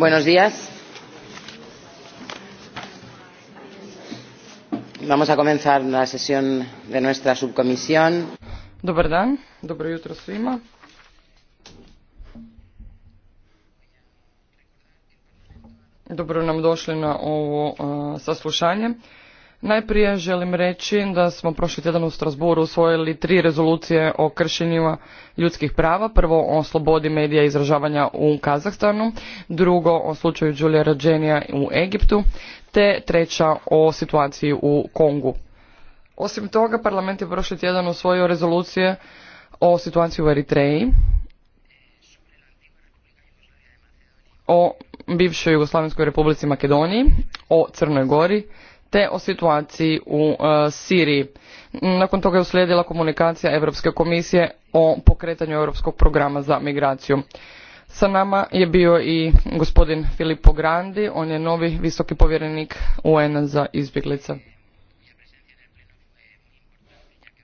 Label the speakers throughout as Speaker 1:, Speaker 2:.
Speaker 1: Buenos días. Vamos a comenzar la sesión de nuestra subcomisión.
Speaker 2: Dobar dan, dobro jutro svima. Dobro nam došli na ovo saslušanje. Najprije želim reći da smo prošli tjedan u Strasburu usvojili tri rezolucije o kršenjima ljudskih prava. Prvo o slobodi medija izražavanja u Kazahstanu, drugo o slučaju Đulija Rađenija u Egiptu, te treća o situaciji u Kongu. Osim toga, parlament je prošli tjedan usvojio rezolucije o situaciji u Eritreji, o bivšoj Jugoslavenskoj republici Makedoniji, o Crnoj Gori, te o situaciji u e, Siriji. Mm, nakon toga je uslijedila komunikacija Europske komisije o pokretanju Europskog programa za migraciju. Sa nama je bio i gospodin Filippo Grandi, on je novi visoki povjerenik UN za izbjeglice.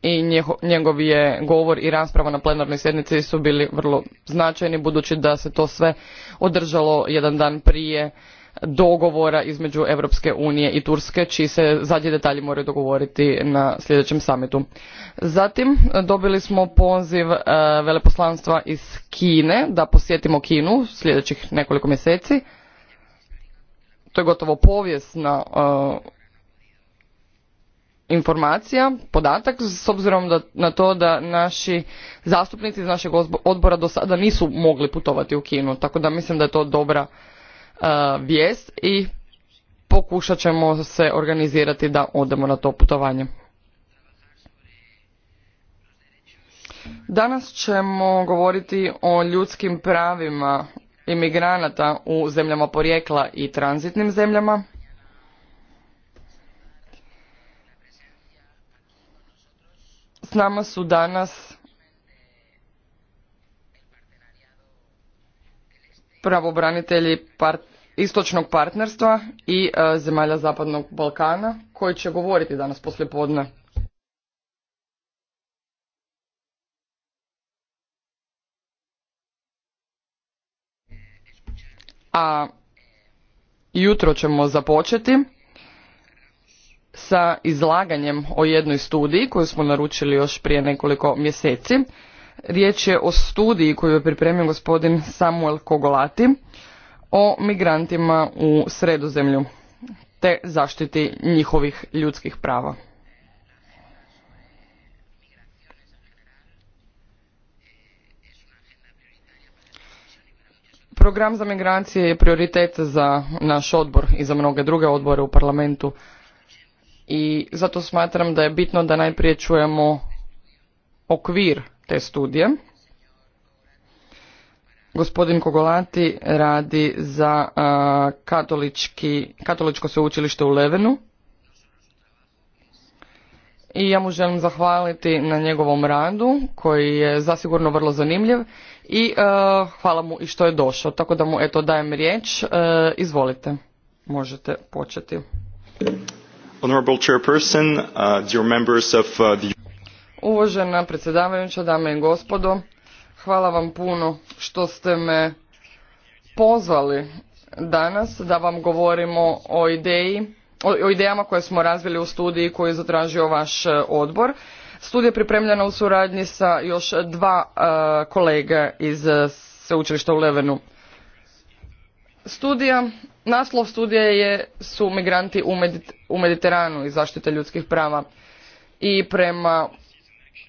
Speaker 2: I njegov je govor i rasprava na plenarnoj sjednici su bili vrlo značajni budući da se to sve održalo jedan dan prije dogovora između Europske unije i Turske, čiji se zadnji detalji moraju dogovoriti na sljedećem samitu. Zatim dobili smo poziv e, veleposlanstva iz Kine da posjetimo Kinu sljedećih nekoliko mjeseci. To je gotovo povijesna e, informacija, podatak, s obzirom na to da naši zastupnici iz našeg odbora do sada nisu mogli putovati u Kinu, tako da mislim da je to dobra E, vijest i pokušat ćemo se organizirati da odemo na to putovanje. Danas ćemo govoriti o ljudskim pravima imigranata u zemljama porijekla i tranzitnim zemljama. S nama su danas pravobranitelji part istočnog partnerstva i e, zemalja Zapadnog Balkana koji će govoriti danas poslijepodne. A jutro ćemo započeti sa izlaganjem o jednoj studiji koju smo naručili još prije nekoliko mjeseci. Riječ je o studiji koju je pripremio gospodin Samuel Kogolati o migrantima u sredozemlju te zaštiti njihovih ljudskih prava. Program za migracije je prioritet za naš odbor i za mnoge druge odbore u parlamentu i zato smatram da je bitno da najprije čujemo okvir te studije Gospodin Kogolati radi za katoličko sveučilište u Levenu. I ja mu želim zahvaliti na njegovom radu koji je zasigurno vrlo zanimljiv i hvala mu i što je došao. Tako da mu eto dajem riječ. E, izvolite, možete početi.
Speaker 3: Honorable Chairperson, uh, dear members of uh, the...
Speaker 2: Uvažena predsjedavajuća, dame i gospodo, Hvala vam puno što ste me pozvali danas da vam govorimo o ideji, o, idejama koje smo razvili u studiji koju je zatražio vaš e, odbor. Studija je pripremljena u suradnji sa još dva e, kolega iz e, sveučilišta u Levenu. Studija, naslov studije je su migranti u, u Mediteranu i zaštite ljudskih prava i prema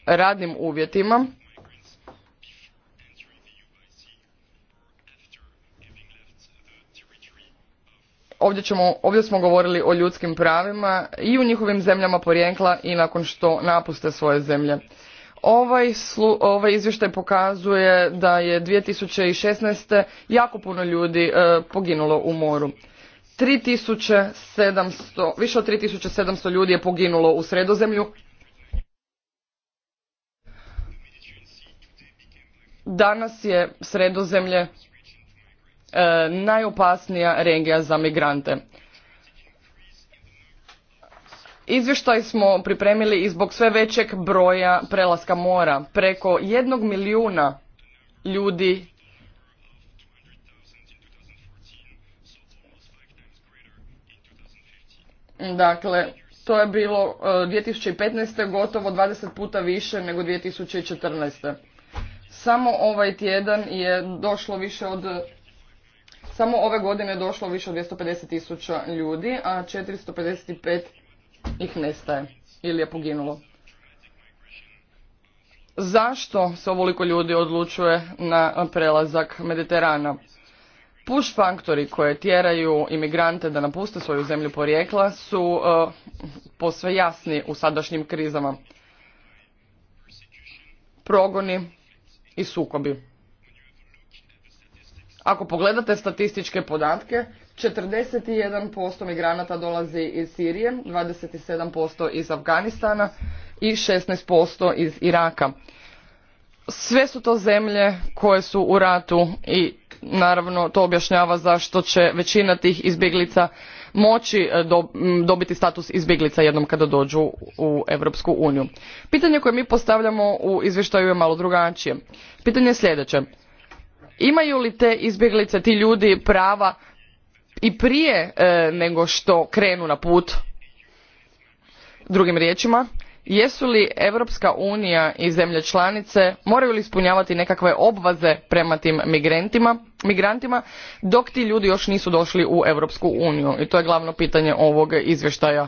Speaker 2: radnim uvjetima Ovdje, ćemo, smo govorili o ljudskim pravima i u njihovim zemljama porijekla i nakon što napuste svoje zemlje. Ovaj, ovaj izvještaj pokazuje da je 2016. jako puno ljudi e, poginulo u moru. 3700, više od 3700 ljudi je poginulo u sredozemlju. Danas je sredozemlje E, najopasnija regija za migrante. Izvještaj smo pripremili i zbog sve većeg broja prelaska mora. Preko jednog milijuna ljudi Dakle, to je bilo 2015. E, gotovo 20 puta više nego 2014. Samo ovaj tjedan je došlo više od samo ove godine je došlo više od 250 tisuća ljudi, a 455 ih nestaje ili je poginulo. Zašto se ovoliko ljudi odlučuje na prelazak Mediterana? Push faktori koje tjeraju imigrante da napuste svoju zemlju porijekla su e, posve jasni u sadašnjim krizama. Progoni i sukobi. Ako pogledate statističke podatke, 41% migranata dolazi iz Sirije, 27% iz Afganistana i 16% iz Iraka. Sve su to zemlje koje su u ratu i naravno to objašnjava zašto će većina tih izbjeglica moći e, dobiti status izbjeglica jednom kada dođu u Europsku uniju. Pitanje koje mi postavljamo u izvještaju je malo drugačije. Pitanje je sljedeće imaju li te izbjeglice ti ljudi prava i prije e, nego što krenu na put drugim riječima jesu li europska unija i zemlje članice moraju li ispunjavati nekakve obveze prema tim migrantima, migrantima dok ti ljudi još nisu došli u europsku uniju i to je glavno pitanje ovog izvještaja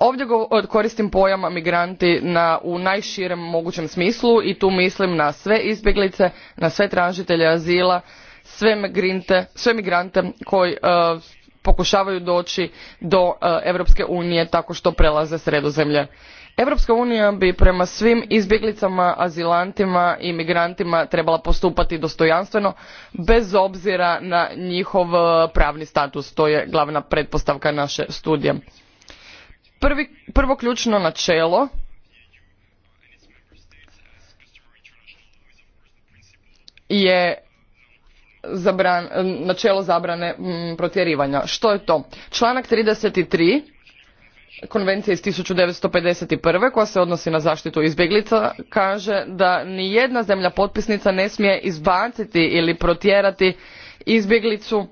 Speaker 2: ovdje e, koristim pojam migranti u najširem mogućem smislu i tu mislim na sve izbjeglice na sve tražitelje azila sve migrante, sve koji e, pokušavaju doći do europske unije tako što prelaze sredozemlje europska unija bi prema svim izbjeglicama azilantima i migrantima trebala postupati dostojanstveno bez obzira na njihov e, pravni status to je glavna pretpostavka naše studije Prvi, prvo ključno načelo je zabran, načelo zabrane mm, protjerivanja. Što je to? Članak 33 Konvencije iz 1951. koja se odnosi na zaštitu izbjeglica kaže da ni jedna zemlja potpisnica ne smije izbaciti ili protjerati izbjeglicu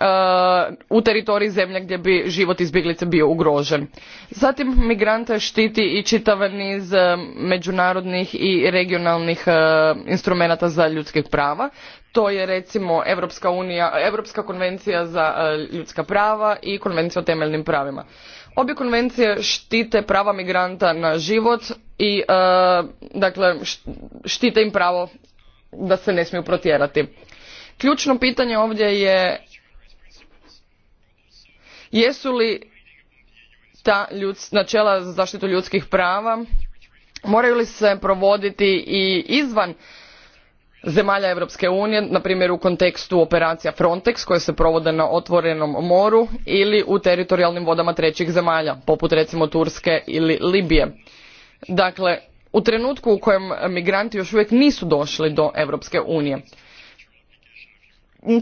Speaker 2: Uh, u teritoriji zemlje gdje bi život izbjeglice bio ugrožen. Zatim migrante štiti i čitav niz uh, međunarodnih i regionalnih uh, instrumenata za ljudske prava. To je recimo Europska, unija, Europska konvencija za ljudska prava i konvencija o temeljnim pravima. Obje konvencije štite prava migranta na život i dakle štite im pravo da se ne smiju protjerati. Ključno pitanje ovdje je Jesu li ta načela za zaštitu ljudskih prava, moraju li se provoditi i izvan zemalja Europske unije, na primjer u kontekstu operacija Frontex koje se provode na otvorenom moru ili u teritorijalnim vodama trećih zemalja, poput recimo Turske ili Libije. Dakle, u trenutku u kojem migranti još uvijek nisu došli do Europske unije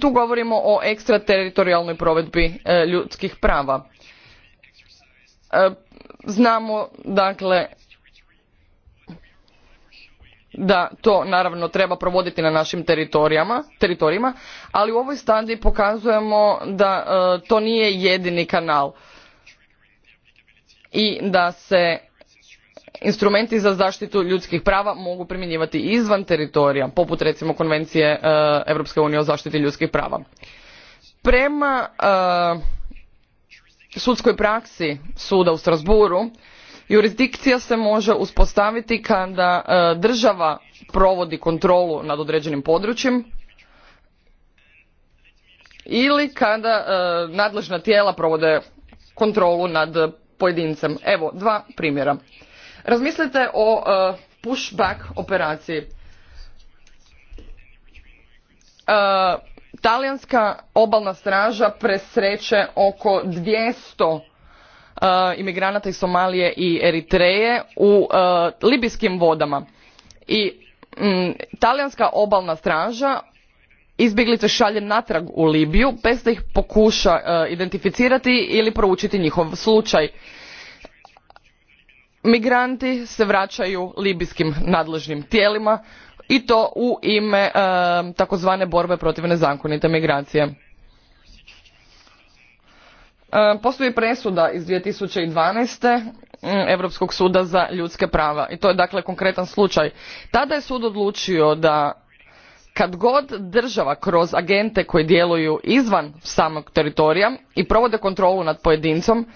Speaker 2: tu govorimo o ekstrateritorijalnoj provedbi e, ljudskih prava. E, znamo, dakle, da to naravno treba provoditi na našim teritorijama, teritorijima ali u ovoj stadiji pokazujemo da e, to nije jedini kanal i da se instrumenti za zaštitu ljudskih prava mogu primjenjivati izvan teritorija poput recimo konvencije europske unije o zaštiti ljudskih prava prema e, sudskoj praksi suda u strasbourgu jurisdikcija se može uspostaviti kada e, država provodi kontrolu nad određenim područjem ili kada e, nadležna tijela provode kontrolu nad pojedincem evo dva primjera Razmislite o e, pushback operaciji. E, talijanska obalna straža presreće oko 200 e, imigranata iz Somalije i Eritreje u libijskim vodama. I talijanska obalna straža izbjeglice šalje natrag u Libiju bez da ih pokuša identificirati ili proučiti njihov slučaj migranti se vraćaju libijskim nadležnim tijelima i to u ime e, takozvane borbe protiv nezakonite migracije. E, postoji presuda iz 2012. Mm, Europskog suda za ljudske prava i to je dakle konkretan slučaj. Tada je sud odlučio da kad god država kroz agente koji djeluju izvan samog teritorija i provode kontrolu nad pojedincom,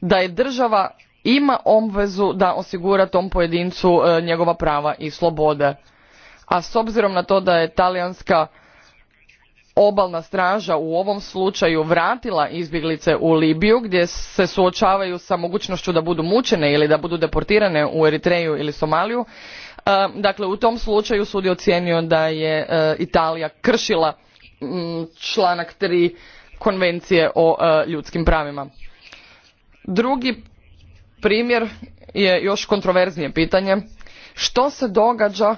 Speaker 2: da je država ima obvezu da osigura tom pojedincu e, njegova prava i slobode. A s obzirom na to da je talijanska obalna straža u ovom slučaju vratila izbjeglice u Libiju gdje se suočavaju sa mogućnošću da budu mučene ili da budu deportirane u Eritreju ili Somaliju. E, dakle, u tom slučaju sud je ocijenio da je e, Italija kršila mm, članak tri konvencije o ljudskim pravima. Drugi Primjer je još kontroverznije pitanje. Što se događa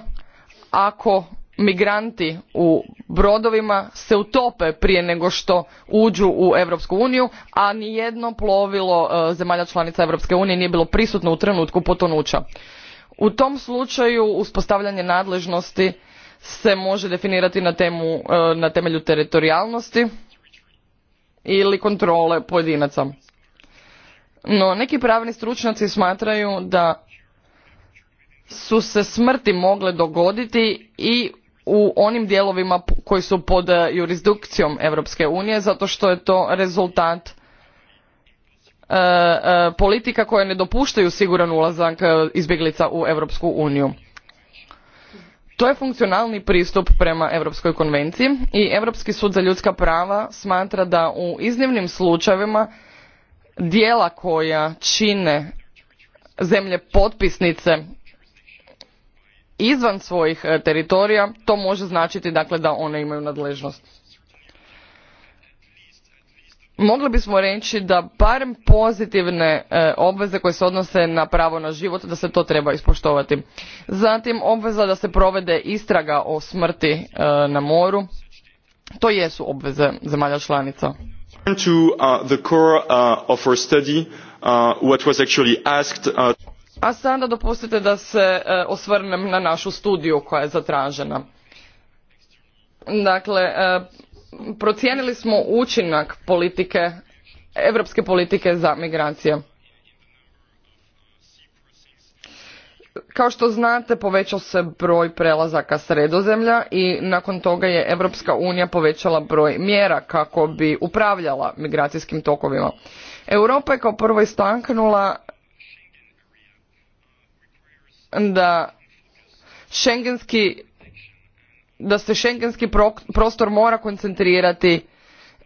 Speaker 2: ako migranti u brodovima se utope prije nego što uđu u europsku uniju a nijedno plovilo e, zemalja članica europske unije nije bilo prisutno u trenutku potonuća u tom slučaju uspostavljanje nadležnosti se može definirati na, e, na temelju teritorijalnosti ili kontrole pojedinaca no, neki pravni stručnjaci smatraju da su se smrti mogle dogoditi i u onim dijelovima koji su pod eh, jurisdikcijom Europske unije zato što je to rezultat eh, eh, politika koje ne dopuštaju siguran ulazak izbjeglica u Europsku uniju. To je funkcionalni pristup prema Europskoj konvenciji i Europski sud za ljudska prava smatra da u iznimnim slučajevima Djela koja čine zemlje potpisnice izvan svojih e, teritorija, to može značiti dakle da one imaju nadležnost. Mogli bismo reći da barem pozitivne e, obveze koje se odnose na pravo na život, da se to treba ispoštovati. Zatim obveza da se provede istraga o smrti e, na moru, to jesu obveze zemalja članica.
Speaker 3: To uh, the core uh, of our study, uh, what was actually asked. Uh,
Speaker 2: A sada dopustite da se osvrnem na našu studiju koja je zatražena. Dakle, procijenili smo učinak politike, europske politike za migracije. Kao što znate, povećao se broj prelazaka sredozemlja i nakon toga je Europska unija povećala broj mjera kako bi upravljala migracijskim tokovima. Europa je kao prvo istaknula da šengenski da se šengenski prostor mora koncentrirati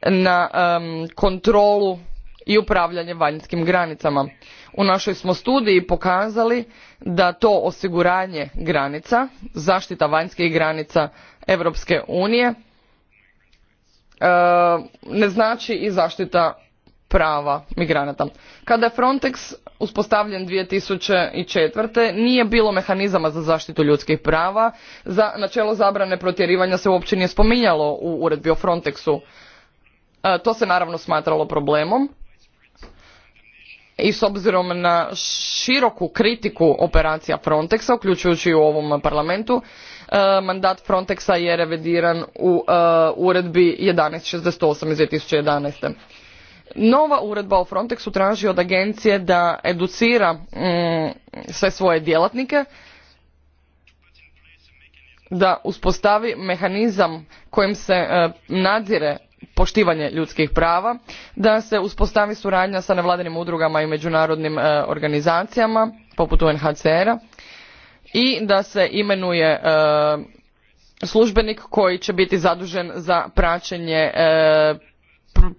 Speaker 2: na kontrolu i upravljanje vanjskim granicama. U našoj smo studiji pokazali da to osiguranje granica, zaštita vanjskih granica Europske unije e, ne znači i zaštita prava migranata. Kada je Frontex uspostavljen 2004. nije bilo mehanizama za zaštitu ljudskih prava, za načelo zabrane protjerivanja se uopće nije spominjalo u uredbi o Frontexu. E, to se naravno smatralo problemom i s obzirom na široku kritiku operacija Frontexa, uključujući u ovom parlamentu, e, mandat Frontexa je revidiran u e, uredbi 1168 iz 2011. Nova uredba o Frontexu traži od agencije da educira mm, sve svoje djelatnike, da uspostavi mehanizam kojim se e, nadzire poštivanje ljudskih prava da se uspostavi suradnja sa nevladinim udrugama i međunarodnim e, organizacijama poput UNHCR-a i da se imenuje e, službenik koji će biti zadužen za praćenje e,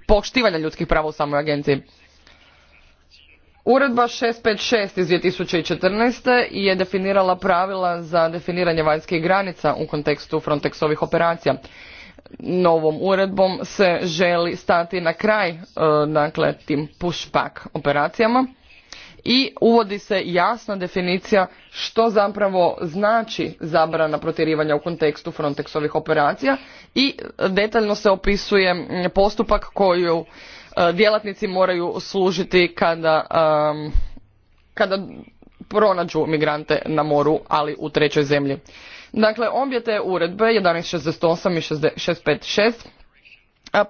Speaker 2: poštivanja ljudskih prava u samoj agenciji. Uredba 656 iz 2014. je definirala pravila za definiranje vanjskih granica u kontekstu Frontexovih operacija novom uredbom se želi stati na kraj e, dakle tim pushback operacijama i uvodi se jasna definicija što zapravo znači zabrana protjerivanja u kontekstu Frontexovih operacija i detaljno se opisuje postupak koju e, djelatnici moraju služiti kada, e, kada pronađu migrante na moru ali u trećoj zemlji. Dakle, obje te uredbe, 1168 i 656,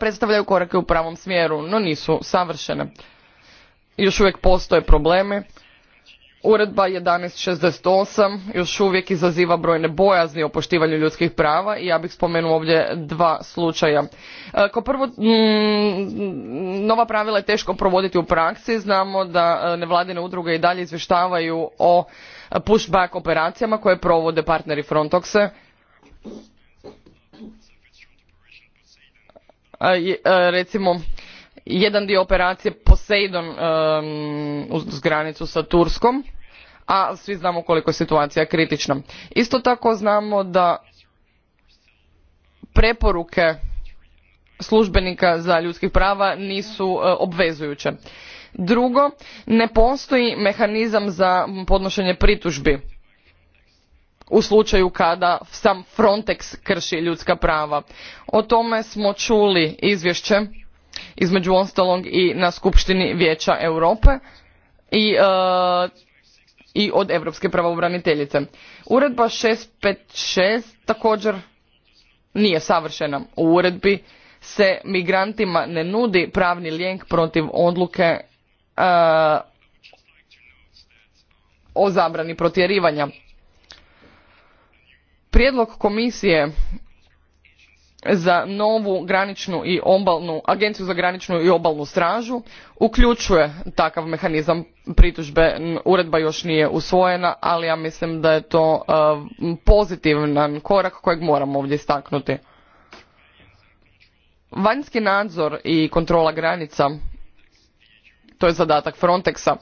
Speaker 2: predstavljaju korake u pravom smjeru, no nisu savršene. Još uvijek postoje problemi. Uredba 1168 još uvijek izaziva brojne bojazni o poštivanju ljudskih prava i ja bih spomenuo ovdje dva slučaja. E, Ko prvo, nova pravila je teško provoditi u praksi. Znamo da e, nevladine udruge i dalje izvještavaju o pushback operacijama koje provode partneri frontokse Recimo, jedan dio operacije Poseidon um, uz granicu sa Turskom, a svi znamo koliko je situacija kritična. Isto tako znamo da preporuke službenika za ljudskih prava nisu e, obvezujuće. Drugo, ne postoji mehanizam za podnošenje pritužbi u slučaju kada sam Frontex krši ljudska prava. O tome smo čuli izvješće između ostalog i na Skupštini Vijeća Europe i e, od europske pravobraniteljice. Uredba 656 također nije savršena. U uredbi se migrantima ne nudi pravni lijek protiv odluke o zabrani protjerivanja. Prijedlog komisije za novu graničnu i obalnu agenciju za graničnu i obalnu stražu uključuje takav mehanizam pritužbe uredba još nije usvojena ali ja mislim da je to e, pozitivan korak kojeg moramo ovdje istaknuti vanjski nadzor i kontrola granica to je zadatak Frontexa.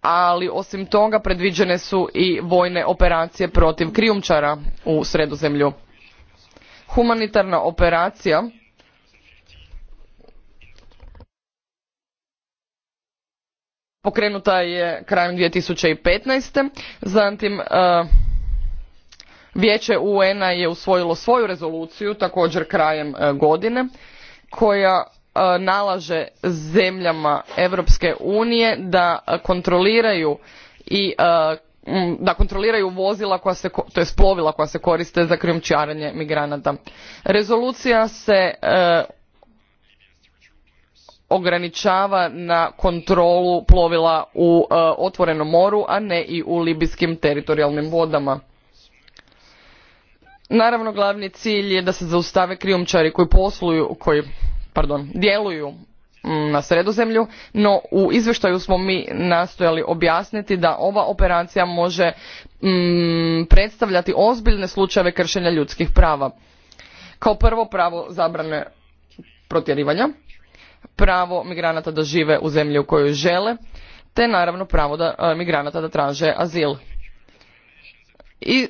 Speaker 2: Ali osim toga predviđene su i vojne operacije protiv krijumčara u Sredozemlju. Humanitarna operacija pokrenuta je krajem 2015. Zatim e, Vijeće UN-a je usvojilo svoju rezoluciju također krajem e, godine koja E, nalaže zemljama Europske unije da kontroliraju i e, da kontroliraju vozila koja se, to plovila koja se koriste za krijumčarenje migranata. Rezolucija se e, ograničava na kontrolu plovila u otvorenom moru, a ne i u libijskim teritorijalnim vodama. Naravno, glavni cilj je da se zaustave krijumčari koji posluju, koji pardon, djeluju mm, na sredozemlju, no u izvještaju smo mi nastojali objasniti da ova operacija može mm, predstavljati ozbiljne slučajeve kršenja ljudskih prava. Kao prvo pravo zabrane protjerivanja, pravo migranata da žive u zemlji u kojoj žele, te naravno pravo da, e, migranata da traže azil. I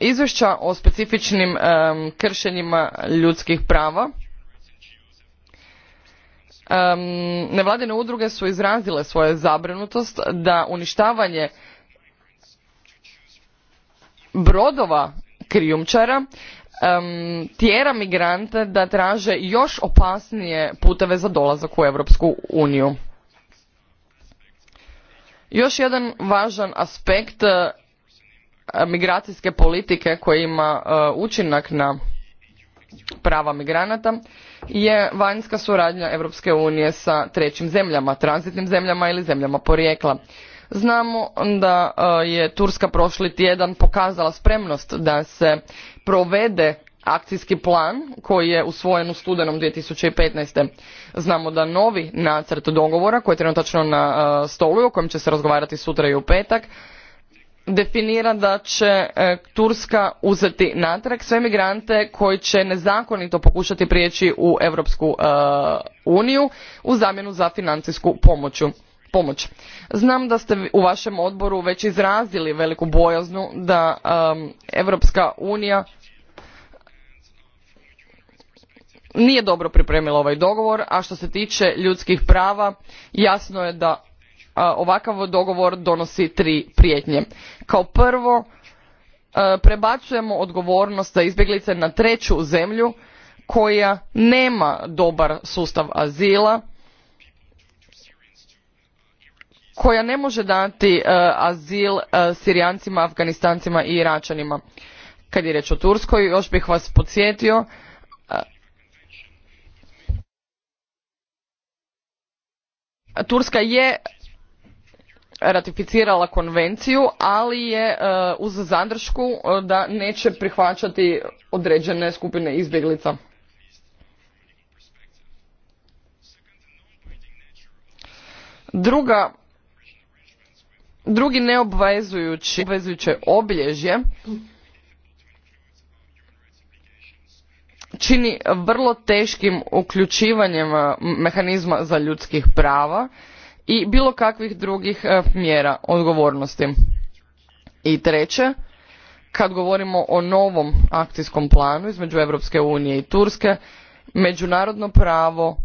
Speaker 2: izvješća o specifičnim kršenjima ljudskih prava Nevladine udruge su izrazile svoju zabrinutost da uništavanje brodova krijumčara tjera migrante da traže još opasnije puteve za dolazak u Europsku uniju. Još jedan važan aspekt eh, migracijske politike koji ima eh, učinak na prava migranata je vanjska suradnja Europske unije sa trećim zemljama, tranzitnim zemljama ili zemljama porijekla. Znamo da e, je Turska prošli tjedan pokazala spremnost da se provede akcijski plan koji je usvojen u studenom 2015. Znamo da novi nacrt dogovora koji je trenutačno na e, stolu i o kojem će se razgovarati sutra i u petak definira da će e, Turska uzeti natrag sve migrante koji će nezakonito pokušati prijeći u Europsku e, uniju u zamjenu za financijsku pomoć. Znam da ste u vašem odboru već izrazili veliku bojaznu da e, Europska unija nije dobro pripremila ovaj dogovor, a što se tiče ljudskih prava jasno je da ovakav dogovor donosi tri prijetnje. Kao prvo, e, prebacujemo odgovornost za izbjeglice na treću zemlju koja nema dobar sustav azila, koja ne može dati e, azil e, Sirijancima, Afganistancima i Iračanima. Kad je reč o Turskoj, još bih vas podsjetio Turska je ratificirala konvenciju, ali je e, uz zadršku e, da neće prihvaćati određene skupine izbjeglica. Druga, drugi neobvezujući obvezujuće obilježje čini vrlo teškim uključivanjem e, mehanizma za ljudskih prava i bilo kakvih drugih e, mjera odgovornosti. I treće, kad govorimo o novom akcijskom planu između Europske unije i Turske, međunarodno pravo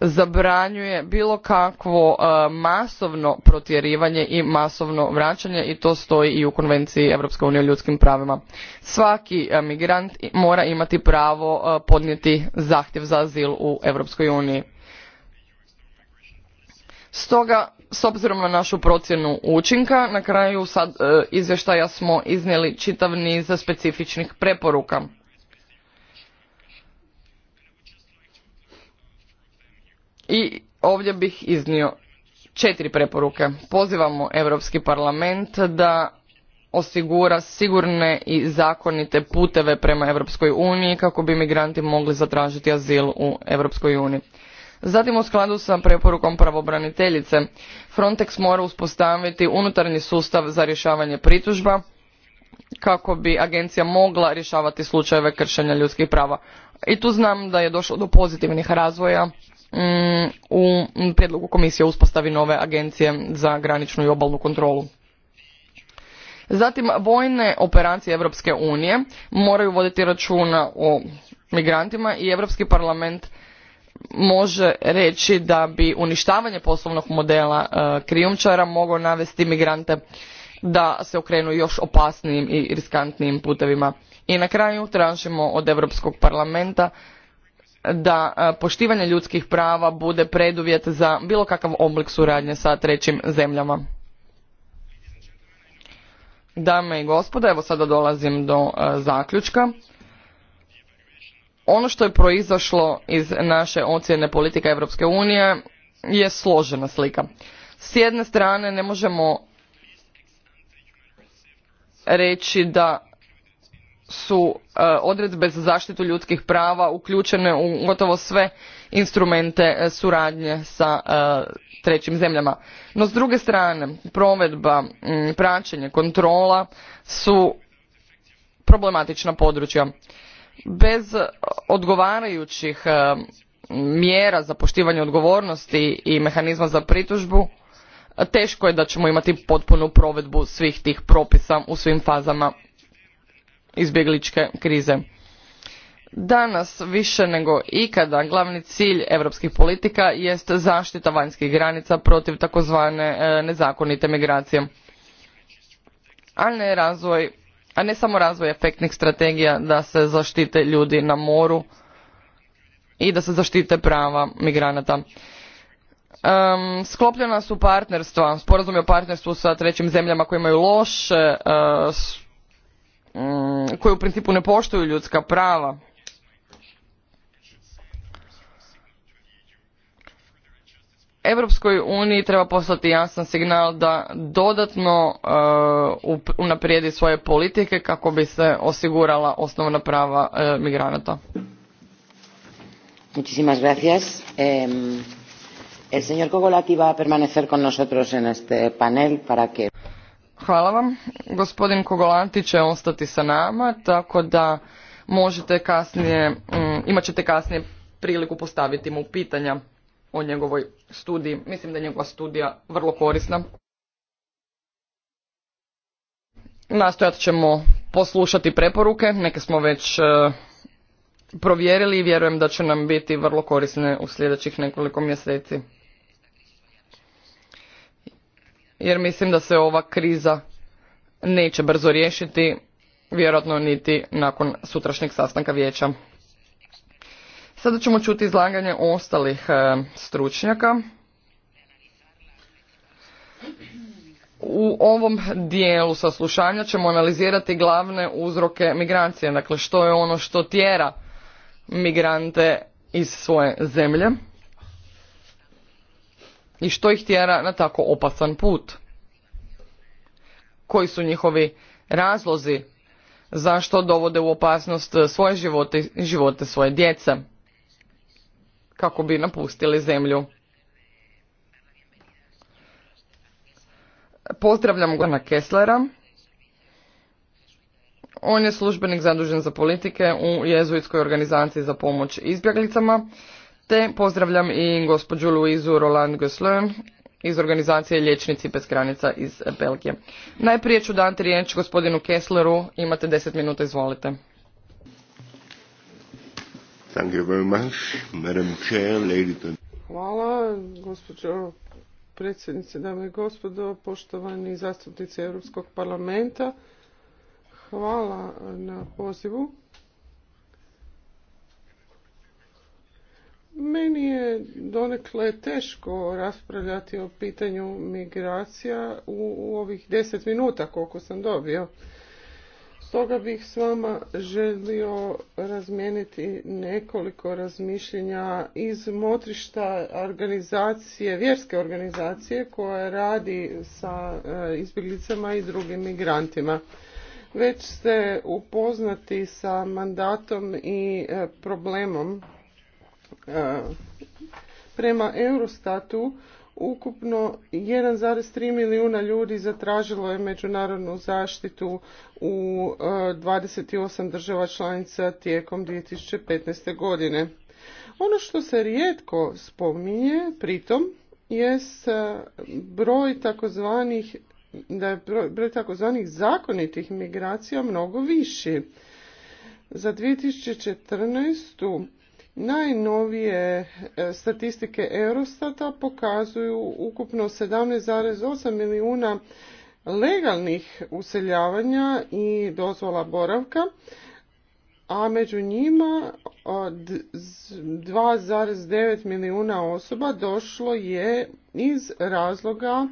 Speaker 2: zabranjuje bilo kakvo e, masovno protjerivanje i masovno vraćanje i to stoji i u konvenciji Europske unije o ljudskim pravima. Svaki e, migrant mora imati pravo podnijeti zahtjev za azil u Europskoj uniji. Stoga, s obzirom na našu procjenu učinka, na kraju e, izvještaja smo iznijeli čitav niz specifičnih preporuka. I ovdje bih iznio četiri preporuke. Pozivamo Europski parlament da osigura sigurne i zakonite puteve prema Europskoj uniji kako bi migranti mogli zatražiti azil u Europskoj uniji. Zatim u skladu sa preporukom pravobraniteljice, Frontex mora uspostaviti unutarnji sustav za rješavanje pritužba kako bi agencija mogla rješavati slučajeve kršenja ljudskih prava. I tu znam da je došlo do pozitivnih razvoja mm, u prijedlogu komisije uspostavi nove agencije za graničnu i obalnu kontrolu. Zatim, vojne operacije Europske unije moraju voditi računa o migrantima i Europski parlament može reći da bi uništavanje poslovnog modela e, krijumčara moglo navesti migrante da se okrenu još opasnijim i riskantnijim putevima. I na kraju tražimo od Europskog parlamenta da e, poštivanje ljudskih prava bude preduvjet za bilo kakav oblik suradnje sa trećim zemljama. Dame i gospoda, evo sada dolazim do e, zaključka. Ono što je proizašlo iz naše ocjene politika Europske unije je složena slika. S jedne strane ne možemo reći da su e, odredbe za zaštitu ljudskih prava uključene u gotovo sve instrumente e, suradnje sa e, trećim zemljama no s druge strane provedba praćenje kontrola su problematična područja bez odgovarajućih e, mjera za poštivanje odgovornosti i mehanizma za pritužbu teško je da ćemo imati potpunu provedbu svih tih propisa u svim fazama izbjegličke krize. Danas više nego ikada glavni cilj europskih politika jest zaštita vanjskih granica protiv takozvane e, nezakonite migracije, a ne razvoj a ne samo razvoj efektnih strategija da se zaštite ljudi na moru i da se zaštite prava migranata. Um, sklopljena su partnerstva, sporazumi o partnerstvu sa trećim zemljama koje imaju loše, uh, um, koje u principu ne poštuju ljudska prava. Europskoj uniji treba poslati jasan signal da dodatno e, unaprijedi svoje politike kako bi se osigurala osnovna prava migranata. panel Hvala vam. Gospodin Kogolanti će ostati sa nama, tako da možete kasnije, mm, imat ćete kasnije priliku postaviti mu pitanja o njegovoj studiji. Mislim da je njegova studija vrlo korisna. Nastojat ćemo poslušati preporuke, neke smo već e, provjerili i vjerujem da će nam biti vrlo korisne u sljedećih nekoliko mjeseci. Jer mislim da se ova kriza neće brzo riješiti, vjerojatno niti nakon sutrašnjeg sastanka vijeća. Sada ćemo čuti izlaganje ostalih e, stručnjaka. U ovom dijelu saslušanja ćemo analizirati glavne uzroke migracije, dakle što je ono što tjera migrante iz svoje zemlje i što ih tjera na tako opasan put. Koji su njihovi razlozi zašto dovode u opasnost svoje živote i živote svoje djece kako bi napustili zemlju. Pozdravljam gona Kesslera. On je službenik zadužen za politike u jezuitskoj organizaciji za pomoć izbjeglicama, te pozdravljam i gospođu Luizu Roland Gosselin iz organizacije Lječnici bez granica iz Belgije. Najprije ću dati riječ gospodinu Kessleru, imate deset minuta, izvolite.
Speaker 4: Hvala, gospođo predsjednice, dame i gospodo, poštovani zastupnici Europskog parlamenta. Hvala na pozivu. Meni je donekle teško raspravljati o pitanju migracija u ovih deset minuta koliko sam dobio. Stoga bih s vama želio razmijeniti nekoliko razmišljenja iz motrišta organizacije, vjerske organizacije koja radi sa e, izbjeglicama i drugim migrantima. Već ste upoznati sa mandatom i e, problemom e, prema Eurostatu Ukupno 1,3 milijuna ljudi zatražilo je međunarodnu zaštitu u 28 e, država članica tijekom 2015. godine. Ono što se rijetko spominje pritom jest e, broj takozvanih da je broj takozvanih zakonitih migracija mnogo viši. Za 2014. Najnovije e, statistike Eurostata pokazuju ukupno 17,8 milijuna legalnih useljavanja i dozvola boravka, a među njima 2,9 milijuna osoba došlo je iz razloga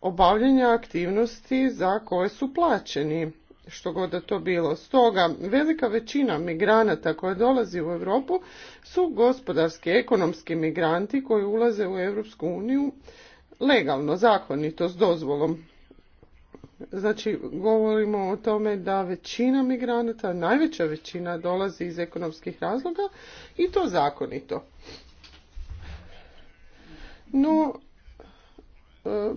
Speaker 4: obavljanja aktivnosti za koje su plaćeni što god da to bilo. Stoga, velika većina migranata koja dolazi u Europu su gospodarski, ekonomski migranti koji ulaze u Europsku uniju legalno, zakonito, s dozvolom. Znači, govorimo o tome da većina migranata, najveća većina dolazi iz ekonomskih razloga i to zakonito. No, e,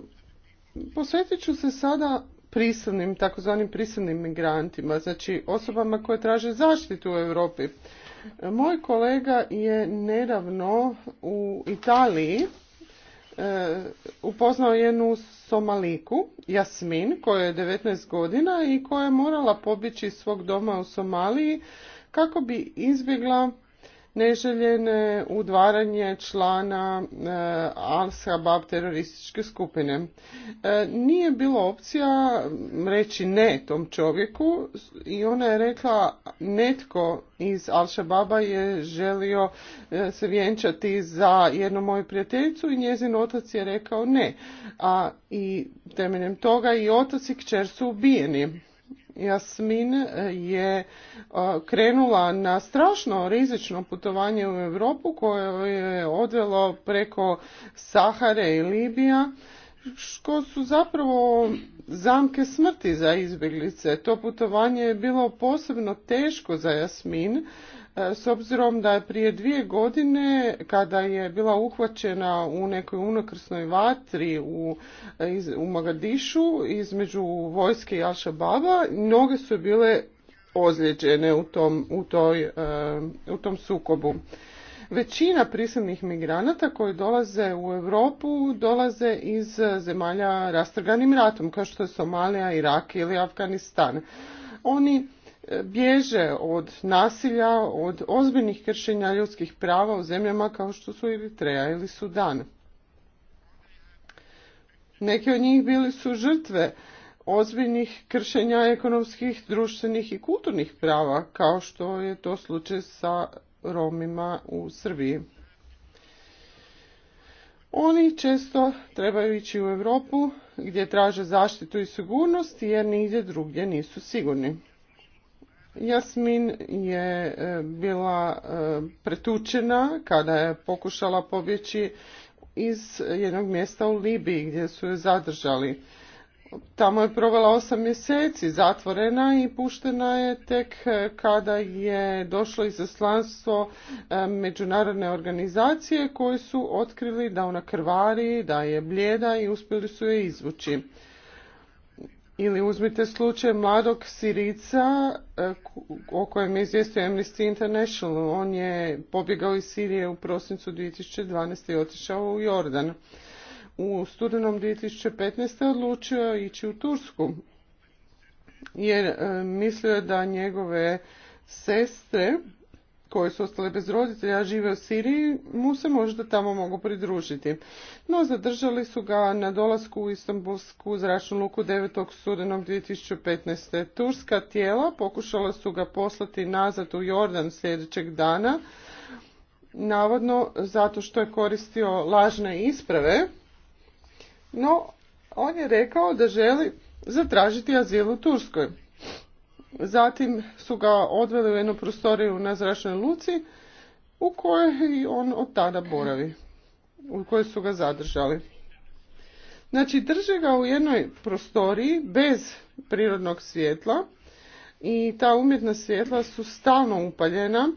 Speaker 4: posvetit ću se sada prisilnim, takozvanim prisilnim migrantima, znači osobama koje traže zaštitu u Europi. Moj kolega je nedavno u Italiji e, upoznao jednu Somaliku, Jasmin, koja je 19 godina i koja je morala pobjeći iz svog doma u Somaliji kako bi izbjegla neželjene udvaranje člana e, Al-Shabaab terorističke skupine. E, nije bilo opcija reći ne tom čovjeku i ona je rekla netko iz al shabaaba je želio e, se vjenčati za jednu moju prijateljicu i njezin otac je rekao ne. A i temeljem toga i otac i kćer su ubijeni. Jasmin je e, krenula na strašno rizično putovanje u Europu koje je odvelo preko Sahare i Libija što su zapravo zamke smrti za izbjeglice. To putovanje je bilo posebno teško za Jasmin E, s obzirom da je prije dvije godine kada je bila uhvaćena u nekoj unokrsnoj vatri u, e, u Magadišu između vojske i Alšababa, mnoge su bile ozlijeđene u tom, u toj, e, u tom sukobu. Većina prisilnih migranata koji dolaze u Europu dolaze iz zemalja rastrganim ratom, kao što je Somalija, Irak ili Afganistan. Oni bježe od nasilja, od ozbiljnih kršenja ljudskih prava u zemljama kao što su Eritreja ili Sudan. Neki od njih bili su žrtve ozbiljnih kršenja ekonomskih, društvenih i kulturnih prava, kao što je to slučaj sa Romima u Srbiji. Oni često trebaju ići u Europu gdje traže zaštitu i sigurnost jer nigdje drugdje nisu sigurni. Jasmin je e, bila e, pretučena kada je pokušala pobjeći iz jednog mjesta u Libiji gdje su je zadržali. Tamo je provela osam mjeseci zatvorena i puštena je tek e, kada je došlo izaslanstvo međunarodne organizacije koji su otkrili da ona krvari, da je bljeda i uspjeli su je izvući. Ili uzmite slučaj mladog Sirica e, o kojem je izvijestio Amnesty International. On je pobjegao iz Sirije u prosincu 2012. i otišao u Jordan. U studenom 2015. odlučio ići u Tursku jer e, mislio je da njegove sestre koje su ostale bez roditelja, a žive u Siriji, mu se možda tamo mogu pridružiti. No, zadržali su ga na dolasku u Istanbulsku zračnu luku 9. studenog 2015. Turska tijela pokušala su ga poslati nazad u Jordan sljedećeg dana, navodno zato što je koristio lažne isprave, no on je rekao da želi zatražiti azil u Turskoj. Zatim su ga odveli u jednu prostoriju na zračnoj luci u kojoj on od tada boravi, u kojoj su ga zadržali. Znači drže ga u jednoj prostoriji bez prirodnog svjetla i ta umjetna svjetla su stalno upaljena.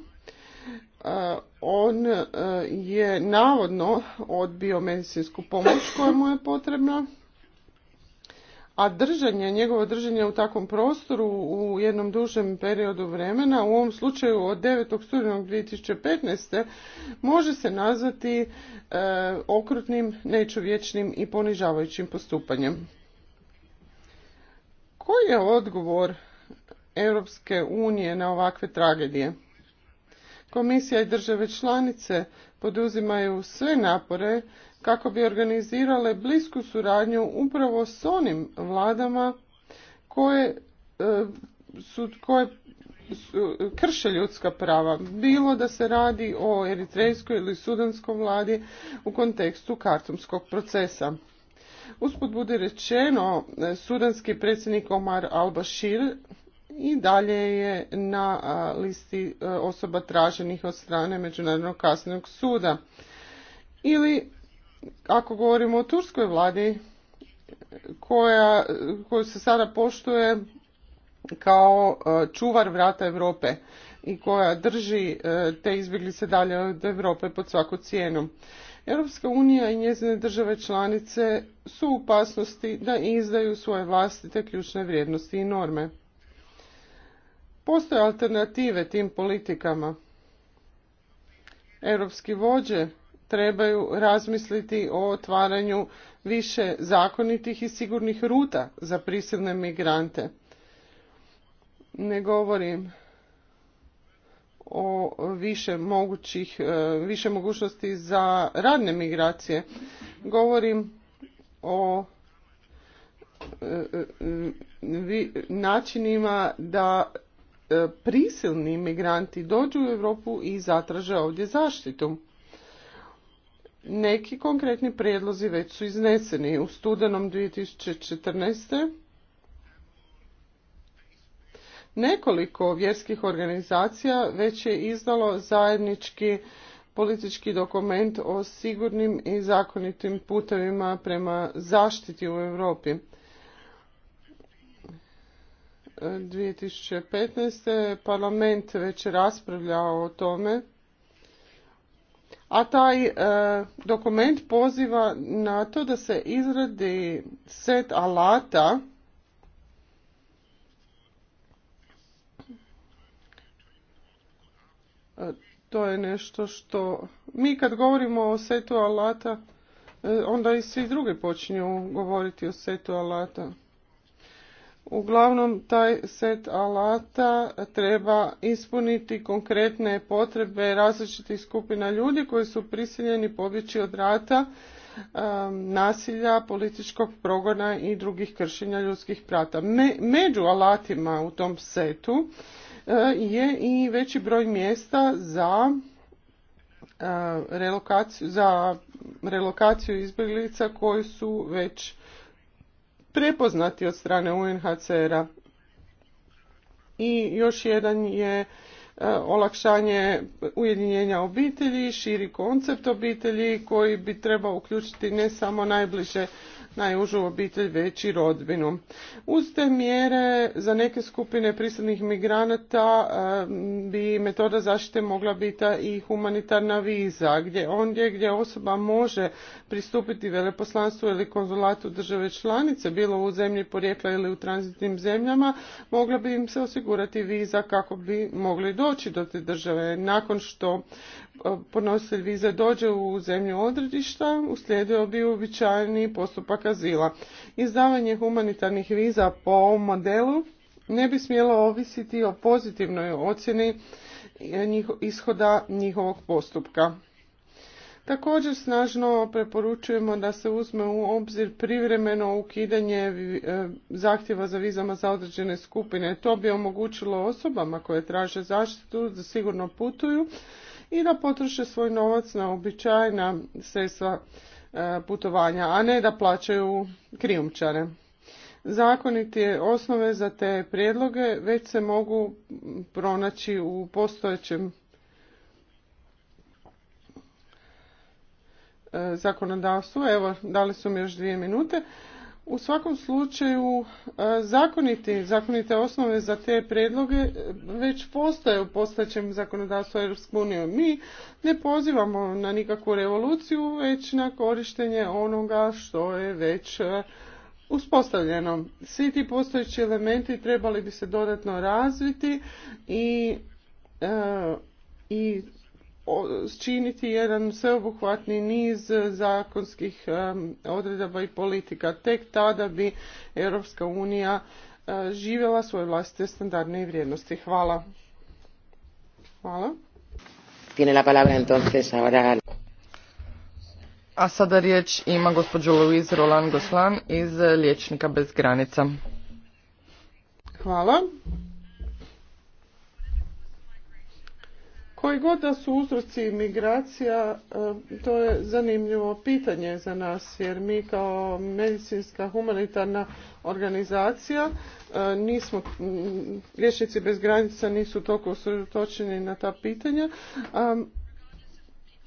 Speaker 4: E, on e, je navodno odbio medicinsku pomoć koja mu je potrebna a držanje, njegovo držanje u takvom prostoru u jednom dužem periodu vremena, u ovom slučaju od 9. studenog 2015. može se nazvati e, okrutnim, nečovječnim i ponižavajućim postupanjem. Koji je odgovor Europske unije na ovakve tragedije? Komisija i države članice poduzimaju sve napore kako bi organizirale blisku suradnju upravo s onim vladama koje, e, su, koje krše ljudska prava, bilo da se radi o eritrejskoj ili sudanskoj vladi u kontekstu kartumskog procesa. Usput bude rečeno, e, sudanski predsjednik Omar al-Bashir i dalje je na listi osoba traženih od strane Međunarodnog kaznenog suda. Ili ako govorimo o turskoj vladi koja, koju se sada poštuje kao čuvar vrata Europe i koja drži te izbjeglice dalje od Europe pod svaku cijenu. Europska unija i njezine države članice su u opasnosti da izdaju svoje vlastite ključne vrijednosti i norme. Postoje alternative tim politikama. Europski vođe trebaju razmisliti o otvaranju više zakonitih i sigurnih ruta za prisilne migrante. Ne govorim o više mogućih, e, više mogućnosti za radne migracije. Govorim o e, e, načinima da E, prisilni migranti dođu u Europu i zatraže ovdje zaštitu. Neki konkretni prijedlozi već su izneseni. U studenom 2014. nekoliko vjerskih organizacija već je izdalo zajednički politički dokument o sigurnim i zakonitim putevima prema zaštiti u Europi. 2015. parlament već raspravljao o tome, a taj e, dokument poziva na to da se izradi set alata to je nešto što mi kad govorimo o setu alata e, onda i svi drugi počinju govoriti o setu alata Uglavnom taj set alata treba ispuniti konkretne potrebe različitih skupina ljudi koji su prisiljeni pobjeći od rata, um, nasilja, političkog progona i drugih kršenja ljudskih prata. Među alatima u tom setu uh, je i veći broj mjesta za uh, relokaciju, za relokaciju izbjeglica koji su već prepoznati od strane UNHCR-a. I još jedan je e, olakšanje ujedinjenja obitelji, širi koncept obitelji koji bi trebao uključiti ne samo najbliže najužu obitelj već i rodbinu. Uz te mjere za neke skupine prisilnih migranata bi metoda zaštite mogla biti i humanitarna viza, gdje ondje gdje osoba može pristupiti veleposlanstvu ili konzulatu države članice, bilo u zemlji porijekla ili u tranzitnim zemljama, mogla bi im se osigurati viza kako bi mogli doći do te države nakon što ponositelj vize dođe u zemlju odredišta, uslijedio bi uobičajeni postupak azila. Izdavanje humanitarnih viza po ovom modelu ne bi smjelo ovisiti o pozitivnoj ocjeni ishoda njihovog postupka. Također snažno preporučujemo da se uzme u obzir privremeno ukidanje e, zahtjeva za vizama za određene skupine. To bi omogućilo osobama koje traže zaštitu da sigurno putuju, i da potroše svoj novac na običajna sredstva e, putovanja, a ne da plaćaju krijumčare. Zakonite osnove za te prijedloge već se mogu pronaći u postojećem e, zakonodavstvu. Evo, dali su mi još dvije minute. U svakom slučaju e, zakonite, zakonite osnove za te predloge e, već postoje u postojećem zakonodavstvu Europske unije. Mi ne pozivamo na nikakvu revoluciju, već na korištenje onoga što je već e, uspostavljeno. Svi ti postojeći elementi trebali bi se dodatno razviti i, i činiti jedan sveobuhvatni niz zakonskih odredaba i politika. Tek tada bi Europska unija e, živjela svoje vlastite standardne i vrijednosti. Hvala. Hvala. Tiene
Speaker 1: la palabra entonces ahora...
Speaker 2: A sada riječ ima gospođu Louise Roland Goslan iz Liječnika bez granica.
Speaker 4: Hvala. Koji god da su uzroci migracija, e, to je zanimljivo pitanje za nas, jer mi kao medicinska humanitarna organizacija e, nismo, liječnici bez granica nisu toliko usredotočeni na ta pitanja,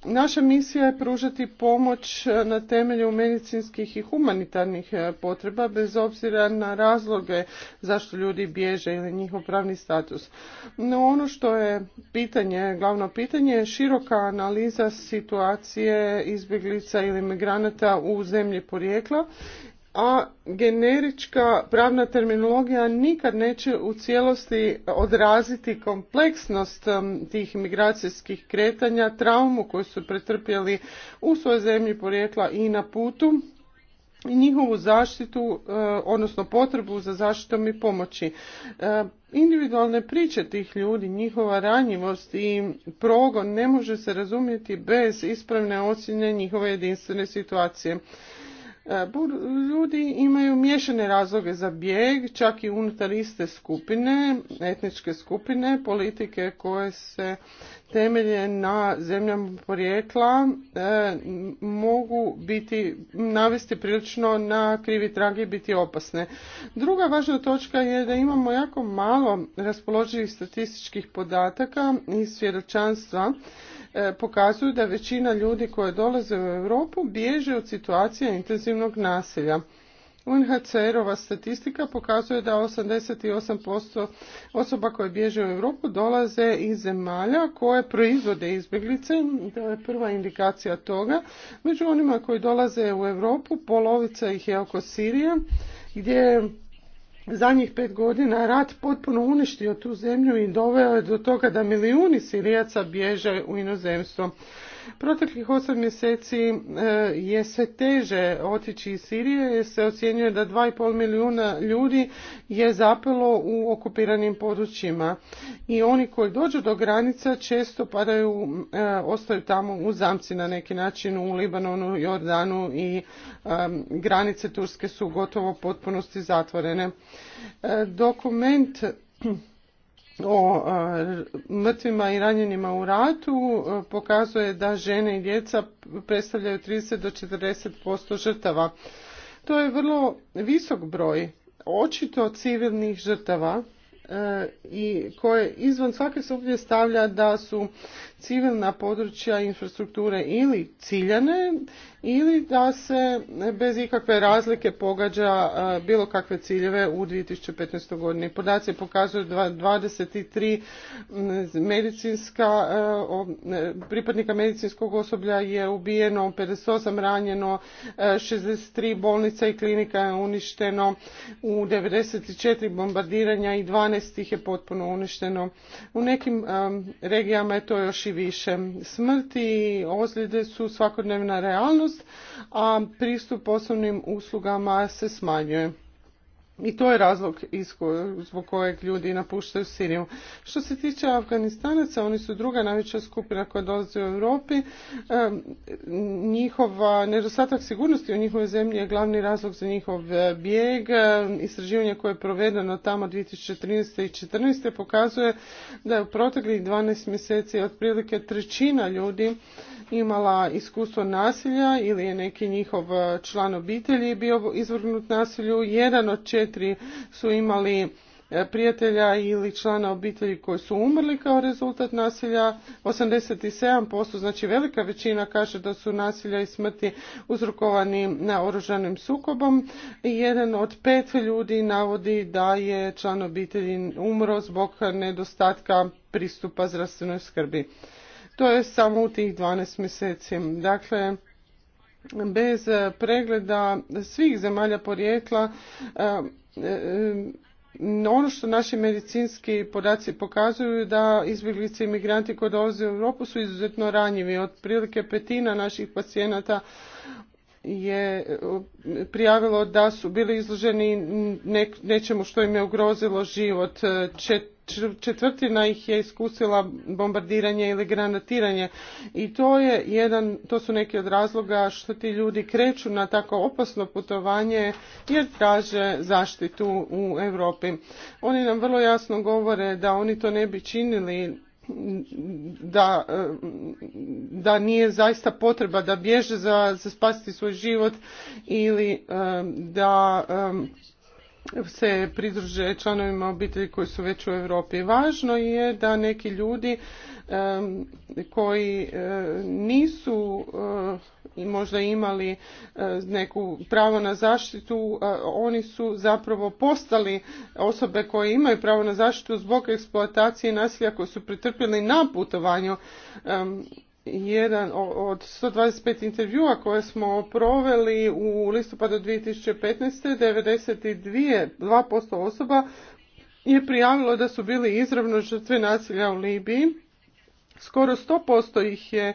Speaker 4: Naša misija je pružati pomoć e, na temelju medicinskih i humanitarnih e, potreba bez obzira na razloge zašto ljudi bježe ili njihov pravni status. No ono što je pitanje, glavno pitanje je široka analiza situacije izbjeglica ili migranata u zemlji porijekla a generička pravna terminologija nikad neće u cijelosti odraziti kompleksnost tih migracijskih kretanja, traumu koju su pretrpjeli u svojoj zemlji porijekla i na putu i njihovu zaštitu, e, odnosno potrebu za zaštitom i pomoći. E, individualne priče tih ljudi, njihova ranjivost i progon ne može se razumjeti bez ispravne ocjene njihove jedinstvene situacije. E, ljudi imaju miješane razloge za bijeg, čak i unutar iste skupine, etničke skupine, politike koje se temelje na zemljama porijekla e, mogu biti, navesti prilično na krivi trag i biti opasne. Druga važna točka je da imamo jako malo raspoloživih statističkih podataka i svjedočanstva E, pokazuju da većina ljudi koje dolaze u Europu bježe od situacije intenzivnog nasilja. UNHCR-ova statistika pokazuje da 88% osoba koje bježe u Europu dolaze iz zemalja koje proizvode izbjeglice, to je prva indikacija toga. Među onima koji dolaze u Europu polovica ih je oko Sirije gdje zadnjih pet godina rat potpuno uništio tu zemlju i doveo je do toga da milijuni Sirijaca bježe u inozemstvo. Proteklih osam mjeseci e, je se teže otići iz Sirije jer se ocjenjuje da 2,5 milijuna ljudi je zapelo u okupiranim područjima i oni koji dođu do granica često padaju, e, ostaju tamo u zamci na neki način u Libanonu, Jordanu i e, granice Turske su gotovo potpunosti zatvorene. Dokument o mrtvima i ranjenima u ratu e, pokazuje da žene i djeca predstavljaju 30 do 40% žrtava. To je vrlo visok broj očito civilnih žrtava e, i koje izvan svake sumnje stavlja da su civilna područja infrastrukture ili ciljane ili da se bez ikakve razlike pogađa e, bilo kakve ciljeve u 2015. godini. Podaci pokazuju 23 medicinska, e, e, pripadnika medicinskog osoblja je ubijeno, 58 ranjeno, 63 bolnica i klinika je uništeno, u 94 bombardiranja i 12 ih je potpuno uništeno. U nekim regijama je to još i znači više. Smrt i ozljede su svakodnevna realnost, a pristup osnovnim uslugama se smanjuje. I to je razlog zbog kojeg ljudi napuštaju Siriju. Što se tiče Afganistanaca, oni su druga najveća skupina koja dolazi u Europi. Njihova nedostatak sigurnosti u njihovoj zemlji je glavni razlog za njihov e, bijeg. E, istraživanje koje je provedeno tamo 2013. i 2014. pokazuje da je u proteklih 12 mjeseci otprilike trećina ljudi imala iskustvo nasilja ili je neki njihov e, član obitelji bio izvrgnut nasilju. Jedan od četiri su imali e, prijatelja ili člana obitelji koji su umrli kao rezultat nasilja. 87%, znači velika većina kaže da su nasilja i smrti uzrokovani oružanim sukobom. Jedan od pet ljudi navodi da je član obitelji umro zbog nedostatka pristupa zdravstvenoj skrbi. To je samo u tih 12 mjeseci. Dakle, bez pregleda svih zemalja porijekla eh, eh, ono što naši medicinski podaci pokazuju da izbjeglice i migranti koji dolaze u Europu su izuzetno ranjivi. Otprilike petina naših pacijenata je eh, prijavilo da su bili izloženi nečemu što im je ugrozilo život četvrtina ih je iskusila bombardiranje ili granatiranje i to je jedan, to su neki od razloga što ti ljudi kreću na tako opasno putovanje jer traže zaštitu u Europi. Oni nam vrlo jasno govore da oni to ne bi činili da, da nije zaista potreba da bježe za spasiti svoj život ili da se pridruže članovima obitelji koji su već u Europi. Važno je da neki ljudi koji eh, nisu i eh, možda imali eh, neku pravo na zaštitu, oni su zapravo postali osobe koje imaju pravo na zaštitu zbog eksploatacije nasilja koje su pretrpjeli na putovanju jedan od 125 intervjua koje smo proveli u listopadu 2015. 92% osoba je prijavilo da su bili izravno žrtve nasilja u Libiji. Skoro 100% ih je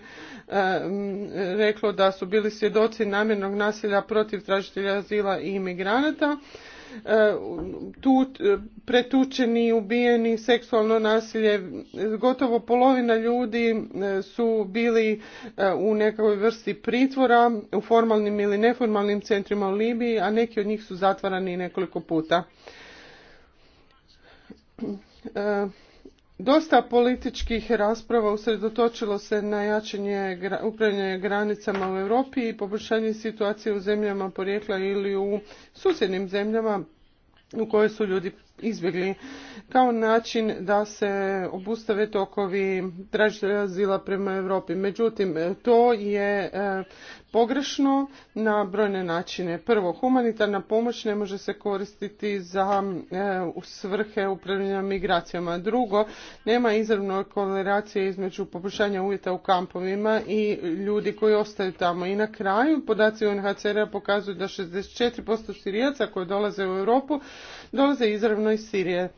Speaker 4: reklo da su bili svjedoci namjernog nasilja protiv tražitelja azila i imigranata E, tut e, pretučeni, ubijeni, seksualno nasilje. Gotovo polovina ljudi e, su bili u nekoj vrsti pritvora u formalnim ili neformalnim centrima u Libiji, a neki od njih su zatvarani nekoliko puta Dosta političkih rasprava usredotočilo se na jačanje upravljanja granicama u Europi i poboljšanje situacije u zemljama porijekla ili u susjednim zemljama u koje su ljudi izbjegli kao način da se obustave tokovi tražitelja azila prema Europi. Međutim, to je pogrešno na brojne načine. Prvo, humanitarna pomoć ne može se koristiti za e, svrhe upravljanja migracijama. Drugo, nema izravno koleracije između poboljšanja uvjeta u kampovima i ljudi koji ostaju tamo. I na kraju, podaci UNHCR-a pokazuju da 64% sirijaca koji dolaze u Europu dolaze izravno iz Sirije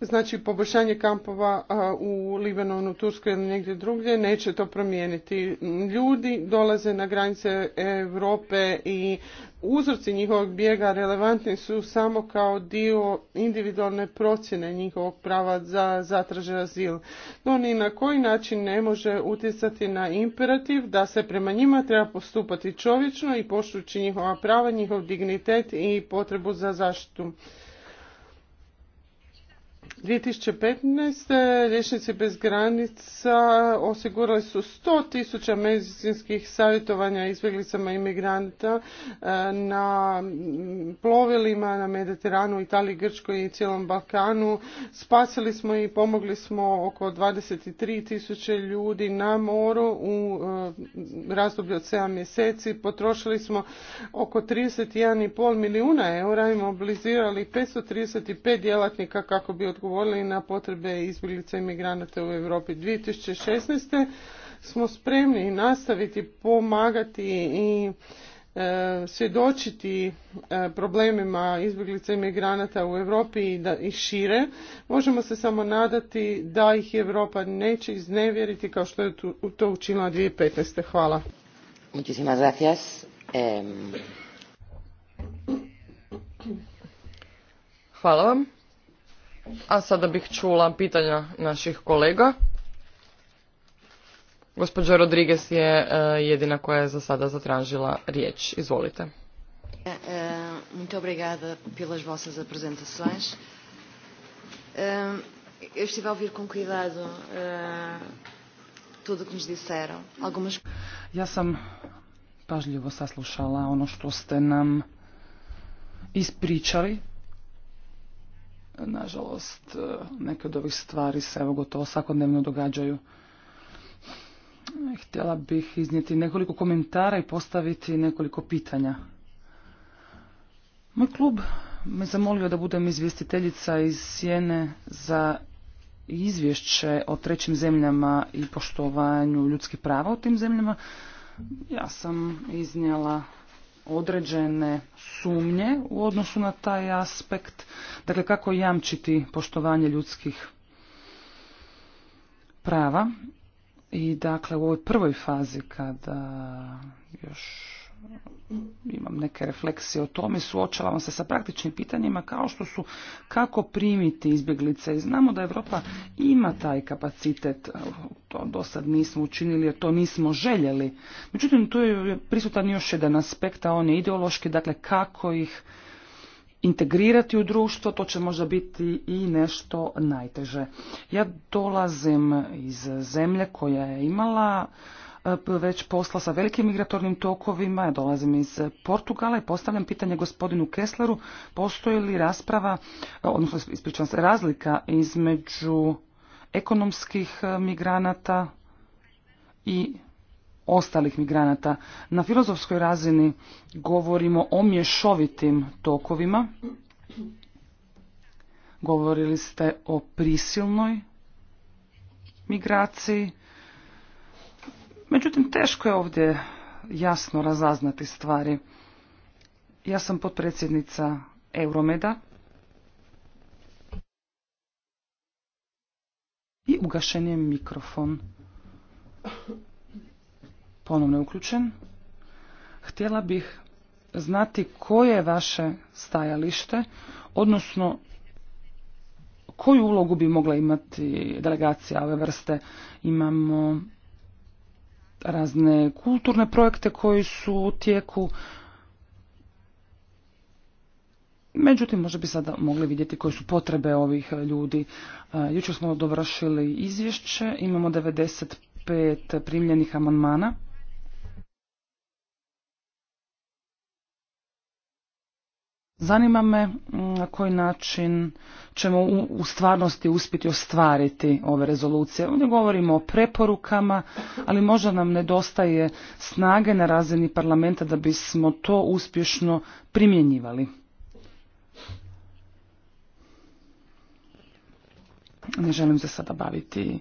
Speaker 4: znači poboljšanje kampova u Libanonu, Turskoj ili negdje drugdje neće to promijeniti. Ljudi dolaze na granice Europe i uzroci njihovog bijega relevantni su samo kao dio individualne procjene njihovog prava za zatraže azil. No ni na koji način ne može utjecati na imperativ da se prema njima treba postupati čovječno i poštući njihova prava, njihov dignitet i potrebu za zaštitu. 2015. Eh, liječnici bez granica osigurali su 100.000 tisuća medicinskih savjetovanja izbjeglicama imigranta eh, na plovilima na Mediteranu, Italiji, Grčkoj i cijelom Balkanu. Spasili smo i pomogli smo oko 23.000 tisuće ljudi na moru u eh, razdoblju od 7 mjeseci. Potrošili smo oko 31,5 milijuna eura i mobilizirali 535 djelatnika kako bi odgovorili odgovorili na potrebe izbjeglica i migranata u Europi. 2016. smo spremni nastaviti pomagati i e, svjedočiti e, problemima izbjeglica i migranata u Europi i da šire. Možemo se samo nadati da ih Europa neće iznevjeriti kao što je to učinila 2015. Hvala. Muchísimas Hvala
Speaker 2: vam. A sada bih čula pitanja naših kolega. Gospođa Rodriguez je e, jedina koja je za sada zatražila riječ. Izvolite.
Speaker 1: E, e, muito obrigada pelas vossas apresentações. Eu estive a ouvir com cuidado tudo que nos disseram.
Speaker 5: Algumas... Ja sam pažljivo saslušala ono što ste nam ispričali. Nažalost, e, neke od ovih stvari se evo gotovo svakodnevno događaju. Htjela bih iznijeti nekoliko komentara i postaviti nekoliko pitanja. Moj klub me zamolio da budem izvjestiteljica iz Sjene za izvješće o trećim zemljama i poštovanju ljudskih prava u tim zemljama. Ja sam iznijela određene sumnje u odnosu na taj aspekt, dakle kako jamčiti poštovanje ljudskih prava i dakle u ovoj prvoj fazi kada još imam neke refleksije o tome, suočavam se sa praktičnim pitanjima kao što su kako primiti izbjeglice. znamo da Europa ima taj kapacitet, to do sad nismo učinili jer to nismo željeli. Međutim, tu je prisutan još jedan aspekt, a on je ideološki, dakle kako ih integrirati u društvo, to će možda biti i nešto najteže. Ja dolazim iz zemlje koja je imala E, već posla sa velikim migratornim tokovima, ja dolazim iz Portugala i postavljam pitanje gospodinu Kessleru, postoji li rasprava, e, odnosno ispričavam se, razlika između ekonomskih e, migranata i ostalih migranata. Na filozofskoj razini govorimo o mješovitim tokovima. Govorili ste o prisilnoj migraciji Međutim, teško je ovdje jasno razaznati stvari. Ja sam potpredsjednica Euromeda i ugašen je mikrofon. Ponovno je uključen. Htjela bih znati koje je vaše stajalište, odnosno koju ulogu bi mogla imati delegacija ove vrste. Imamo razne kulturne projekte koji su u tijeku. Međutim, možda bi sada mogli vidjeti koje su potrebe ovih ljudi. E, jučer smo dovršili izvješće, imamo 95 primljenih amandmana. Zanima me mm, na koji način ćemo u stvarnosti uspjeti ostvariti ove rezolucije. Ovdje govorimo o preporukama, ali možda nam nedostaje snage na razini parlamenta da bismo to uspješno primjenjivali. Ne želim se sada baviti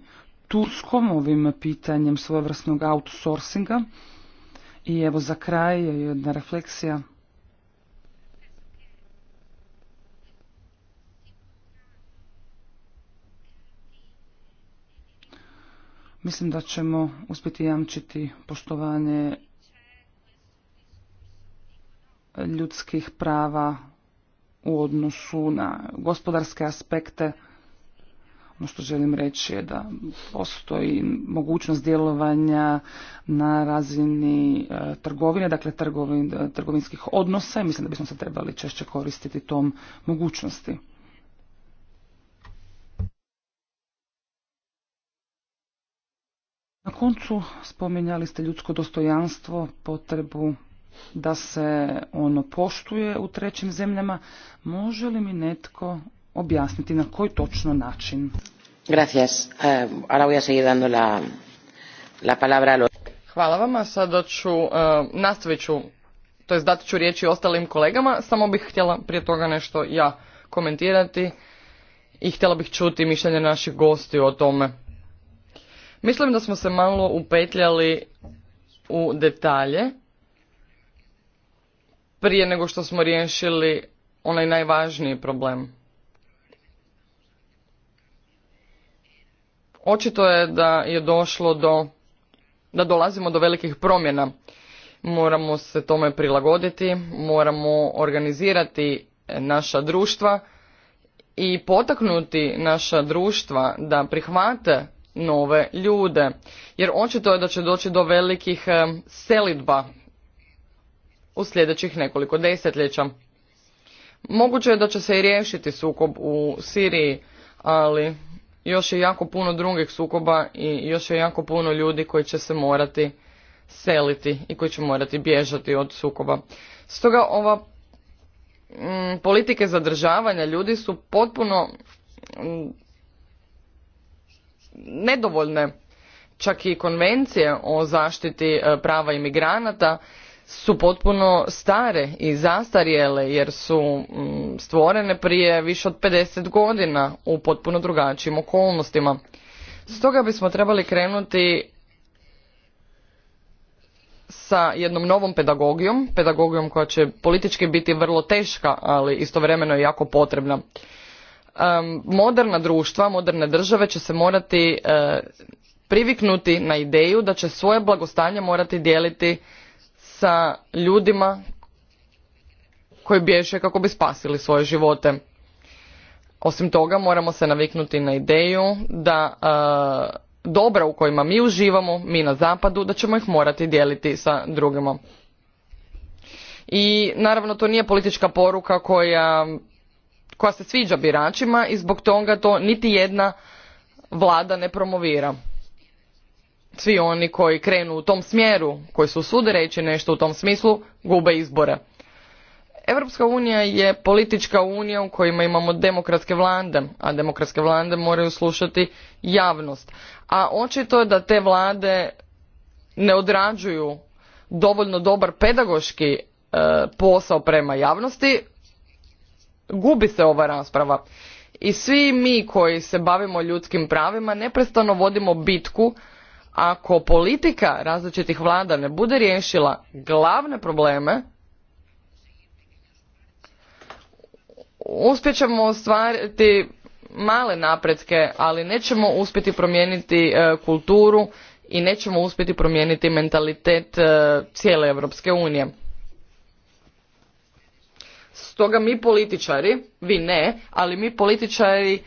Speaker 5: Turskom ovim pitanjem svojevrsnog outsourcinga. I evo za kraj jedna refleksija. Mislim da ćemo uspjeti jamčiti poštovanje ljudskih prava u odnosu na gospodarske aspekte. Ono što želim reći je da postoji mogućnost djelovanja na razini e, trgovine, dakle e, trgovinskih odnosa i mislim da bismo se trebali češće koristiti tom mogućnosti. Na koncu spominjali ste ljudsko dostojanstvo, potrebu da se ono poštuje u trećim zemljama. Može li mi netko objasniti na koji točno način?
Speaker 1: Gracias. Eh, ahora voy
Speaker 2: Hvala vam, sada ću, eh, nastavit ću, to jest dati ću riječi ostalim kolegama, samo bih htjela prije toga nešto ja komentirati i htjela bih čuti mišljenje naših gosti o tome. Mislim da smo se malo upetljali u detalje prije nego što smo riješili onaj najvažniji problem. Očito je da je došlo do, da dolazimo do velikih promjena. Moramo se tome prilagoditi, moramo organizirati naša društva i potaknuti naša društva da prihvate nove ljude. Jer očito je da će doći do velikih eh, selidba u sljedećih nekoliko desetljeća. Moguće je da će se i riješiti sukob u Siriji, ali još je jako puno drugih sukoba i još je jako puno ljudi koji će se morati seliti i koji će morati bježati od sukoba. Stoga ova mm, politike zadržavanja ljudi su potpuno mm, nedovoljne. Čak i konvencije o zaštiti e, prava imigranata su potpuno stare i zastarjele jer su mm, stvorene prije više od 50 godina u potpuno drugačijim okolnostima. Stoga bismo trebali krenuti sa jednom novom pedagogijom, pedagogijom koja će politički biti vrlo teška, ali istovremeno jako potrebna moderna društva, moderne države će se morati e, priviknuti na ideju da će svoje blagostanje morati dijeliti sa ljudima koji bježe kako bi spasili svoje živote. Osim toga moramo se naviknuti na ideju da e, dobra u kojima mi uživamo, mi na zapadu, da ćemo ih morati dijeliti sa drugima. I naravno to nije politička poruka koja koja se sviđa biračima i zbog toga to niti jedna vlada ne promovira. Svi oni koji krenu u tom smjeru, koji su sude reći nešto u tom smislu, gube izbore. Europska unija je politička unija u kojima imamo demokratske vlade, a demokratske vlade moraju slušati javnost. A očito je da te vlade ne odrađuju dovoljno dobar pedagoški e, posao prema javnosti gubi se ova rasprava. I svi mi koji se bavimo ljudskim pravima neprestano vodimo bitku ako politika različitih vlada ne bude riješila glavne probleme, uspjećemo ostvariti male napretke, ali nećemo uspjeti promijeniti e, kulturu i nećemo uspjeti promijeniti mentalitet e, cijele Europske unije. Stoga mi političari, vi ne, ali mi političari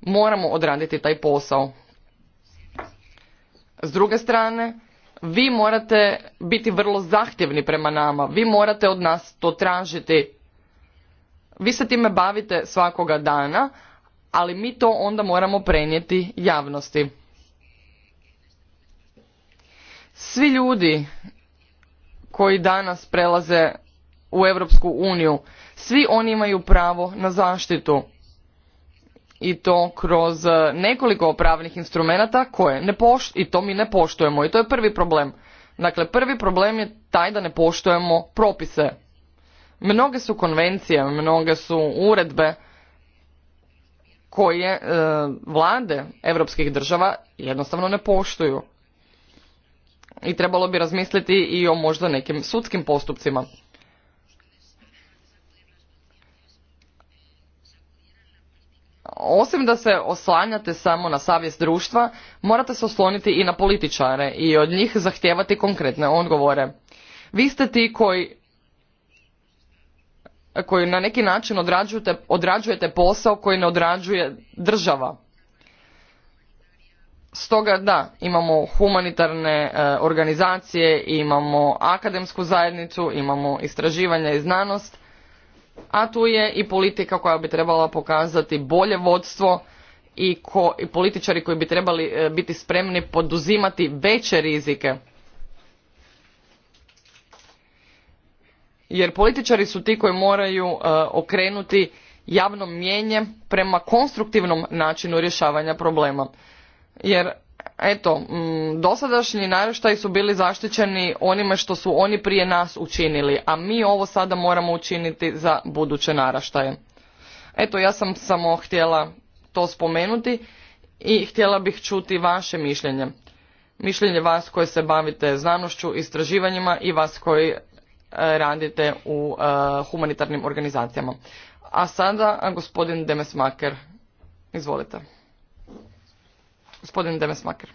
Speaker 2: moramo odraditi taj posao. S druge strane, vi morate biti vrlo zahtjevni prema nama, vi morate od nas to tražiti. Vi se time bavite svakoga dana, ali mi to onda moramo prenijeti javnosti. Svi ljudi koji danas prelaze u Europsku uniju svi oni imaju pravo na zaštitu i to kroz e, nekoliko pravnih instrumenata koje ne i to mi ne poštujemo i to je prvi problem. Dakle, prvi problem je taj da ne poštujemo propise. Mnoge su konvencije, mnoge su uredbe koje e, vlade europskih država jednostavno ne poštuju. I trebalo bi razmisliti i o možda nekim sudskim postupcima. osim da se oslanjate samo na savjest društva, morate se osloniti i na političare i od njih zahtijevati konkretne odgovore. Vi ste ti koji koji na neki način odrađujete, odrađujete posao koji ne odrađuje država. Stoga da, imamo humanitarne e, organizacije, imamo akademsku zajednicu, imamo istraživanje i znanost, a tu je i politika koja bi trebala pokazati bolje vodstvo i, ko, i političari koji bi trebali e, biti spremni poduzimati veće rizike jer političari su ti koji moraju e, okrenuti javno mjenje prema konstruktivnom načinu rješavanja problema jer eto, mm, dosadašnji naraštaji su bili zaštićeni onime što su oni prije nas učinili, a mi ovo sada moramo učiniti za buduće naraštaje. Eto, ja sam samo htjela to spomenuti i htjela bih čuti vaše mišljenje. Mišljenje vas koji se bavite znanošću, istraživanjima i vas koji e, radite u e, humanitarnim organizacijama. A sada, gospodin Demesmaker, izvolite. Gospodin Demesmaker.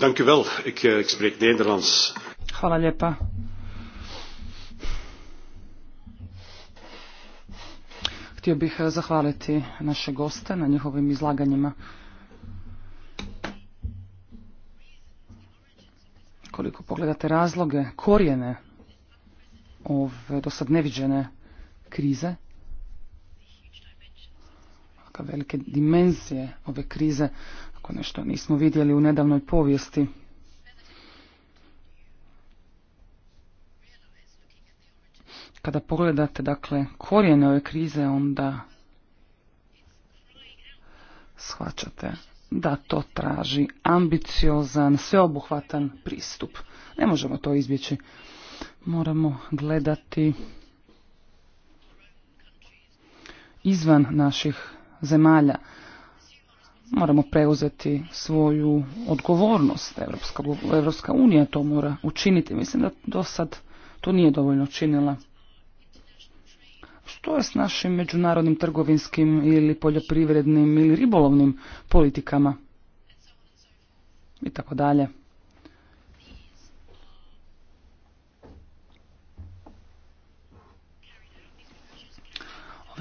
Speaker 3: Dank eh,
Speaker 5: Hvala lijepa. Htio bih eh, zahvaliti naše goste na njihovim izlaganjima. Koliko pogledate razloge, korijene ove do sad neviđene krize, velike dimenzije ove krize, ako nešto nismo vidjeli u nedavnoj povijesti. Kada pogledate dakle korijene ove krize onda shvaćate da to traži ambiciozan, sveobuhvatan pristup. Ne možemo to izbjeći. Moramo gledati izvan naših zemalja moramo preuzeti svoju odgovornost. Evropska, unija to mora učiniti. Mislim da do sad to nije dovoljno činila. Što je s našim međunarodnim trgovinskim ili poljoprivrednim ili ribolovnim politikama? I tako dalje.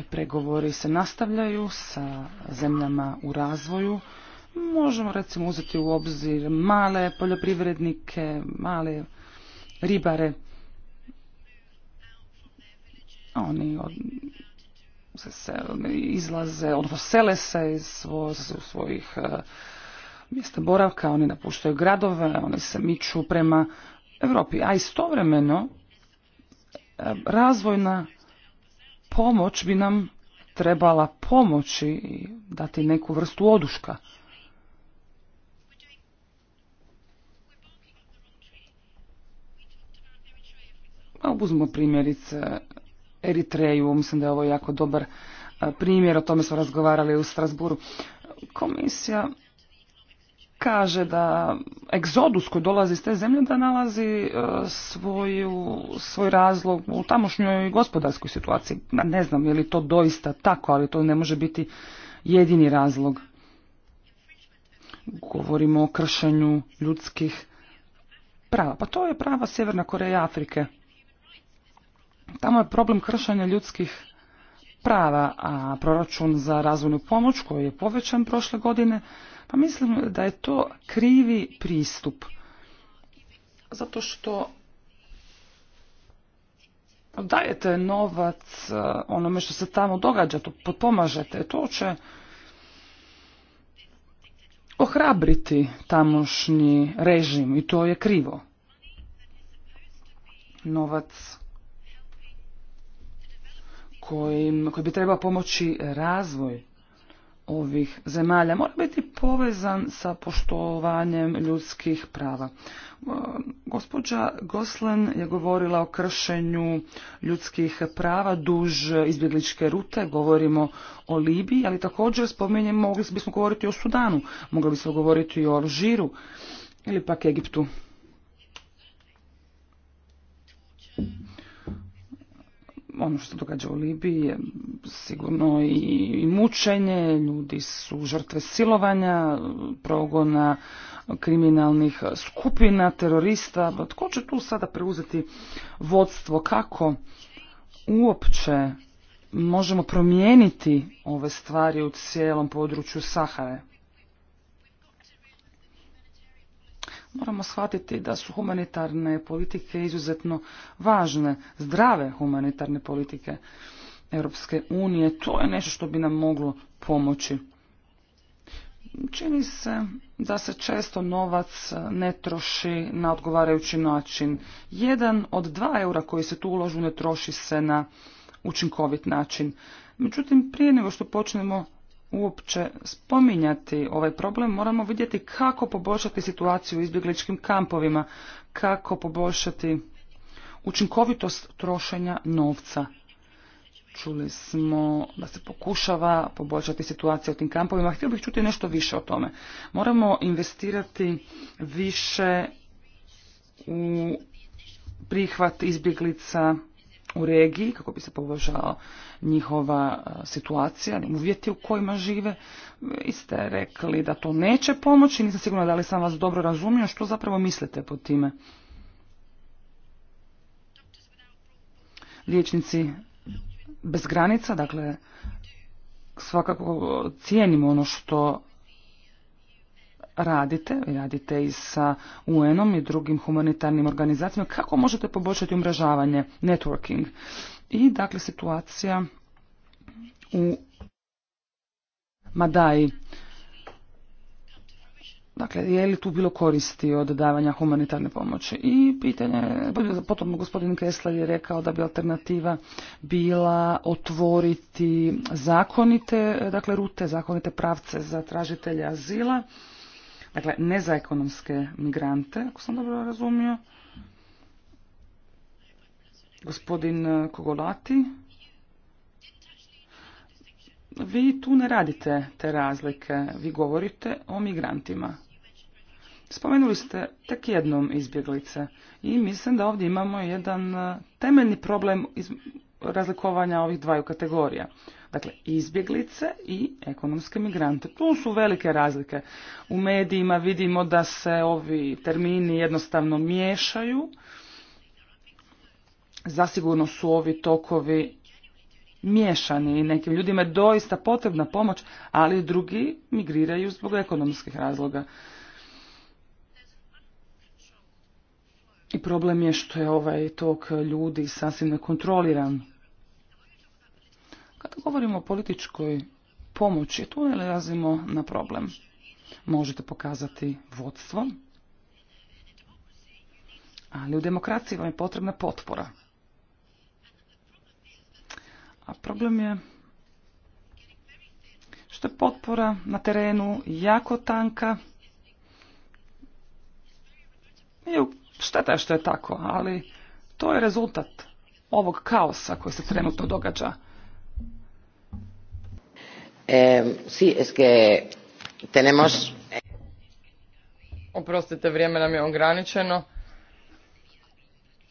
Speaker 5: Dakle, pregovori se nastavljaju sa zemljama u razvoju. Možemo recimo uzeti u obzir male poljoprivrednike, male ribare. Oni od, se, se izlaze, odnosno sele se iz svojih e, mjesta boravka, oni napuštaju gradove, oni se miču prema Europi, a istovremeno e, razvojna pomoć bi nam trebala pomoći i dati neku vrstu oduška. Uzmimo uzmo primjerice Eritreju, mislim da je ovo jako dobar primjer, o tome smo razgovarali u Strasburu. Komisija kaže da egzodus koji dolazi iz te zemlje da nalazi e, svoju, svoj razlog u tamošnjoj gospodarskoj situaciji. Ne znam je li to doista tako, ali to ne može biti jedini razlog. Govorimo o kršenju ljudskih prava. Pa to je prava Sjeverna Koreja Afrike. Tamo je problem kršenja ljudskih prava, a proračun za razvojnu pomoć koji je povećan prošle godine pa mislim da je to krivi pristup. Zato što dajete novac e, onome što se tamo događa, to potpomažete, to će ohrabriti tamošnji režim i to je krivo. Novac koji bi trebao pomoći razvoj ovih zemalja mora biti povezan sa poštovanjem ljudskih prava. E, gospođa Goslen je govorila o kršenju ljudskih prava duž izbjegličke rute, govorimo o Libiji, ali također spominjem, mogli bismo govoriti o Sudanu, mogli bismo govoriti i o Alžiru ili pak Egiptu ono što događa u Libiji je sigurno i mučenje, ljudi su žrtve silovanja, progona kriminalnih skupina, terorista. Pa tko će tu sada preuzeti vodstvo? Kako uopće možemo promijeniti ove stvari u cijelom području Sahare? Moramo shvatiti da su humanitarne politike izuzetno važne, zdrave humanitarne politike Europske unije. To je nešto što bi nam moglo pomoći. Čini se da se često novac ne troši na odgovarajući način. Jedan od dva eura koji se tu uložu ne troši se na učinkovit način. Međutim, prije nego što počnemo uopće spominjati ovaj problem, moramo vidjeti kako poboljšati situaciju u izbjegličkim kampovima, kako poboljšati učinkovitost trošenja novca. Čuli smo da se pokušava poboljšati situacija u tim kampovima. Htio bih čuti nešto više o tome. Moramo investirati više u prihvat izbjeglica u regiji kako bi se poboljšala njihova e, situacija, uvjeti u kojima žive. Vi ste rekli da to neće pomoći, nisam sigurna da li sam vas dobro razumio, što zapravo mislite pod time? Liječnici bez granica, dakle svakako cijenimo ono što radite, radite i sa UN-om i drugim humanitarnim organizacijama, kako možete poboljšati umrežavanje, networking? I dakle situacija u Madaji. Dakle, je li tu bilo koristi od davanja humanitarne pomoći? I pitanje, potom gospodin Kessler je rekao da bi alternativa bila otvoriti zakonite, dakle, rute, zakonite pravce za tražitelja azila. Dakle, ne za ekonomske migrante, ako sam dobro razumio. Gospodin e, Kogolati, vi tu ne radite te razlike, vi govorite o migrantima. Spomenuli ste tek jednom izbjeglice i mislim da ovdje imamo jedan e, temeljni problem iz razlikovanja ovih dvaju kategorija. Dakle, izbjeglice i ekonomske migrante. Tu su velike razlike. U medijima vidimo da se ovi termini jednostavno miješaju. Zasigurno su ovi tokovi miješani i nekim ljudima je doista potrebna pomoć, ali drugi migriraju zbog ekonomskih razloga. I problem je što je ovaj tok ljudi sasvim nekontroliran. Kada govorimo o političkoj pomoći, tu ne razimo na problem. Možete pokazati vodstvo, ali u demokraciji vam je potrebna potpora. A problem je što je potpora na terenu jako tanka. I šteta je što je tako, ali to je rezultat ovog kaosa koji se trenutno događa
Speaker 1: sí, es que tenemos...
Speaker 2: Oprostite, vrijeme nam je ograničeno.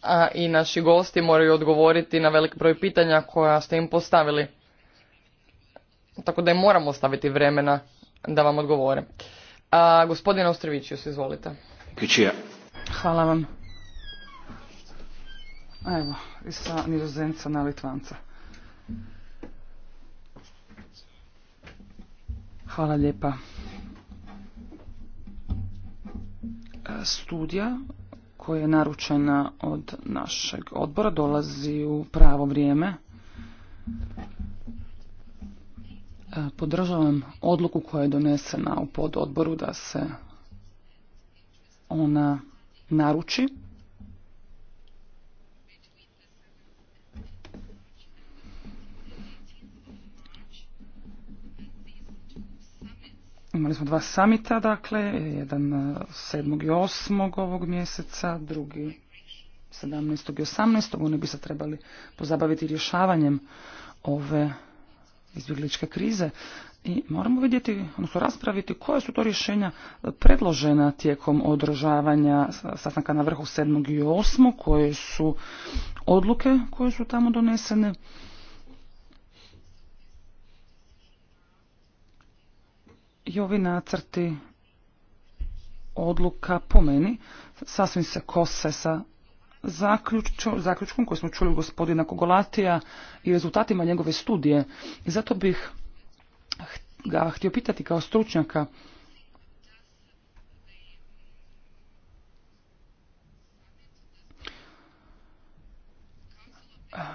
Speaker 2: A i naši gosti moraju odgovoriti na velik broj pitanja koja ste im postavili. Tako da im moramo ostaviti vremena da vam odgovore. A, gospodine Ostrovićius, izvolite.
Speaker 5: Hvala vam. Evo, sa na Litvanca. Hvala lijepa. E, studija koja je naručena od našeg odbora dolazi u pravo vrijeme. E, podržavam odluku koja je donesena u pododboru da se ona naruči Imali smo dva samita, dakle, jedan 7. E, i 8. ovog mjeseca, drugi 17. i 18. Oni bi se trebali pozabaviti rješavanjem ove izbjegličke krize i moramo vidjeti, odnosno raspraviti koje su to rješenja predložena tijekom održavanja sastanka na vrhu 7. i 8. koje su odluke koje su tamo donesene i ovi nacrti odluka po meni sasvim se kose sa zaključkom koji smo čuli gospodina Kogolatija i rezultatima njegove studije. I zato bih ga htio pitati kao stručnjaka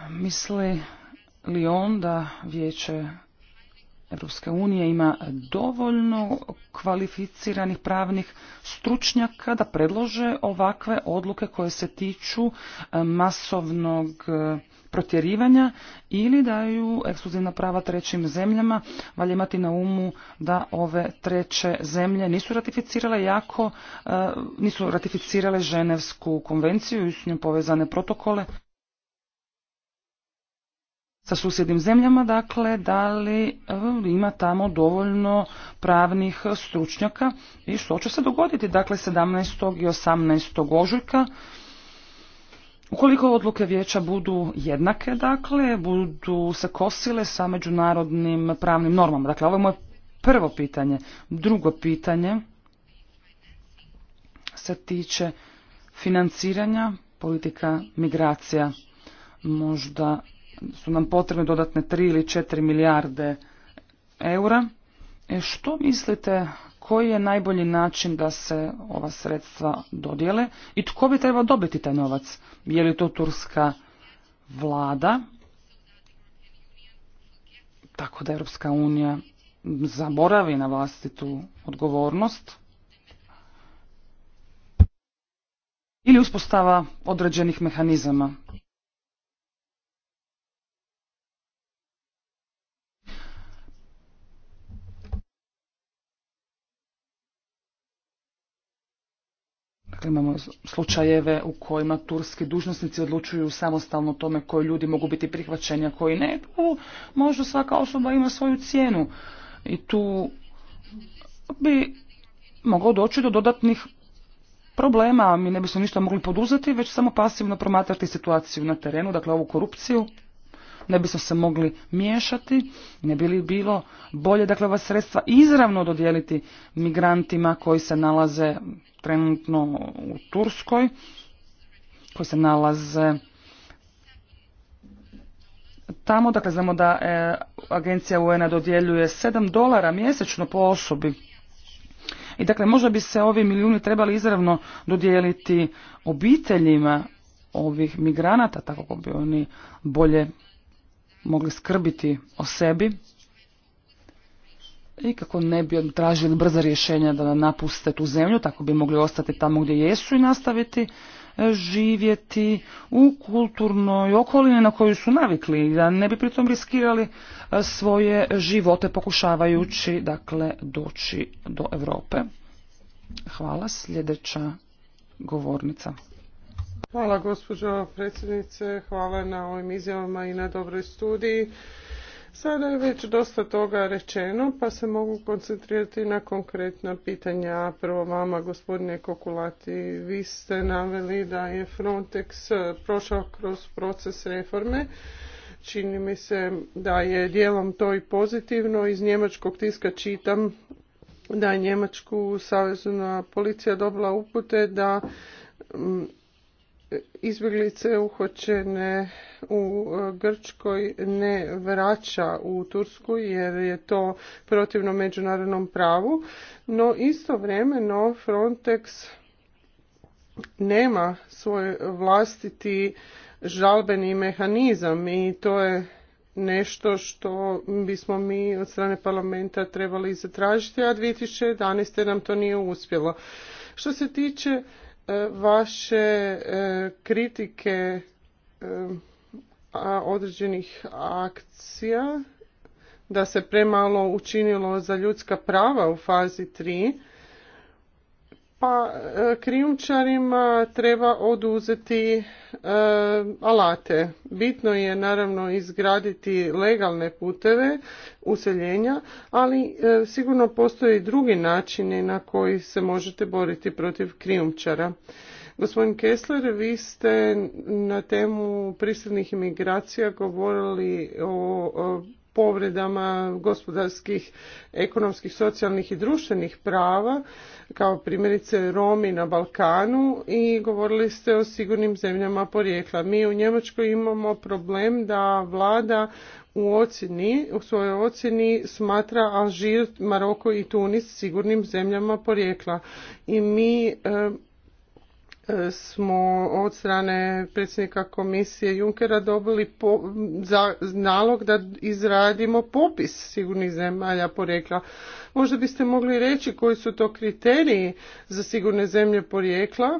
Speaker 5: misli li on da vijeće Evropska unija ima dovoljno kvalificiranih pravnih stručnjaka da predlože ovakve odluke koje se tiču e, masovnog e, protjerivanja ili daju ekskluzivna prava trećim zemljama. Valje imati na umu da ove treće zemlje nisu ratificirale jako, e, nisu ratificirale Ženevsku konvenciju i s njom povezane protokole sa susjednim zemljama, dakle, da li ima tamo dovoljno pravnih stručnjaka i što će se dogoditi, dakle, 17. i 18. ožujka. Ukoliko odluke vijeća budu jednake, dakle, budu se kosile sa međunarodnim pravnim normama. Dakle, ovo je moje prvo pitanje. Drugo pitanje se tiče financiranja politika migracija. Možda su nam potrebne dodatne 3 ili 4 milijarde eura. E što mislite koji je najbolji način da se ova sredstva dodijele i tko bi trebao dobiti taj novac? Je li to turska vlada? Tako da Europska unija zaboravi na vlastitu odgovornost ili uspostava određenih mehanizama. Dakle, imamo slučajeve u kojima turski dužnosnici odlučuju samostalno o tome koji ljudi mogu biti prihvaćeni, a koji ne. Tu možda svaka osoba ima svoju cijenu i tu bi moglo doći do dodatnih problema. Mi ne bismo ništa mogli poduzeti, već samo pasivno promatrati situaciju na terenu, dakle ovu korupciju ne bismo se mogli miješati, ne bi li bilo bolje dakle ova sredstva izravno dodijeliti migrantima koji se nalaze trenutno u Turskoj, koji se nalaze tamo, dakle znamo da e, agencija un dodjeljuje 7 dolara mjesečno po osobi. I dakle možda bi se ovi milijuni trebali izravno dodijeliti obiteljima ovih migranata, tako bi oni bolje mogli skrbiti o sebi i kako ne bi tražili brza rješenja da napuste tu zemlju, tako bi mogli ostati tamo gdje jesu i nastaviti e, živjeti u kulturnoj okolini na koju su navikli i da ne bi pritom riskirali e, svoje živote pokušavajući dakle doći do Europe. Hvala, sljedeća govornica.
Speaker 4: Hvala gospođo predsjednice, hvala na ovim izjavama i na dobroj studiji. Sada je već dosta toga rečeno, pa se mogu koncentrirati na konkretna pitanja. Prvo vama, gospodine Kokulati, vi ste naveli da je Frontex prošao kroz proces reforme. Čini mi se da je dijelom to i pozitivno. Iz njemačkog tiska čitam da je njemačku savezna policija dobila upute da mm, izbjeglice uhoćene u e, Grčkoj ne vraća u Tursku jer je to protivno međunarodnom pravu, no istovremeno Frontex nema svoj vlastiti žalbeni mehanizam i to je nešto što bismo mi od strane parlamenta trebali zatražiti, a 2011. nam to nije uspjelo. Što se tiče vaše e, kritike e, određenih akcija da se premalo učinilo za ljudska prava u fazi tri pa e, krijumčarima treba oduzeti e, alate bitno je naravno izgraditi legalne puteve useljenja ali e, sigurno postoje i drugi načini na koji se možete boriti protiv krijumčara Gospodin Kessler, vi ste na temu prisilnih imigracija govorili o povredama gospodarskih, ekonomskih, socijalnih i društvenih prava, kao primjerice Romi na Balkanu i govorili ste o sigurnim zemljama porijekla. Mi u Njemačkoj imamo problem da vlada u ocjeni, u svojoj ocjeni smatra Alžir, Maroko i Tunis sigurnim zemljama porijekla. I mi e, smo od strane predsjednika komisije Junkera dobili po, za nalog da izradimo popis sigurnih zemalja porijekla. Možda biste mogli reći koji su to kriteriji za sigurne zemlje porijekla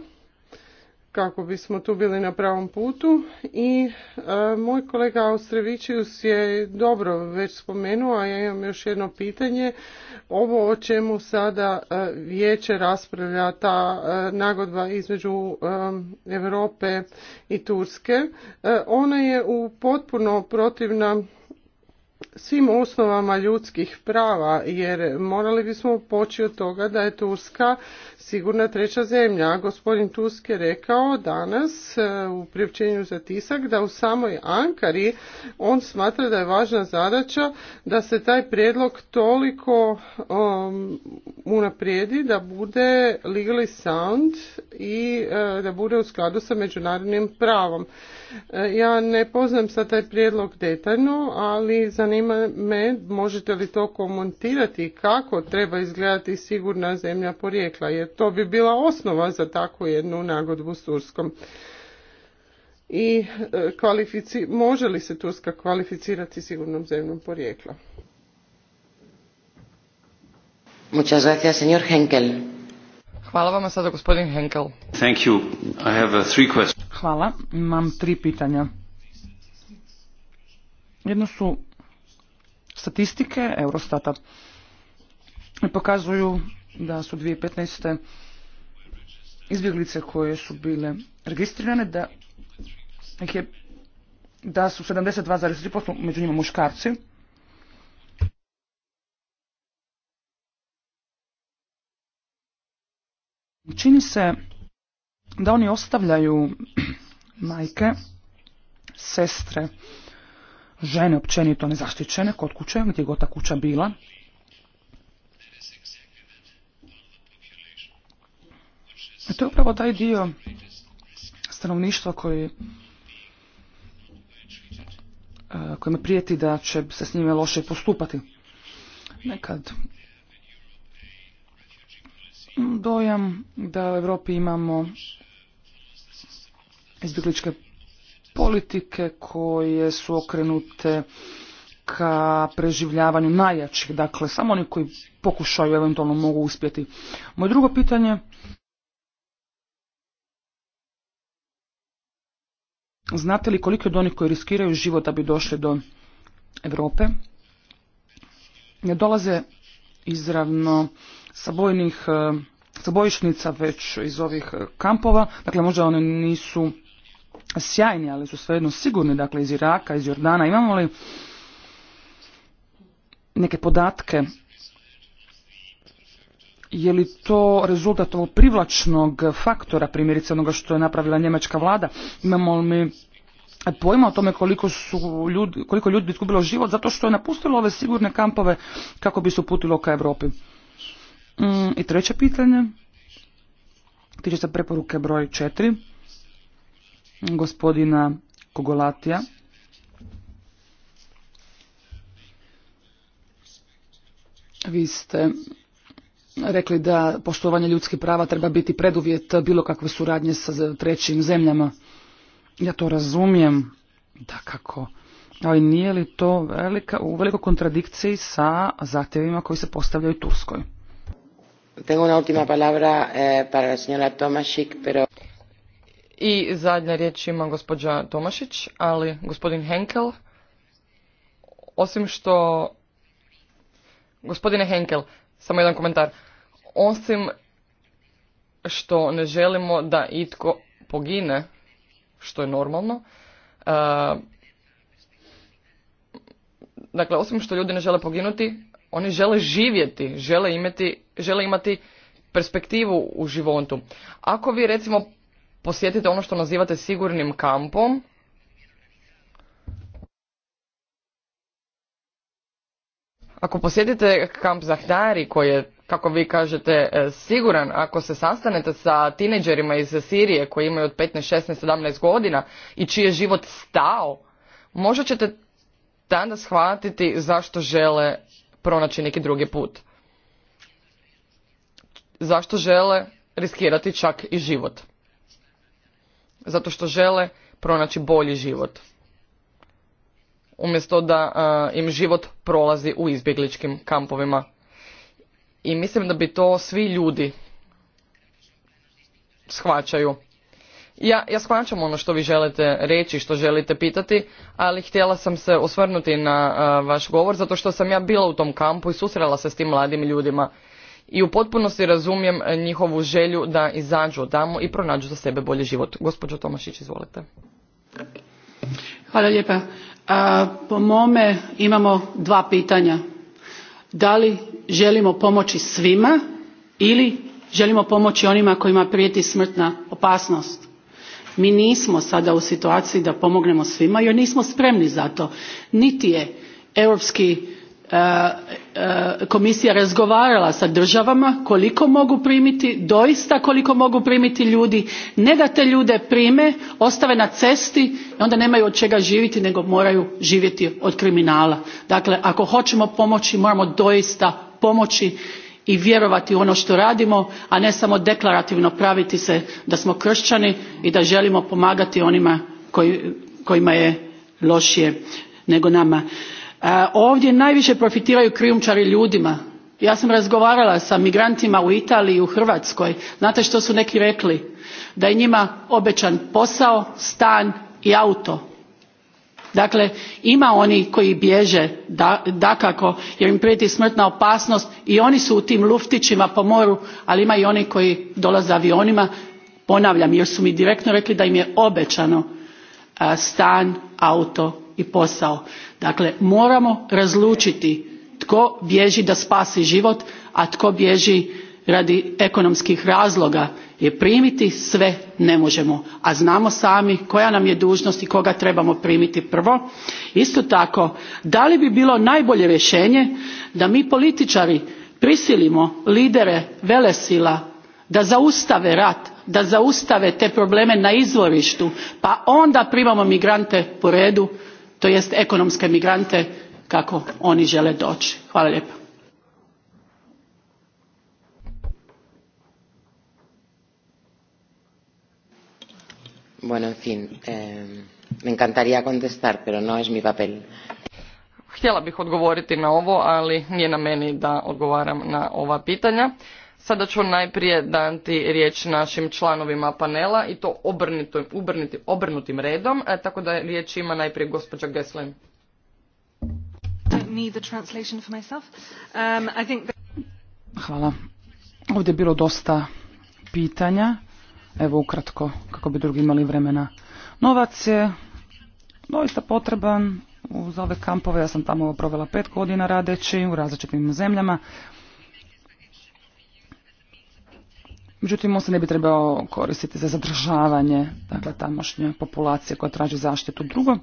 Speaker 4: kako bismo tu bili na pravom putu i e, moj kolega Austrevičius je dobro već spomenuo, a ja imam još jedno pitanje. Ovo o čemu sada e, vijeće raspravlja ta e, nagodba između e, Europe i Turske, ona je u potpuno protivna svim osnovama ljudskih prava jer morali bismo poći od toga da je Turska sigurna treća zemlja. gospodin Tusk je rekao danas e, u priopćenju za tisak da u samoj Ankari on smatra da je važna zadaća da se taj prijedlog toliko um, unaprijedi da bude legally sound i e, da bude u skladu sa međunarodnim pravom. E, ja ne poznam sad taj prijedlog detaljno, ali zanima me možete li to komentirati kako treba izgledati sigurna zemlja porijekla, jer to bi bila osnova za takvu jednu nagodbu s Turskom. I e, može li se Turska kvalificirati sigurnom zemljom porijekla?
Speaker 1: Muchas gracias, señor Henkel.
Speaker 2: Hvala vam, sada gospodin Henkel.
Speaker 3: Uh,
Speaker 5: Hvala, imam tri pitanja. Jedno su statistike Eurostata. Pokazuju da su 2015. izbjeglice koje su bile registrirane, da, da su 72,3% među njima muškarci, Čini se da oni ostavljaju majke, sestre, žene općenito nezaštićene kod kuće, gdje god ta kuća bila. to je upravo taj dio stanovništva koji e, kojima prijeti da će se s njime loše postupati. Nekad dojam da u Europi imamo izbjegličke politike koje su okrenute ka preživljavanju najjačih, dakle samo oni koji pokušaju eventualno mogu uspjeti. Moje drugo pitanje Znate li koliko od onih koji riskiraju život da bi došli do Europe ne dolaze izravno sa bojnih e, bojišnica već iz ovih e, kampova. Dakle, možda one nisu sjajni, ali su svejedno sigurni, dakle, iz Iraka, iz Jordana. Imamo li neke podatke? Je li to rezultat ovog privlačnog faktora, primjerice onoga što je napravila njemačka vlada? Imamo li pojma o tome koliko, su ljudi, koliko ljudi izgubilo život zato što je napustilo ove sigurne kampove kako bi se uputilo ka Europi? Mm, I treće pitanje, tiče se preporuke broj četiri gospodina Kogolatija. Vi ste rekli da poštovanje ljudskih prava treba biti preduvjet bilo kakve suradnje sa trećim zemljama. Ja to razumijem, da kako. Ali nije li to u velikoj kontradikciji sa zahtjevima koji se postavljaju Turskoj?
Speaker 1: Tengo una última palabra eh,
Speaker 2: I zadnja riječ ima gospođa Tomašić, ali gospodin Henkel, osim što... Gospodine Henkel, samo jedan komentar. Osim što ne želimo da itko pogine, što je normalno, eh, dakle, osim što ljudi ne žele poginuti, oni žele živjeti, žele imati žele imati perspektivu u životu. Ako vi recimo posjetite ono što nazivate sigurnim kampom, Ako posjetite kamp Zahdari koji je, kako vi kažete, e, siguran, ako se sastanete sa tineđerima iz Sirije koji imaju od 15, 16, 17 godina i čiji je život stao, možda ćete tada shvatiti zašto žele pronaći neki drugi put zašto žele riskirati čak i život. Zato što žele pronaći bolji život. Umjesto da im život prolazi u izbjegličkim kampovima. I mislim da bi to svi ljudi shvaćaju. Ja, ja shvaćam ono što vi želite reći, što želite pitati, ali htjela sam se osvrnuti na vaš govor zato što sam ja bila u tom kampu i susrela se s tim mladim ljudima i u potpunosti razumijem e, njihovu želju da izađu od tamo i pronađu za sebe bolji život. Gospođo Tomašić, izvolite.
Speaker 6: Hvala lijepa. A, po mome imamo dva pitanja. Da li želimo pomoći svima ili želimo pomoći onima kojima prijeti smrtna opasnost? Mi nismo sada u situaciji da pomognemo svima jer nismo spremni za to. Niti je europski e, E, komisija razgovarala sa državama koliko mogu primiti doista koliko mogu primiti ljudi ne da te ljude prime ostave na cesti i onda nemaju od čega živjeti nego moraju živjeti od kriminala. dakle ako hoćemo pomoći moramo doista pomoći i vjerovati u ono što radimo a ne samo deklarativno praviti se da smo kršćani i da želimo pomagati onima kojima je lošije nego nama. E, ovdje najviše profitiraju krijumčari ljudima ja sam razgovarala sa migrantima u italiji i u hrvatskoj znate što su neki rekli da je njima obećan posao stan i auto dakle ima onih koji bježe dakako jer im prijeti smrtna opasnost i oni su u tim luftićima po moru ali ima i onih koji dolaze avionima ponavljam jer su mi direktno rekli da im je obećano stan auto i posao dakle moramo razlučiti tko bježi da spasi život a tko bježi radi ekonomskih razloga jer primiti sve ne možemo a znamo sami koja nam je dužnost i koga trebamo primiti prvo. isto tako da li bi bilo najbolje rješenje da mi političari prisilimo lidere velesila da zaustave rat da zaustave te probleme na izvorištu pa onda primamo migrante po redu? to jest ekonomske migrante kako oni žele doći. Hvala lijepa.
Speaker 1: Bueno, en fin, eh, me encantaría contestar, pero no es mi papel.
Speaker 2: Htjela bih odgovoriti na ovo, ali nije na meni da odgovaram na ova pitanja. Sada ću najprije dati riječ našim članovima panela i to obrnutim redom, e, tako da riječ ima najprije gospođa Geslin.
Speaker 7: Um,
Speaker 5: Hvala. Ovdje je bilo dosta pitanja. Evo ukratko, kako bi drugi imali vremena. Novac je doista potreban za ove kampove. Ja sam tamo provela pet godina radeći u različitim zemljama. Međutim, on se ne bi trebao koristiti za zadržavanje dakle, tamošnje populacije koja traži zaštitu. Drugo,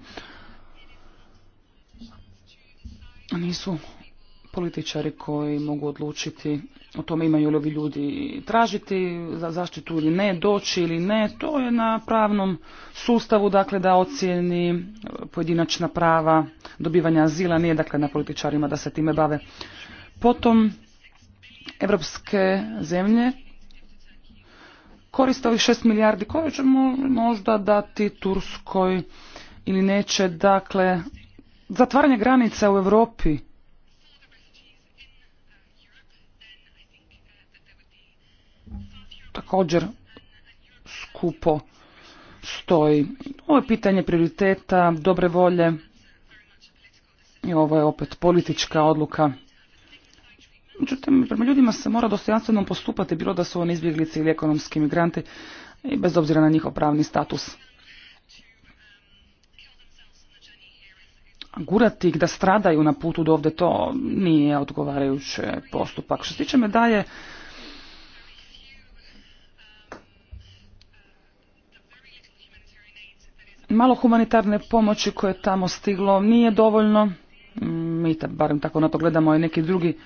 Speaker 5: nisu političari koji mogu odlučiti o tome imaju li ovi ljudi tražiti za zaštitu ili ne, doći ili ne. To je na pravnom sustavu dakle, da ocijeni pojedinačna prava dobivanja azila. Nije dakle na političarima da se time bave. Potom, evropske zemlje koriste ovih šest milijardi koje ćemo možda dati Turskoj ili neće. Dakle, zatvaranje granica u Europi također skupo stoji. Ovo je pitanje prioriteta, dobre volje i ovo je opet politička odluka. Međutim, prema ljudima se mora dostojanstveno postupati, bilo da su oni izbjeglice ili ekonomski migranti, i bez obzira na njihov pravni status. Gurati ih da stradaju na putu do ovdje, to nije odgovarajuće postupak. Što se tiče je malo humanitarne pomoći koje je tamo stiglo nije dovoljno, mi barem tako na to gledamo i neki drugi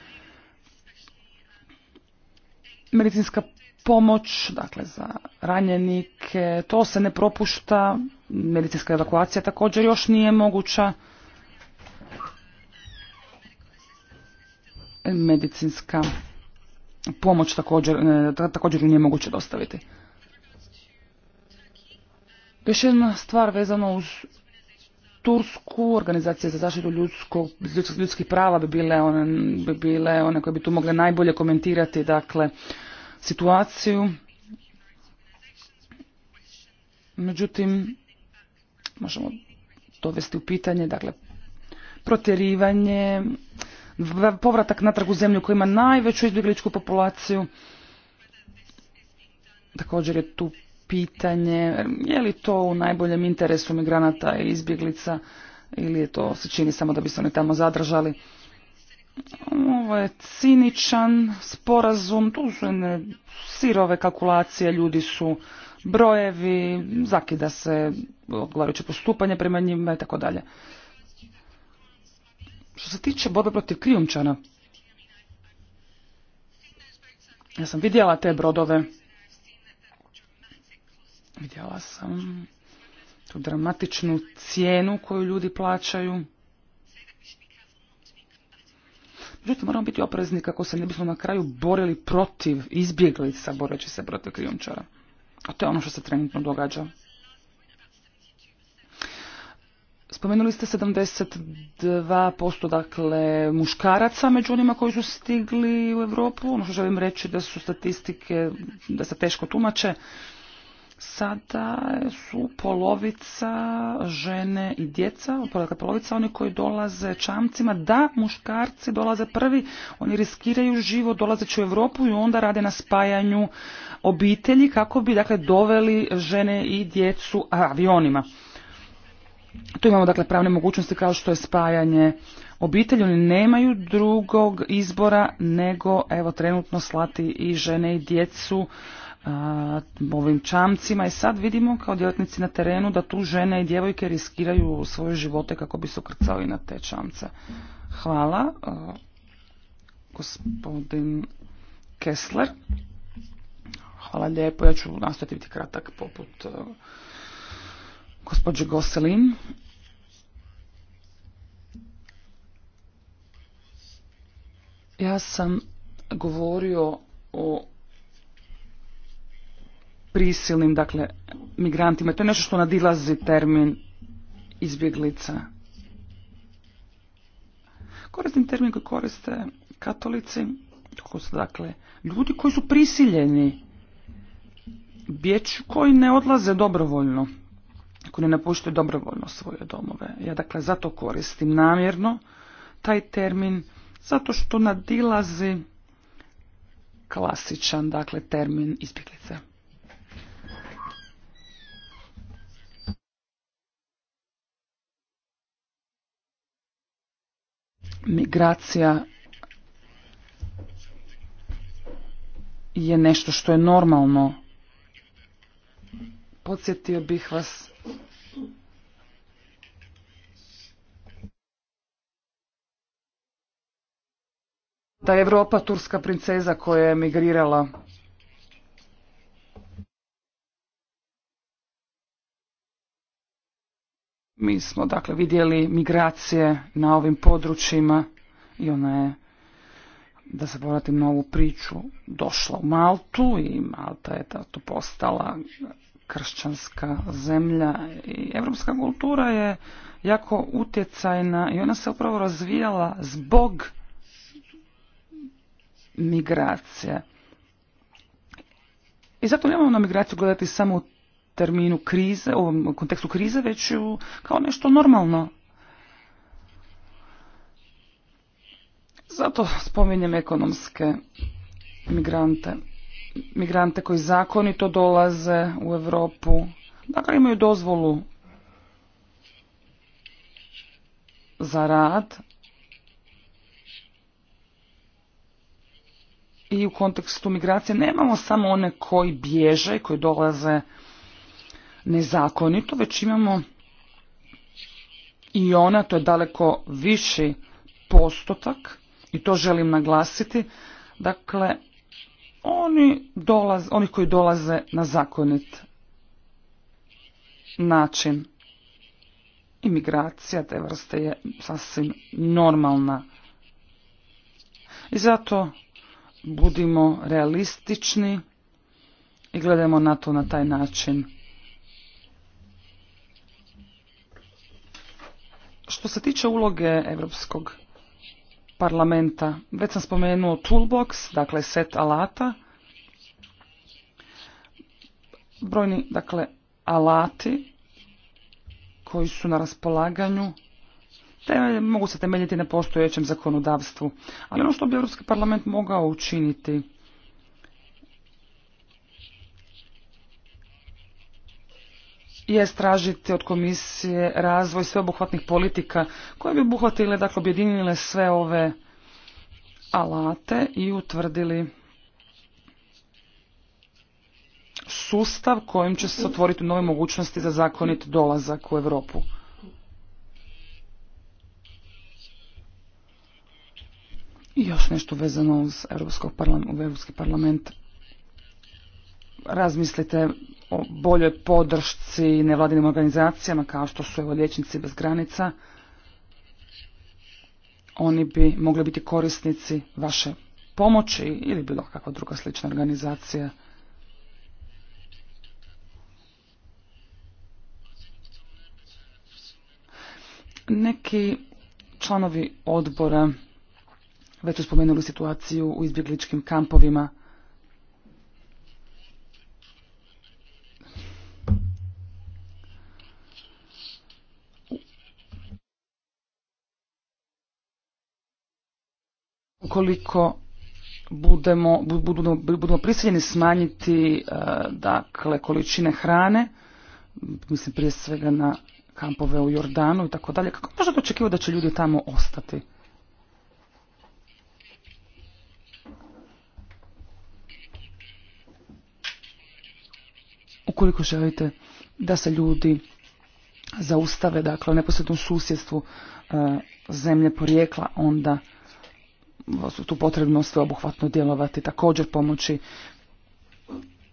Speaker 5: medicinska pomoć, dakle za ranjenike, to se ne propušta, medicinska evakuacija također još nije moguća. Medicinska pomoć također, e, također nije moguće dostaviti. Još jedna stvar vezano uz Tursku, organizacije za zaštitu ljudskog, ljudskih prava bi bile, one, bile one koje bi tu mogle najbolje komentirati dakle, situaciju. Međutim, možemo dovesti u pitanje dakle, protjerivanje, povratak natrag u zemlju koja ima najveću izbjegličku populaciju. Također je tu pitanje je li to u najboljem interesu migranata i izbjeglica ili je to se čini samo da bi se oni tamo zadržali. Ovo je ciničan sporazum, tu su sirove kalkulacije, ljudi su brojevi, zakida se odgovarajuće postupanje prema njima i tako dalje. Što se tiče borbe protiv krijumčana, ja sam vidjela te brodove, Vidjela sam tu dramatičnu cijenu koju ljudi plaćaju. Međutim, moramo biti oprezni kako se ne bismo na kraju borili protiv izbjegli sa boreći se protiv krijumčara. A to je ono što se trenutno događa. Spomenuli ste 72% dakle muškaraca među onima koji su stigli u Europu. Ono što želim reći da su statistike, da se teško tumače sada su polovica žene i djeca, polovica oni koji dolaze čamcima, da muškarci dolaze prvi, oni riskiraju život, dolazeći u Europu i onda rade na spajanju obitelji kako bi dakle doveli žene i djecu avionima. Tu imamo dakle pravne mogućnosti kao što je spajanje obitelji, oni nemaju drugog izbora nego evo trenutno slati i žene i djecu ovim čamcima i sad vidimo kao djelatnici na terenu da tu žene i djevojke riskiraju svoje živote kako bi se ukrcali na te čamce. Hvala. Gospodin Kessler. Hvala lijepo. Ja ću nastaviti biti kratak poput gospođe Goselin. Ja sam govorio o prisilnim dakle, migrantima. To je nešto što nadilazi termin izbjeglica. Koristim termin koji koriste katolici, su dakle ljudi koji su prisiljeni bjeću koji ne odlaze dobrovoljno, koji ne napuštaju dobrovoljno svoje domove. Ja dakle zato koristim namjerno taj termin, zato što nadilazi klasičan dakle termin izbjeglice. migracija je nešto što je normalno. Podsjetio bih vas da je Europa turska princeza koja je emigrirala Mi smo dakle vidjeli migracije na ovim područjima i ona je, da se povratim na ovu priču, došla u Maltu i Malta je to postala kršćanska zemlja i evropska kultura je jako utjecajna i ona se upravo razvijala zbog migracije. I zato nemamo na migraciju gledati samo terminu krize, u ovom kontekstu krize, već u, kao nešto normalno. Zato spominjem ekonomske migrante. Migrante koji zakonito dolaze u Europu, dakle imaju dozvolu za rad i u kontekstu migracije nemamo samo one koji bježe, koji dolaze nezakonito, već imamo i ona, to je daleko viši postotak i to želim naglasiti, dakle, oni, oni koji dolaze na zakonit način. Imigracija te vrste je sasvim normalna. I zato budimo realistični i gledamo na to na taj način. Što se tiče uloge Europskog parlamenta, već sam spomenuo toolbox, dakle set alata, brojni dakle alati koji su na raspolaganju te mogu se temeljiti na postojećem zakonodavstvu. Ali ono što bi Europski parlament mogao učiniti je stražiti od komisije razvoj sveobuhvatnih politika koje bi obuhvatile, dakle objedinile sve ove alate i utvrdili sustav kojim će se otvoriti nove mogućnosti za zakonit dolazak u Europu. I još nešto vezano uz Europski parlament. Razmislite o boljoj podršci nevladinim organizacijama kao što su evo liječnici bez granica, oni bi mogli biti korisnici vaše pomoći ili bilo kakva druga slična organizacija. Neki članovi odbora već su spomenuli situaciju u izbjegličkim kampovima. Ukoliko budemo, budemo, prisiljeni smanjiti e, dakle, količine hrane, mislim prije svega na kampove u Jordanu i tako dalje, kako možete očekivati da će ljudi tamo ostati? Ukoliko želite da se ljudi zaustave, dakle, u neposrednom susjedstvu e, zemlje porijekla, onda tu potrebno sveobuhvatno djelovati, također pomoći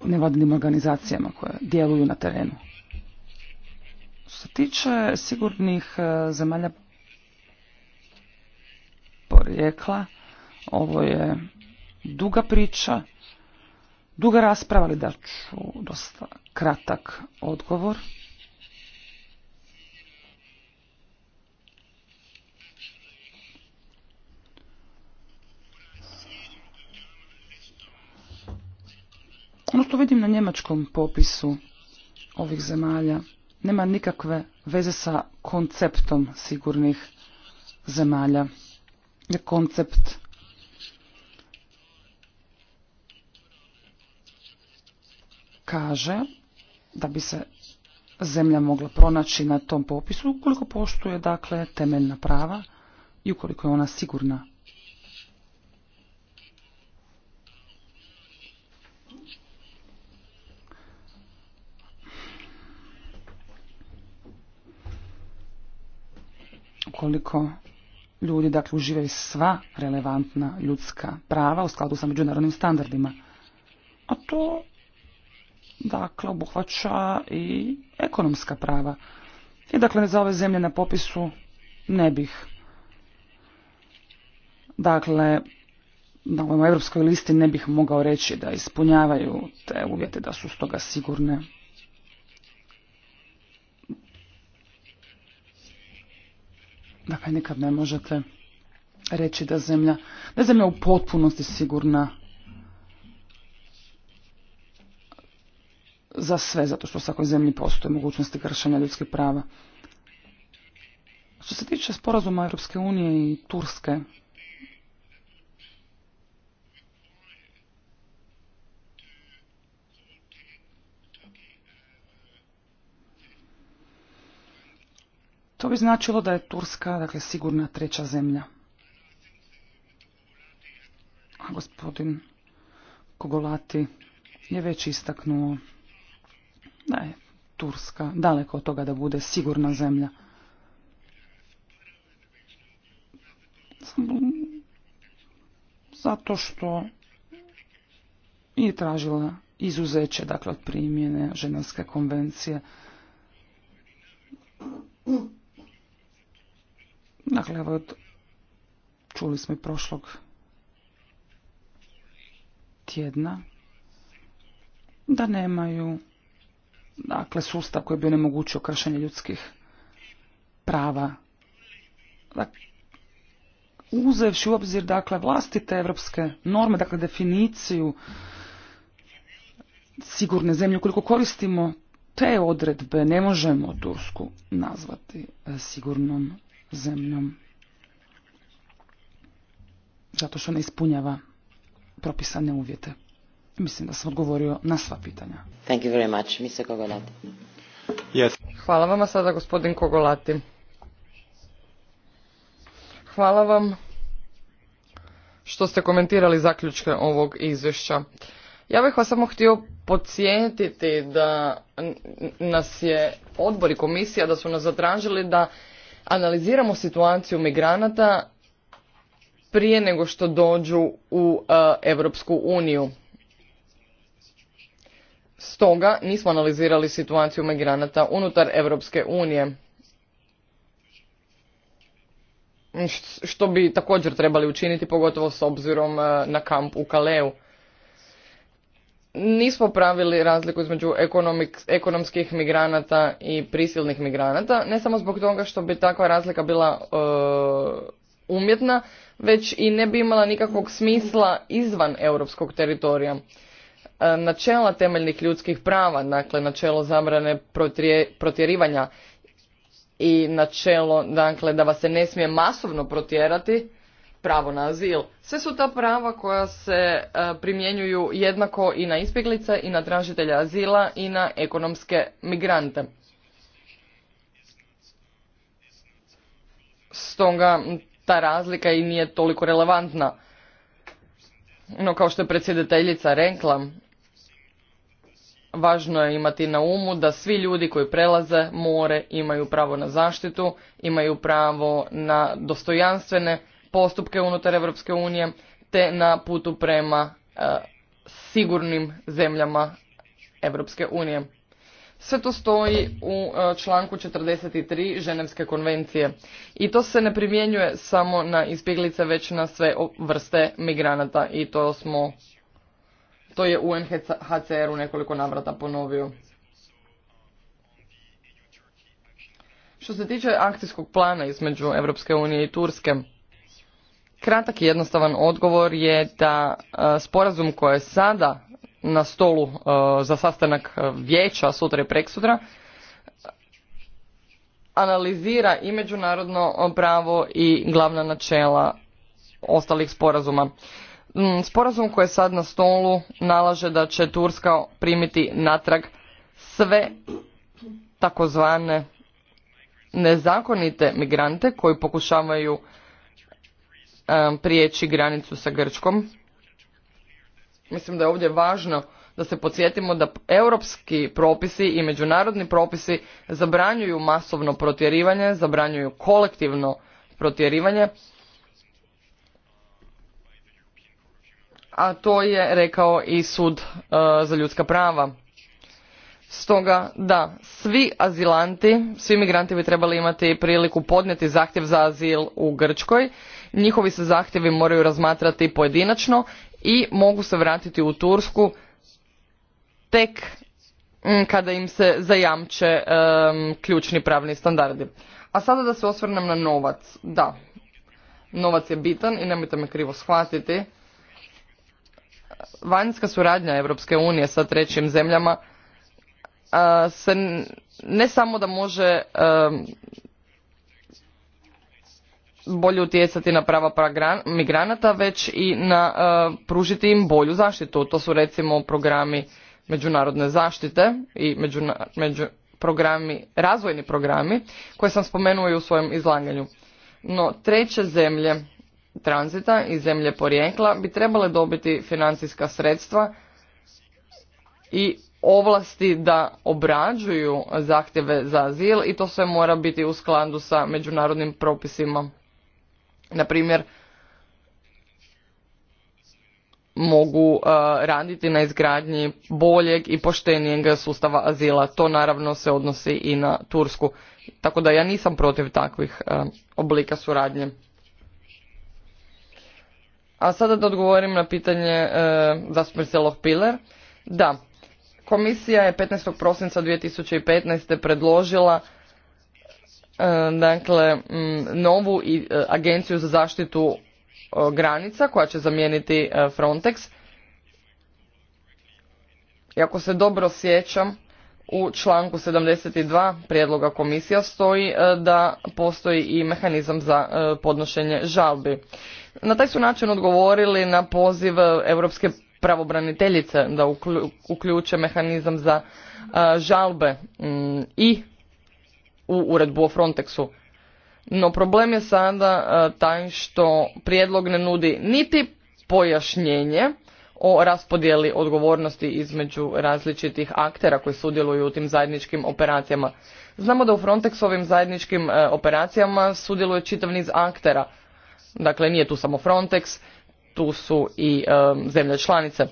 Speaker 5: nevladinim organizacijama koje djeluju na terenu. Što se tiče sigurnih e, zemalja porijekla, ovo je duga priča, duga rasprava, ali da ću dosta kratak odgovor. Ono što vidim na njemačkom popisu ovih zemalja nema nikakve veze sa konceptom sigurnih zemalja. Je koncept kaže da bi se zemlja mogla pronaći na tom popisu ukoliko poštuje dakle temeljna prava i ukoliko je ona sigurna koliko ljudi dakle uživaju sva relevantna ljudska prava u skladu sa međunarodnim standardima. A to dakle obuhvaća i ekonomska prava. I dakle za ove zemlje na popisu ne bih. Dakle, na ovoj europskoj listi ne bih mogao reći da ispunjavaju te uvjete da su stoga sigurne Dakle, nikad ne možete reći da zemlja, da je zemlja u potpunosti sigurna za sve, zato što u svakoj zemlji postoje mogućnosti kršenja ljudskih prava. Što se tiče sporazuma Europske unije i Turske, To bi značilo da je Turska dakle, sigurna treća zemlja. A gospodin Kogolati je već istaknuo da je Turska daleko od toga da bude sigurna zemlja. Zato što je tražila izuzeće dakle, od primjene Ženevske konvencije. Dakle, evo, čuli smo i prošlog tjedna da nemaju dakle, sustav koji bi onemogućio kršenje ljudskih prava. Dakle, uzevši u obzir dakle, vlastite evropske norme, dakle definiciju sigurne zemlje, ukoliko koristimo te odredbe, ne možemo Tursku nazvati sigurnom zemljom. Zato što ne ispunjava propisane uvjete. Mislim da sam odgovorio na sva pitanja.
Speaker 1: Thank you very much, Mr. Kogolati. Yes.
Speaker 5: Hvala
Speaker 2: vam sada gospodin Kogolati. Hvala vam što ste komentirali zaključke ovog izvješća. Ja bih vas samo htio podsjetiti da nas je odbor i komisija da su nas zatražili da analiziramo situaciju migranata prije nego što dođu u Europsku uniju. Stoga nismo analizirali situaciju migranata unutar Europske unije. Što bi također trebali učiniti, pogotovo s obzirom e, na kamp u Kaleu nismo pravili razliku između ekonomskih migranata i prisilnih migranata, ne samo zbog toga što bi takva razlika bila e, umjetna, već i ne bi imala nikakvog smisla izvan europskog teritorija. E, načela temeljnih ljudskih prava, dakle načelo zabrane protjerivanja i načelo dakle, da vas se ne smije masovno protjerati, pravo na azil. Sve su ta prava koja se e, primjenjuju jednako i na izbjeglice i na tražitelja azila i na ekonomske migrante. Stoga ta razlika i nije toliko relevantna. No kao što je predsjedateljica rekla, važno je imati na umu da svi ljudi koji prelaze more imaju pravo na zaštitu, imaju pravo na dostojanstvene postupke unutar Europske unije te na putu prema e, sigurnim zemljama Europske unije. Sve to stoji u e, članku 43 Ženevske konvencije i to se ne primjenjuje samo na izbjeglice već na sve vrste migranata i to smo to je UNHCR u nekoliko navrata ponovio. Što se tiče akcijskog plana između Europske unije i Turske, Kratak i jednostavan odgovor je da e, sporazum koji je sada na stolu e, za sastanak e, vijeća sutra i preksutra analizira i međunarodno pravo i glavna načela ostalih sporazuma. Mm, sporazum koji je sad na stolu nalaže da će Turska primiti natrag sve takozvane nezakonite migrante koji pokušavaju Um, prijeći granicu sa Grčkom. Mislim da je ovdje važno da se podsjetimo da europski propisi i međunarodni propisi zabranjuju masovno protjerivanje, zabranjuju kolektivno protjerivanje, a to je rekao i sud uh, za ljudska prava. Stoga, da, svi azilanti, svi migranti bi trebali imati priliku podnijeti zahtjev za azil u Grčkoj njihovi se zahtjevi moraju razmatrati pojedinačno i mogu se vratiti u Tursku tek mm, kada im se zajamče ključni pravni standardi. A sada da se osvrnem na novac. Da, novac je bitan i nemojte me krivo shvatiti. Vanjska suradnja Europske unije sa trećim zemljama se ne samo da može bolje utjecati na prava migranata već i na e, pružiti im bolju zaštitu to su recimo programi međunarodne zaštite i programi razvojni programi koje sam spomenuo i u svojem izlaganju no treće zemlje tranzita i zemlje porijekla bi trebale dobiti financijska sredstva i ovlasti da obrađuju zahtjeve za azil i to sve mora biti u skladu sa međunarodnim propisima na primjer mogu raditi na izgradnji boljeg i poštenijeg sustava azila. To naravno se odnosi i na Tursku. Tako da ja nisam protiv takvih oblika suradnje. A sada da odgovorim na pitanje e, zastupnice Lohpiler. Da, komisija je 15. prosinca 2015. predložila E, dakle novu e, agenciju za zaštitu e, granica koja će zamijeniti Frontex. I ako se dobro sjećam, u članku 72 prijedloga komisija stoji da postoji i mehanizam za podnošenje žalbi. Na taj su način odgovorili na poziv Europske pravobraniteljice da uključe mehanizam za žalbe i u uredbu o Frontexu. No problem je sada e, taj što prijedlog ne nudi niti pojašnjenje o raspodjeli odgovornosti između različitih aktera koji sudjeluju u tim zajedničkim operacijama. Znamo da u Frontexovim zajedničkim e, operacijama sudjeluje čitav niz aktera. Dakle, nije tu samo Frontex, tu su i e, zemlje članice.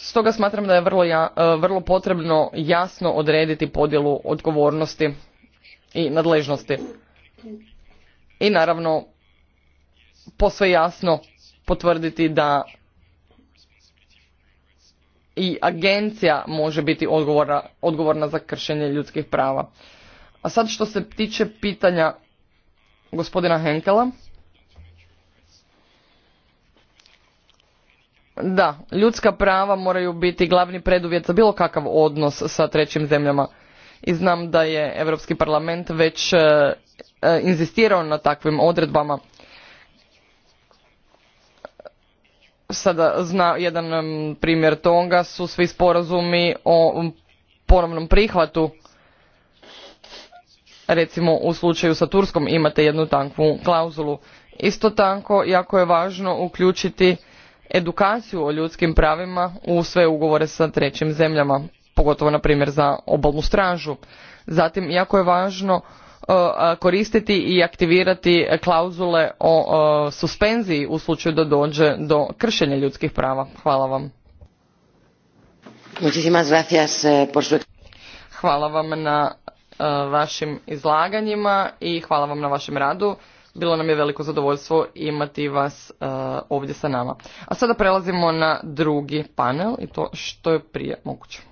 Speaker 2: Stoga smatram da je e, vrlo, potrebno jasno odrediti podjelu odgovornosti i nadležnosti. I naravno, posve jasno potvrditi da i agencija može biti odgovorna, odgovorna za kršenje ljudskih prava. A sad što se tiče pitanja gospodina Henkela, Da, ljudska prava moraju biti glavni preduvjet za bilo kakav odnos sa trećim zemljama. I znam da je Europski parlament već e, e, inzistirao na takvim odredbama. Sada zna jedan primjer toga su svi sporazumi o ponovnom prihvatu. Recimo u slučaju sa Turskom imate jednu takvu klauzulu. Isto tako jako je važno uključiti edukaciju o ljudskim pravima u sve ugovore sa trećim zemljama, pogotovo na primjer za obalnu stražu. Zatim, jako je važno e, koristiti i aktivirati klauzule o e, suspenziji u slučaju da dođe do kršenja ljudskih prava. Hvala vam.
Speaker 1: Eh,
Speaker 2: hvala vam na e, vašim izlaganjima i hvala vam na vašem radu. Bilo nam je veliko zadovoljstvo imati vas e, ovdje sa nama. A sada prelazimo na drugi panel i to što je prije moguće.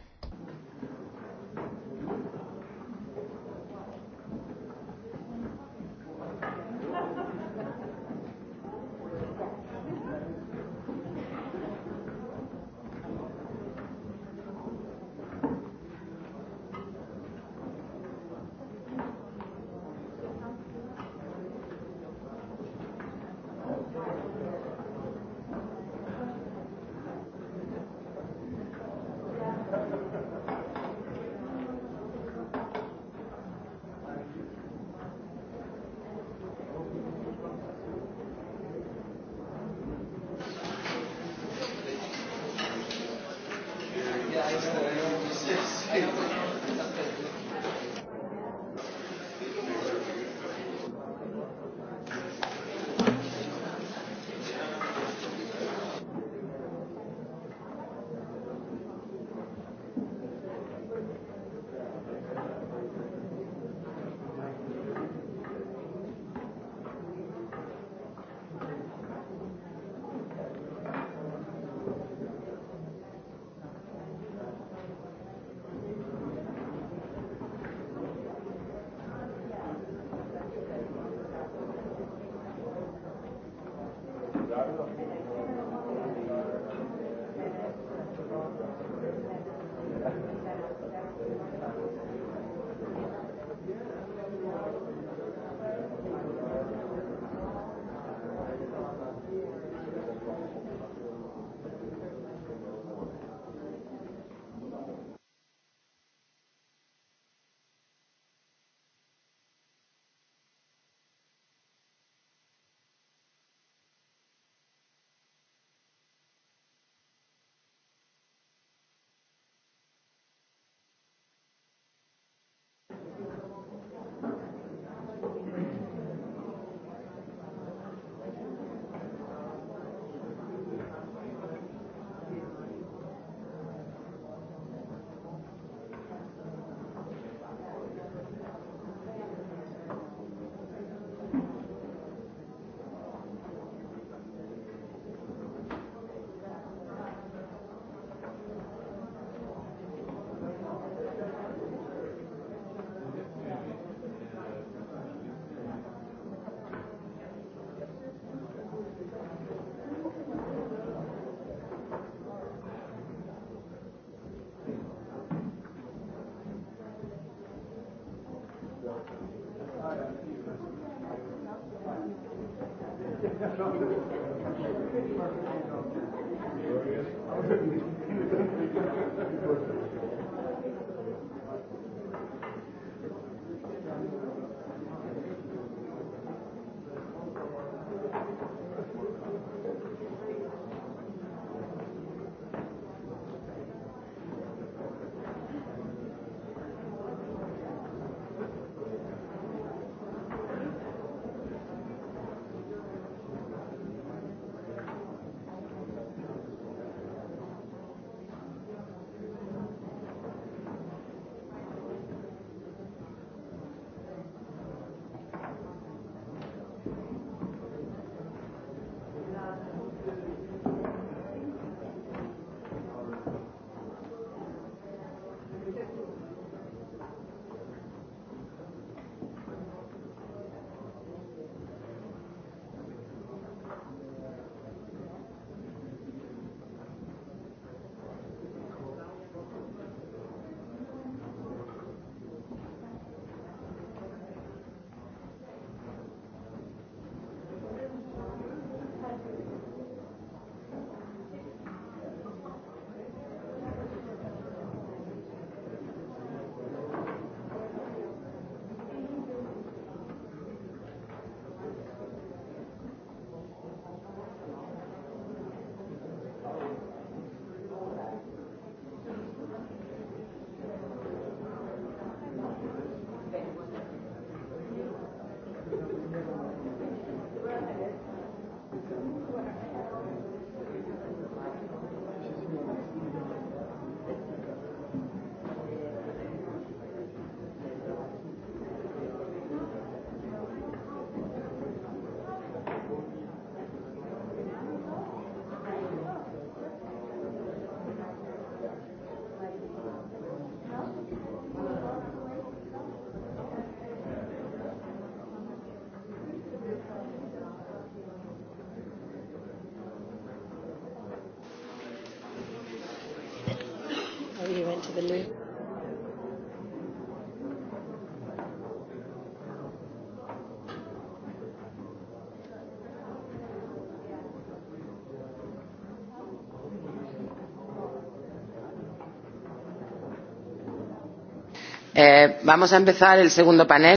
Speaker 1: E, vamos a empezar el segundo panel.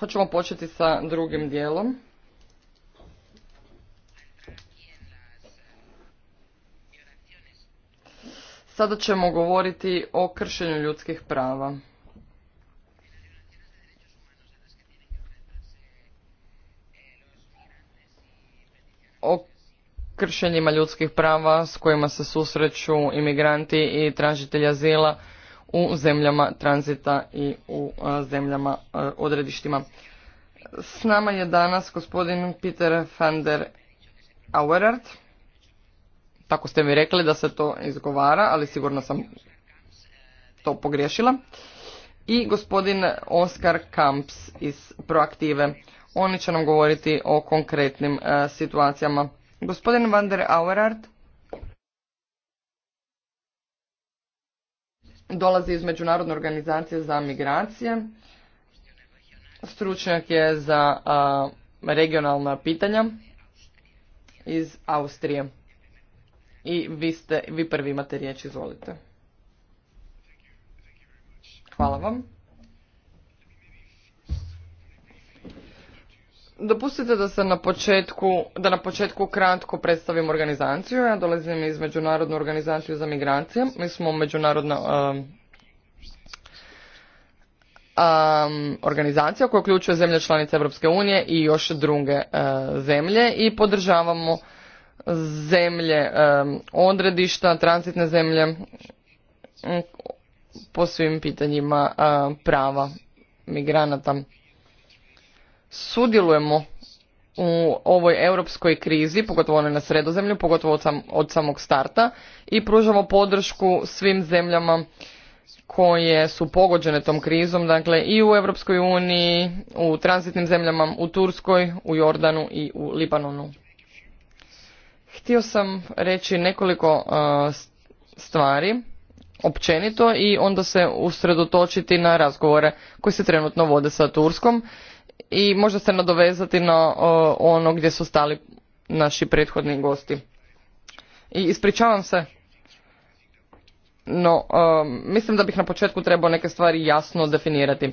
Speaker 1: Hoćemo početi sa drugim dijelom.
Speaker 2: Sada ćemo govoriti o kršenju ljudskih prava. O kršenjima ljudskih prava s kojima se susreću imigranti i tražitelji azila u zemljama tranzita i u e, zemljama e, odredištima. S nama je danas gospodin Peter van der Auerert. Tako ste mi rekli da se to izgovara, ali sigurno sam to pogriješila. I gospodin Oskar Kamps iz Proaktive. Oni će nam govoriti o konkretnim e, situacijama. Gospodin van der Auerert dolazi iz Međunarodne organizacije za migracije. Stručnjak je za regionalna pitanja iz Austrije. I vi, ste, vi prvi imate riječ, izvolite. Hvala vam. Dopustite da se na početku, da na početku kratko predstavim organizaciju. Ja dolazim iz Međunarodnu organizaciju za migracije. Mi smo međunarodna um, um, organizacija koja uključuje zemlje članice Europske unije i još druge uh, zemlje i podržavamo zemlje um, odredišta, transitne zemlje mm, po svim pitanjima uh, prava migranata sudjelujemo u ovoj europskoj krizi, pogotovo na sredozemlju, pogotovo od samog starta i pružamo podršku svim zemljama koje su pogođene tom krizom, dakle i u Europskoj uniji, u tranzitnim zemljama, u Turskoj, u Jordanu i u Libanonu. Htio sam reći nekoliko uh, stvari općenito i onda se usredotočiti na razgovore koji se trenutno vode sa Turskom i možda se nadovezati na ono gdje su stali naši prethodni gosti. I ispričavam se, no mislim da bih na početku trebao neke stvari jasno definirati.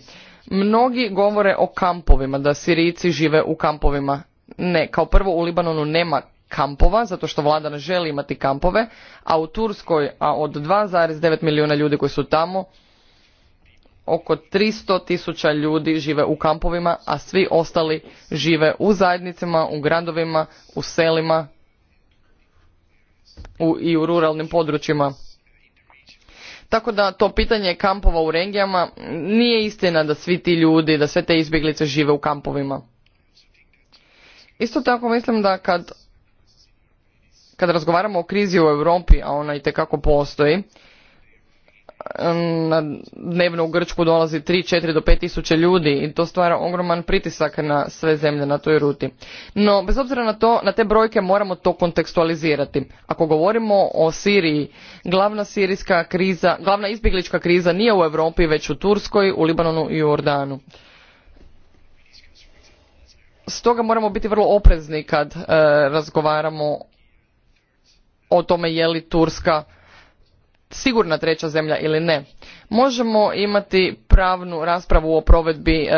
Speaker 2: Mnogi govore o kampovima, da Sirijci žive u kampovima. Ne, kao prvo u Libanonu nema kampova, zato što vlada ne želi imati kampove, a u Turskoj, a od 2,9 milijuna ljudi koji su tamo, oko 300 tisuća ljudi žive u kampovima, a svi ostali žive u zajednicama, u gradovima, u selima i u ruralnim područjima. Tako da to pitanje kampova u regijama mm, nije istina da svi ti ljudi, da sve te izbjeglice žive u kampovima. Isto tako mislim da kad, kad razgovaramo o krizi u Europi, a ona i tekako postoji, na dnevno u Grčku dolazi 3, 4 do 5 tisuće ljudi i to stvara ogroman pritisak na sve zemlje na toj ruti. No, bez obzira na to, na te brojke moramo to kontekstualizirati. Ako govorimo o Siriji, glavna sirijska kriza, glavna izbjeglička kriza nije u Europi već u Turskoj, u Libanonu i u Jordanu. Stoga moramo biti vrlo oprezni kad e, razgovaramo o tome je li Turska sigurna treća zemlja ili ne. Možemo imati pravnu raspravu o provedbi e,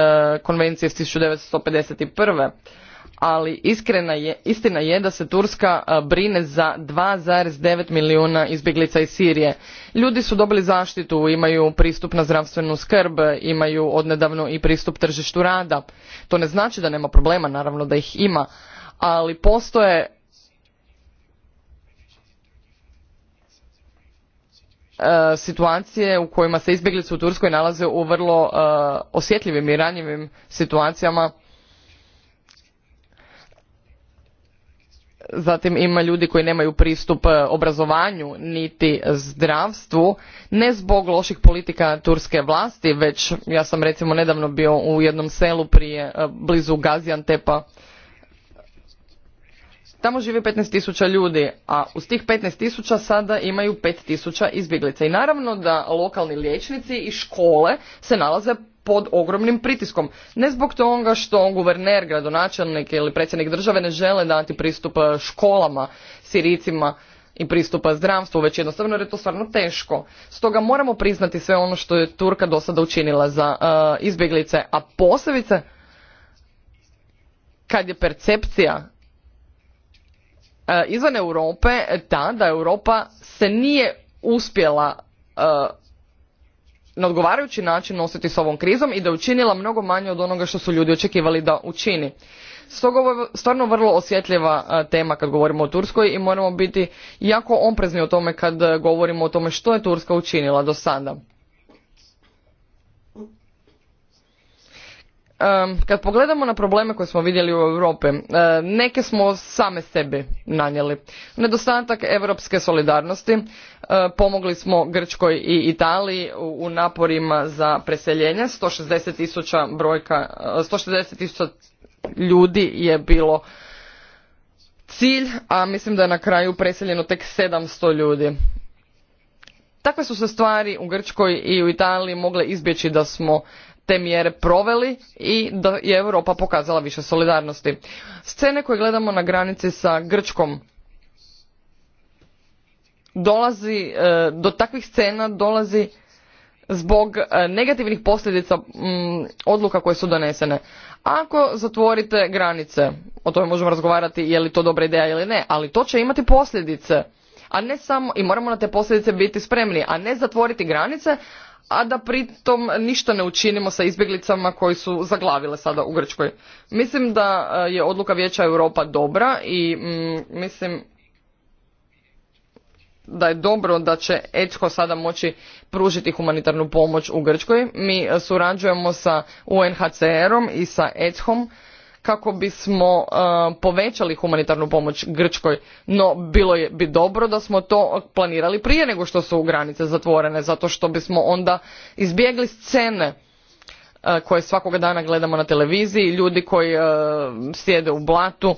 Speaker 2: konvencije iz 1951. Ali iskrena je, istina je da se Turska e, brine za 2,9 milijuna izbjeglica iz Sirije. Ljudi su dobili zaštitu, imaju pristup na zdravstvenu skrb, imaju odnedavno i pristup tržištu rada. To ne znači da nema problema, naravno da ih ima, ali postoje E, situacije u kojima se izbjeglice u Turskoj nalaze u vrlo e, osjetljivim i ranjivim situacijama. Zatim ima ljudi koji nemaju pristup e, obrazovanju niti zdravstvu, ne zbog loših politika turske vlasti, već ja sam recimo nedavno bio u jednom selu prije blizu Gaziantepa Tamo živi 15.000 ljudi, a uz tih 15.000 sada imaju 5.000 izbjeglica. I naravno da lokalni liječnici i škole se nalaze pod ogromnim pritiskom. Ne zbog toga što guverner, gradonačelnik ili predsjednik države ne žele dati pristup e, školama, siricima i pristupa zdravstvu, već jednostavno jer je to stvarno teško. Stoga moramo priznati sve ono što je Turka do sada učinila za e, izbjeglice, a posebice kad je percepcija Eh, izvan Europe ta da Europa se nije uspjela eh, na odgovarajući način nositi s ovom krizom i da je učinila mnogo manje od onoga što su ljudi očekivali da učini. Stoga ovo stvarno vrlo osjetljiva eh, tema kad govorimo o Turskoj i moramo biti jako oprezni o tome kad govorimo o tome što je Turska učinila do sada. kad pogledamo na probleme koje smo vidjeli u Europi, neke smo same sebi nanijeli. Nedostatak europske solidarnosti, pomogli smo Grčkoj i Italiji u naporima za preseljenje, 160 tisuća brojka, ljudi je bilo cilj, a mislim da je na kraju preseljeno tek 700 ljudi. Takve su se stvari u Grčkoj i u Italiji mogle izbjeći da smo te mjere proveli i da je Europa pokazala više solidarnosti. Scene koje gledamo na granici sa Grčkom dolazi, e, do takvih scena dolazi zbog e, negativnih posljedica mm, odluka koje su donesene. Ako zatvorite granice, o tome možemo razgovarati je li to dobra ideja ili ne, ali to će imati posljedice. A ne samo, i moramo na te posljedice biti spremni, a ne zatvoriti granice, a da pritom ništa ne učinimo sa izbjeglicama koji su zaglavile sada u Grčkoj. Mislim da e, je odluka Vijeća Europa dobra i mm, mislim da je dobro da će ECHO sada moći pružiti humanitarnu pomoć u Grčkoj. Mi e, surađujemo sa UNHCR-om i sa echo kako bismo e, povećali humanitarnu pomoć Grčkoj, no bilo je bi dobro da smo to planirali prije nego što su granice zatvorene, zato što bismo onda izbjegli scene e, koje svakoga dana gledamo na televiziji, ljudi koji e, sjede u blatu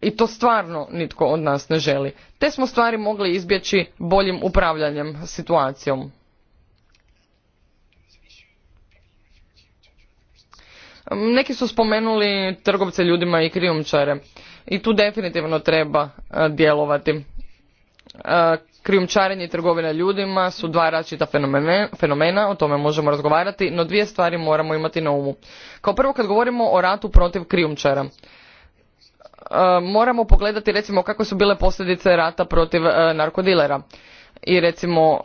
Speaker 2: i to stvarno nitko od nas ne želi. Te smo stvari mogli izbjeći boljim upravljanjem situacijom. Neki su spomenuli trgovce ljudima i krijumčare i tu definitivno treba e, djelovati. E, krijumčarenje i trgovina ljudima su dva različita fenomena, o tome možemo razgovarati, no dvije stvari moramo imati na umu. Kao prvo kad govorimo o ratu protiv krijumčara, e, moramo pogledati recimo kako su bile posljedice rata protiv narkodilera i recimo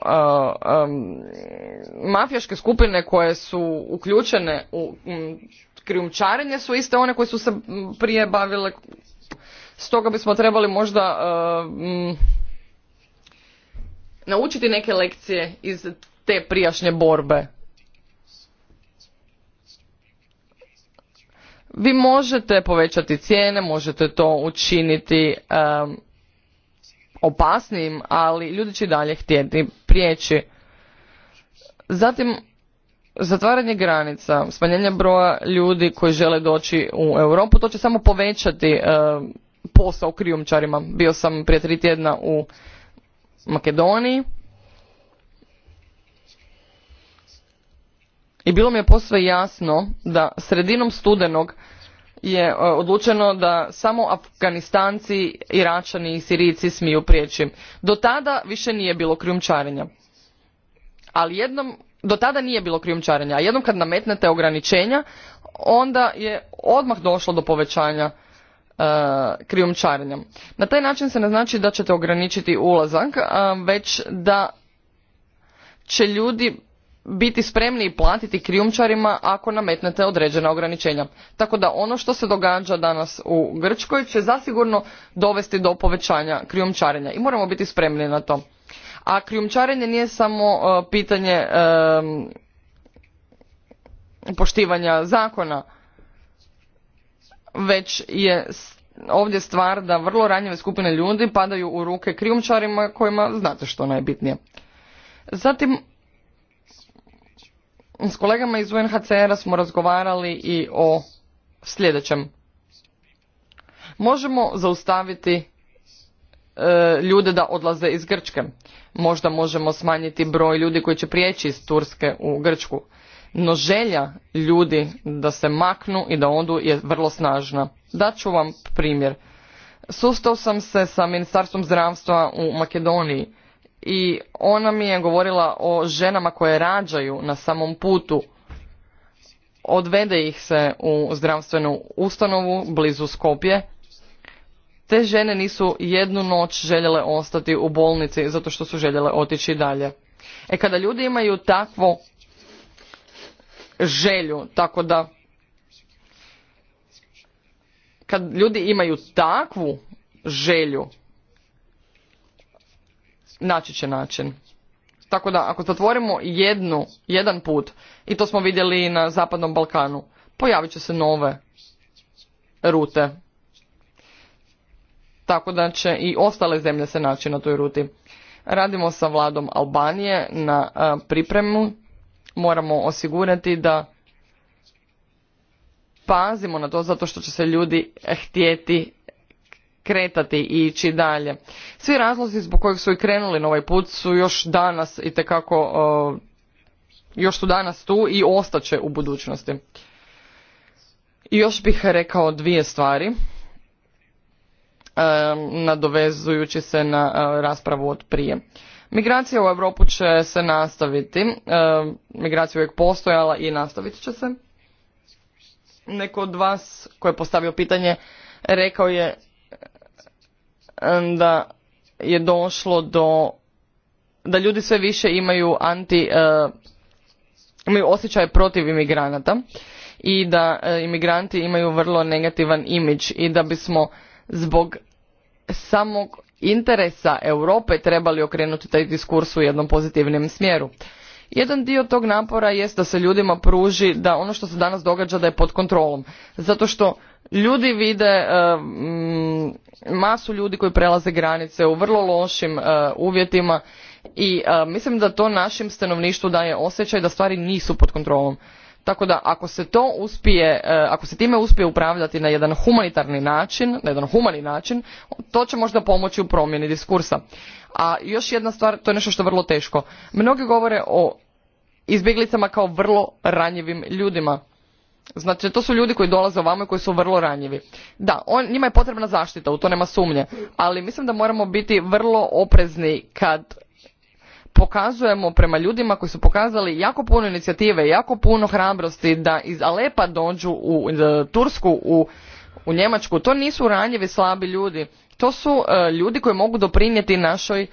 Speaker 2: mafijaške skupine koje su uključene u krijumčarenje su iste one koje su se prije bavile. Stoga bismo trebali možda e, naučiti neke lekcije iz te prijašnje borbe. Vi možete povećati cijene, možete to učiniti e, opasnijim, ali ljudi će dalje htjeti prijeći. Zatim Zatvaranje granica, smanjenje broja ljudi koji žele doći u Europu, to će samo povećati e, posao krijumčarima. Bio sam prije tri tjedna u Makedoniji i bilo mi je posve jasno da sredinom studenog je e, odlučeno da samo Afganistanci, Iračani i Sirici smiju prijeći. Do tada više nije bilo krijumčarenja. Ali jednom do tada nije bilo krijumčarenja, a jednom kad nametnete ograničenja, onda je odmah došlo do povećanja e, krijumčarenja. Na taj način se ne znači da ćete ograničiti ulazak, već da će ljudi biti spremni i platiti krijumčarima ako nametnete određena ograničenja. Tako da ono što se događa danas u Grčkoj će zasigurno dovesti do povećanja krijumčarenja i moramo biti spremni na to. A krijumčarenje nije samo e, pitanje e, poštivanja zakona, već je ovdje stvar da vrlo ranjive skupine ljudi padaju u ruke krijumčarima kojima znate što najbitnije. Zatim, s kolegama iz UNHCR-a smo razgovarali i o sljedećem. Možemo zaustaviti E, ljude da odlaze iz Grčke. Možda možemo smanjiti broj ljudi koji će prijeći iz Turske u Grčku. No želja ljudi da se maknu i da odu je vrlo snažna. Daću vam primjer. Sustao sam se sa Ministarstvom zdravstva u Makedoniji i ona mi je govorila o ženama koje rađaju na samom putu. Odvede ih se u zdravstvenu ustanovu blizu Skopje te žene nisu jednu noć željele ostati u bolnici zato što su željele otići dalje. E kada ljudi imaju takvu želju, tako da kad ljudi imaju takvu želju, naći će način. Tako da ako zatvorimo jednu, jedan put, i to smo vidjeli i na Zapadnom Balkanu, pojavit će se nove rute tako da će i ostale zemlje se naći na toj ruti. Radimo sa vladom Albanije na pripremu. Moramo osigurati da pazimo na to zato što će se ljudi htjeti kretati i ići dalje. Svi razlozi zbog kojih su i krenuli na ovaj put su još danas i tekako još su danas tu i ostaće u budućnosti. I još bih rekao dvije stvari. E, nadovezujući se na e, raspravu od prije. Migracija u Europu će se nastaviti, e, migracija uvijek postojala i nastavit će se. Neko od vas koji je postavio pitanje rekao je da je došlo do da ljudi sve više imaju anti imaju osjećaj protiv imigranata i da imigranti imaju vrlo negativan imidž i da bismo zbog samog interesa Europe trebali okrenuti taj diskurs u jednom pozitivnim smjeru. Jedan dio tog napora jest da se ljudima pruži da ono što se danas događa da je pod kontrolom. Zato što ljudi vide e, mm, masu ljudi koji prelaze granice u vrlo lošim e, uvjetima i e, mislim da to našem stanovništvu daje osjećaj da stvari nisu pod kontrolom tako da ako se to uspije e, ako se time uspije upravljati na jedan humanitarni način na jedan humani način to će možda pomoći u promjeni diskursa a još jedna stvar to je nešto što je vrlo teško mnogi govore o izbjeglicama kao vrlo ranjivim ljudima znači to su ljudi koji dolaze ovamo i koji su vrlo ranjivi da on, njima je potrebna zaštita u to nema sumnje ali mislim da moramo biti vrlo oprezni kad pokazujemo prema ljudima koji su pokazali jako puno inicijative, jako puno hrabrosti da iz Alepa dođu u e, Tursku, u, u Njemačku. To nisu ranjivi, slabi ljudi. To su e, ljudi koji mogu doprinijeti našoj e,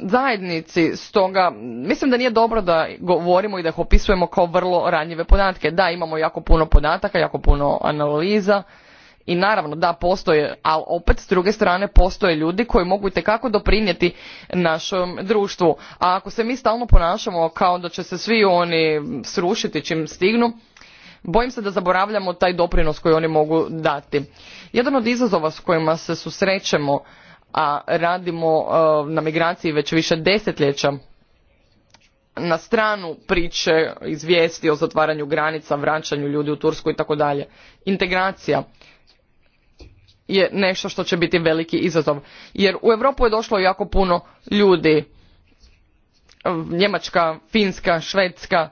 Speaker 2: zajednici. Stoga, mislim da nije dobro da govorimo i da ih opisujemo kao vrlo ranjive podatke. Da, imamo jako puno podataka, jako puno analiza i naravno da postoje, ali opet s druge strane postoje ljudi koji mogu itekako doprinijeti našem društvu. A ako se mi stalno ponašamo kao da će se svi oni srušiti čim stignu, bojim se da zaboravljamo taj doprinos koji oni mogu dati. Jedan od izazova s kojima se susrećemo, a radimo e, na migraciji već više desetljeća, na stranu priče, izvijesti o zatvaranju granica, vraćanju ljudi u Tursku i tako dalje. Integracija je nešto što će biti veliki izazov. Jer u Europu je došlo jako puno ljudi. Njemačka, Finska, Švedska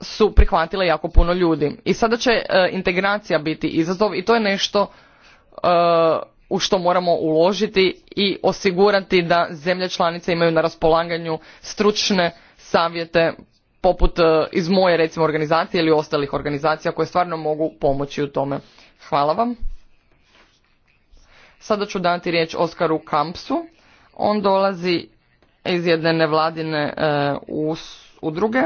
Speaker 2: su prihvatile jako puno ljudi. I sada će e, integracija biti izazov i to je nešto e, u što moramo uložiti i osigurati da zemlje članice imaju na raspolaganju stručne savjete poput e, iz moje recimo organizacije ili ostalih organizacija koje stvarno mogu pomoći u tome. Hvala vam. Sada ću dati riječ Oskaru Kampsu. On dolazi iz jedne nevladine e, udruge,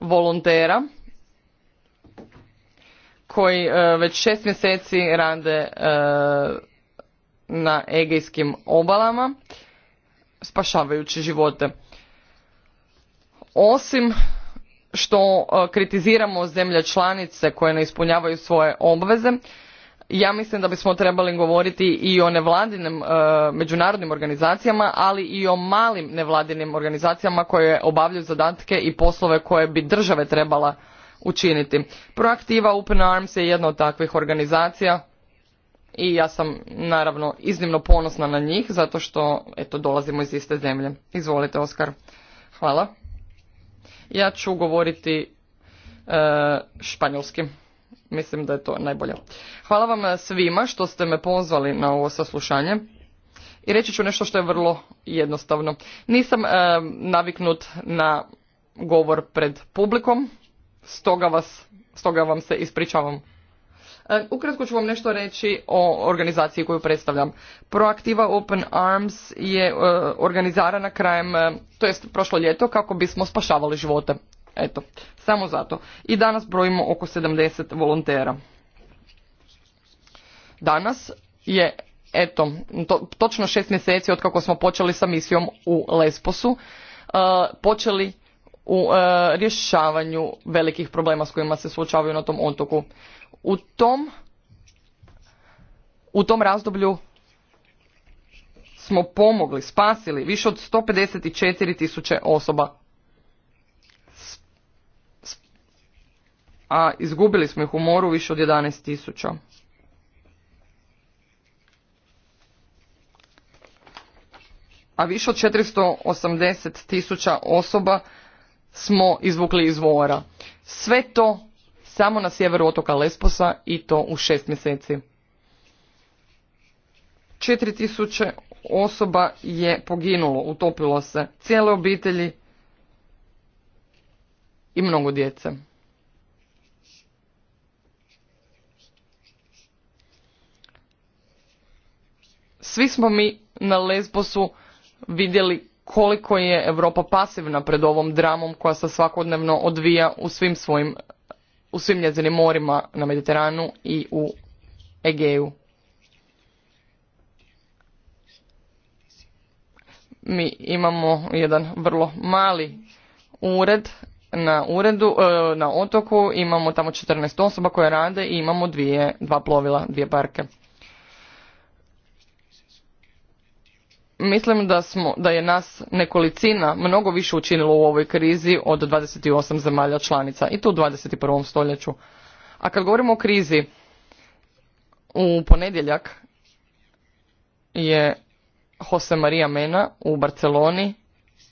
Speaker 2: volontera, koji e, već šest mjeseci rade e, na egejskim obalama, spašavajući živote. Osim što e, kritiziramo zemlje članice koje ne ispunjavaju svoje obveze, ja mislim da bismo trebali govoriti i o nevladinim e, međunarodnim organizacijama ali i o malim nevladinim organizacijama koje obavljaju zadatke i poslove koje bi države trebala učiniti proaktiva open arms je jedna od takvih organizacija i ja sam naravno iznimno ponosna na njih zato što eto dolazimo iz iste zemlje izvolite oskar hvala ja ću govoriti e, španjolski Mislim da je to najbolje. Hvala vam svima što ste me pozvali na ovo saslušanje. I reći ću nešto što je vrlo jednostavno. Nisam e, naviknut na govor pred publikom, stoga, vas, stoga vam se ispričavam. E, ukratko ću vam nešto reći o organizaciji koju predstavljam. Proaktiva Open Arms je e, organizirana krajem, e, to jest prošlo ljeto, kako bismo spašavali živote. Eto, samo zato. I danas brojimo oko 70 volontera. Danas je, eto, točno šest mjeseci od kako smo počeli sa misijom u Lesposu, e, počeli u e, rješavanju velikih problema s kojima se suočavaju na tom otoku. U tom, u tom razdoblju smo pomogli, spasili više od 154 tisuće osoba a izgubili smo ih u moru više od 11 tisuća. A više od 480 tisuća osoba smo izvukli iz mora. Sve to samo na sjeveru otoka Lesposa i to u šest mjeseci. 4000 osoba je poginulo, utopilo se, cijele obitelji i mnogo djece. Svi smo mi na Lesbosu vidjeli koliko je Europa pasivna pred ovom dramom koja se svakodnevno odvija u svim svojim u svim njezinim morima na Mediteranu i u Egeju. Mi imamo jedan vrlo mali ured na uredu, e, na otoku, imamo tamo 14 osoba koje rade i imamo dvije, dva plovila, dvije parke. mislim da, smo, da je nas nekolicina mnogo više učinilo u ovoj krizi od 28 zemalja članica i to u 21. stoljeću. A kad govorimo o krizi, u ponedjeljak je Jose Maria Mena u Barceloni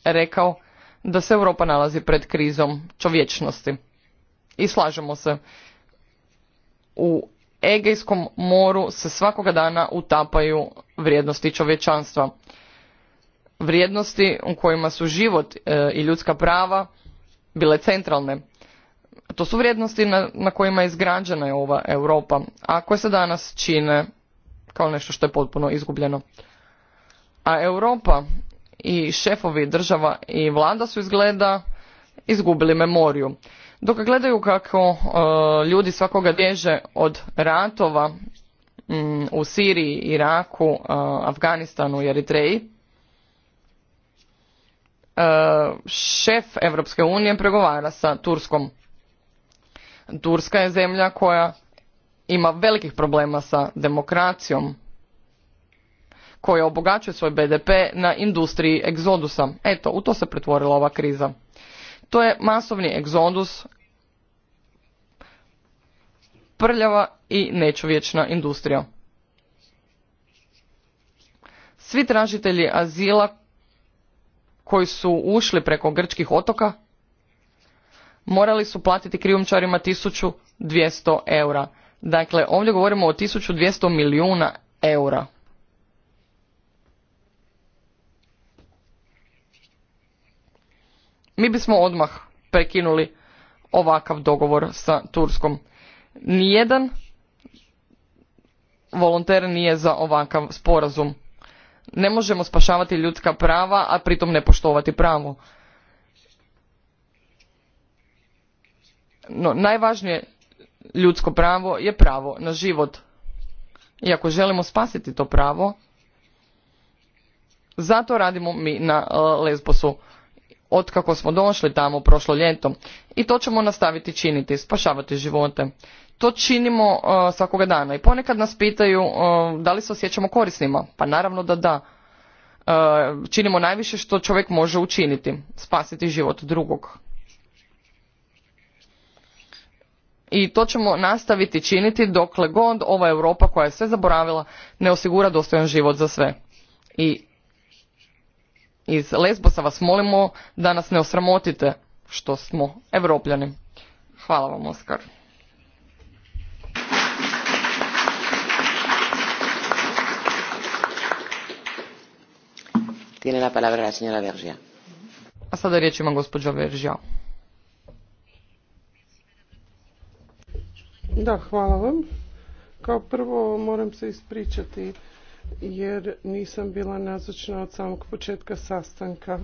Speaker 2: rekao da se Europa nalazi pred krizom čovječnosti. I slažemo se. U Egejskom moru se svakoga dana utapaju vrijednosti čovječanstva vrijednosti u kojima su život e, i ljudska prava bile centralne. To su vrijednosti na, kojima je izgrađena je ova Europa, a koje se danas čine kao nešto što je potpuno izgubljeno. A Europa i šefovi država i vlada su izgleda izgubili memoriju. Dok gledaju kako e, ljudi svakoga bježe od ratova mm, u Siriji, Iraku, Afganistanu i Eritreji, šef Europske unije pregovara sa Turskom. Turska je zemlja koja ima velikih problema sa demokracijom, koja obogaćuje svoj BDP na industriji egzodusa. Eto, u to se pretvorila ova kriza. To je masovni egzodus, prljava i nečovječna industrija. Svi tražitelji azila koji su ušli preko grčkih otoka morali su platiti krijumčarima 1200 eura. Dakle, ovdje govorimo o 1200 milijuna eura. Mi bismo odmah prekinuli ovakav dogovor sa Turskom. Nijedan volonter nije za ovakav sporazum ne možemo spašavati ljudska prava a pritom ne poštovati pravo no najvažnije ljudsko pravo je pravo na život i ako želimo spasiti to pravo zato radimo mi na e, lesbosu otkako smo došli tamo prošlo ljeto i to ćemo nastaviti činiti, spašavati živote. To činimo uh, svakoga dana i ponekad nas pitaju uh, da li se osjećamo korisnima, pa naravno da da. Uh, činimo najviše što čovjek može učiniti, spasiti život drugog. I to ćemo nastaviti činiti dokle god ova Europa koja je sve zaboravila ne osigura dostojan život za sve. I iz Lesbosa vas molimo da nas ne osramotite što smo evropljani. Hvala vam, Oskar.
Speaker 1: Tiene la palabra la señora Vergia.
Speaker 2: A sada riječ ima gospođa Vergia.
Speaker 4: Da, hvala vam. Kao prvo moram se ispričati jer nisam bila nazočna od samog početka sastanka.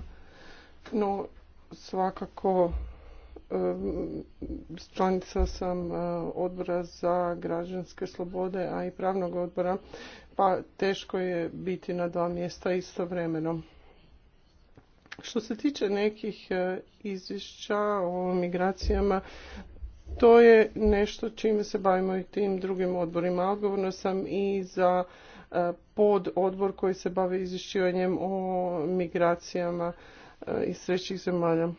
Speaker 4: No, svakako članica sam e, odbora za građanske slobode, a i pravnog odbora, pa teško je biti na dva mjesta istovremeno. Što se tiče nekih e, izvješća o migracijama, to je nešto čime se bavimo i tim drugim odborima. Odgovorna sam i za E, pod odbor koji se bavi izvješćivanjem o migracijama e, iz trećih zemalja.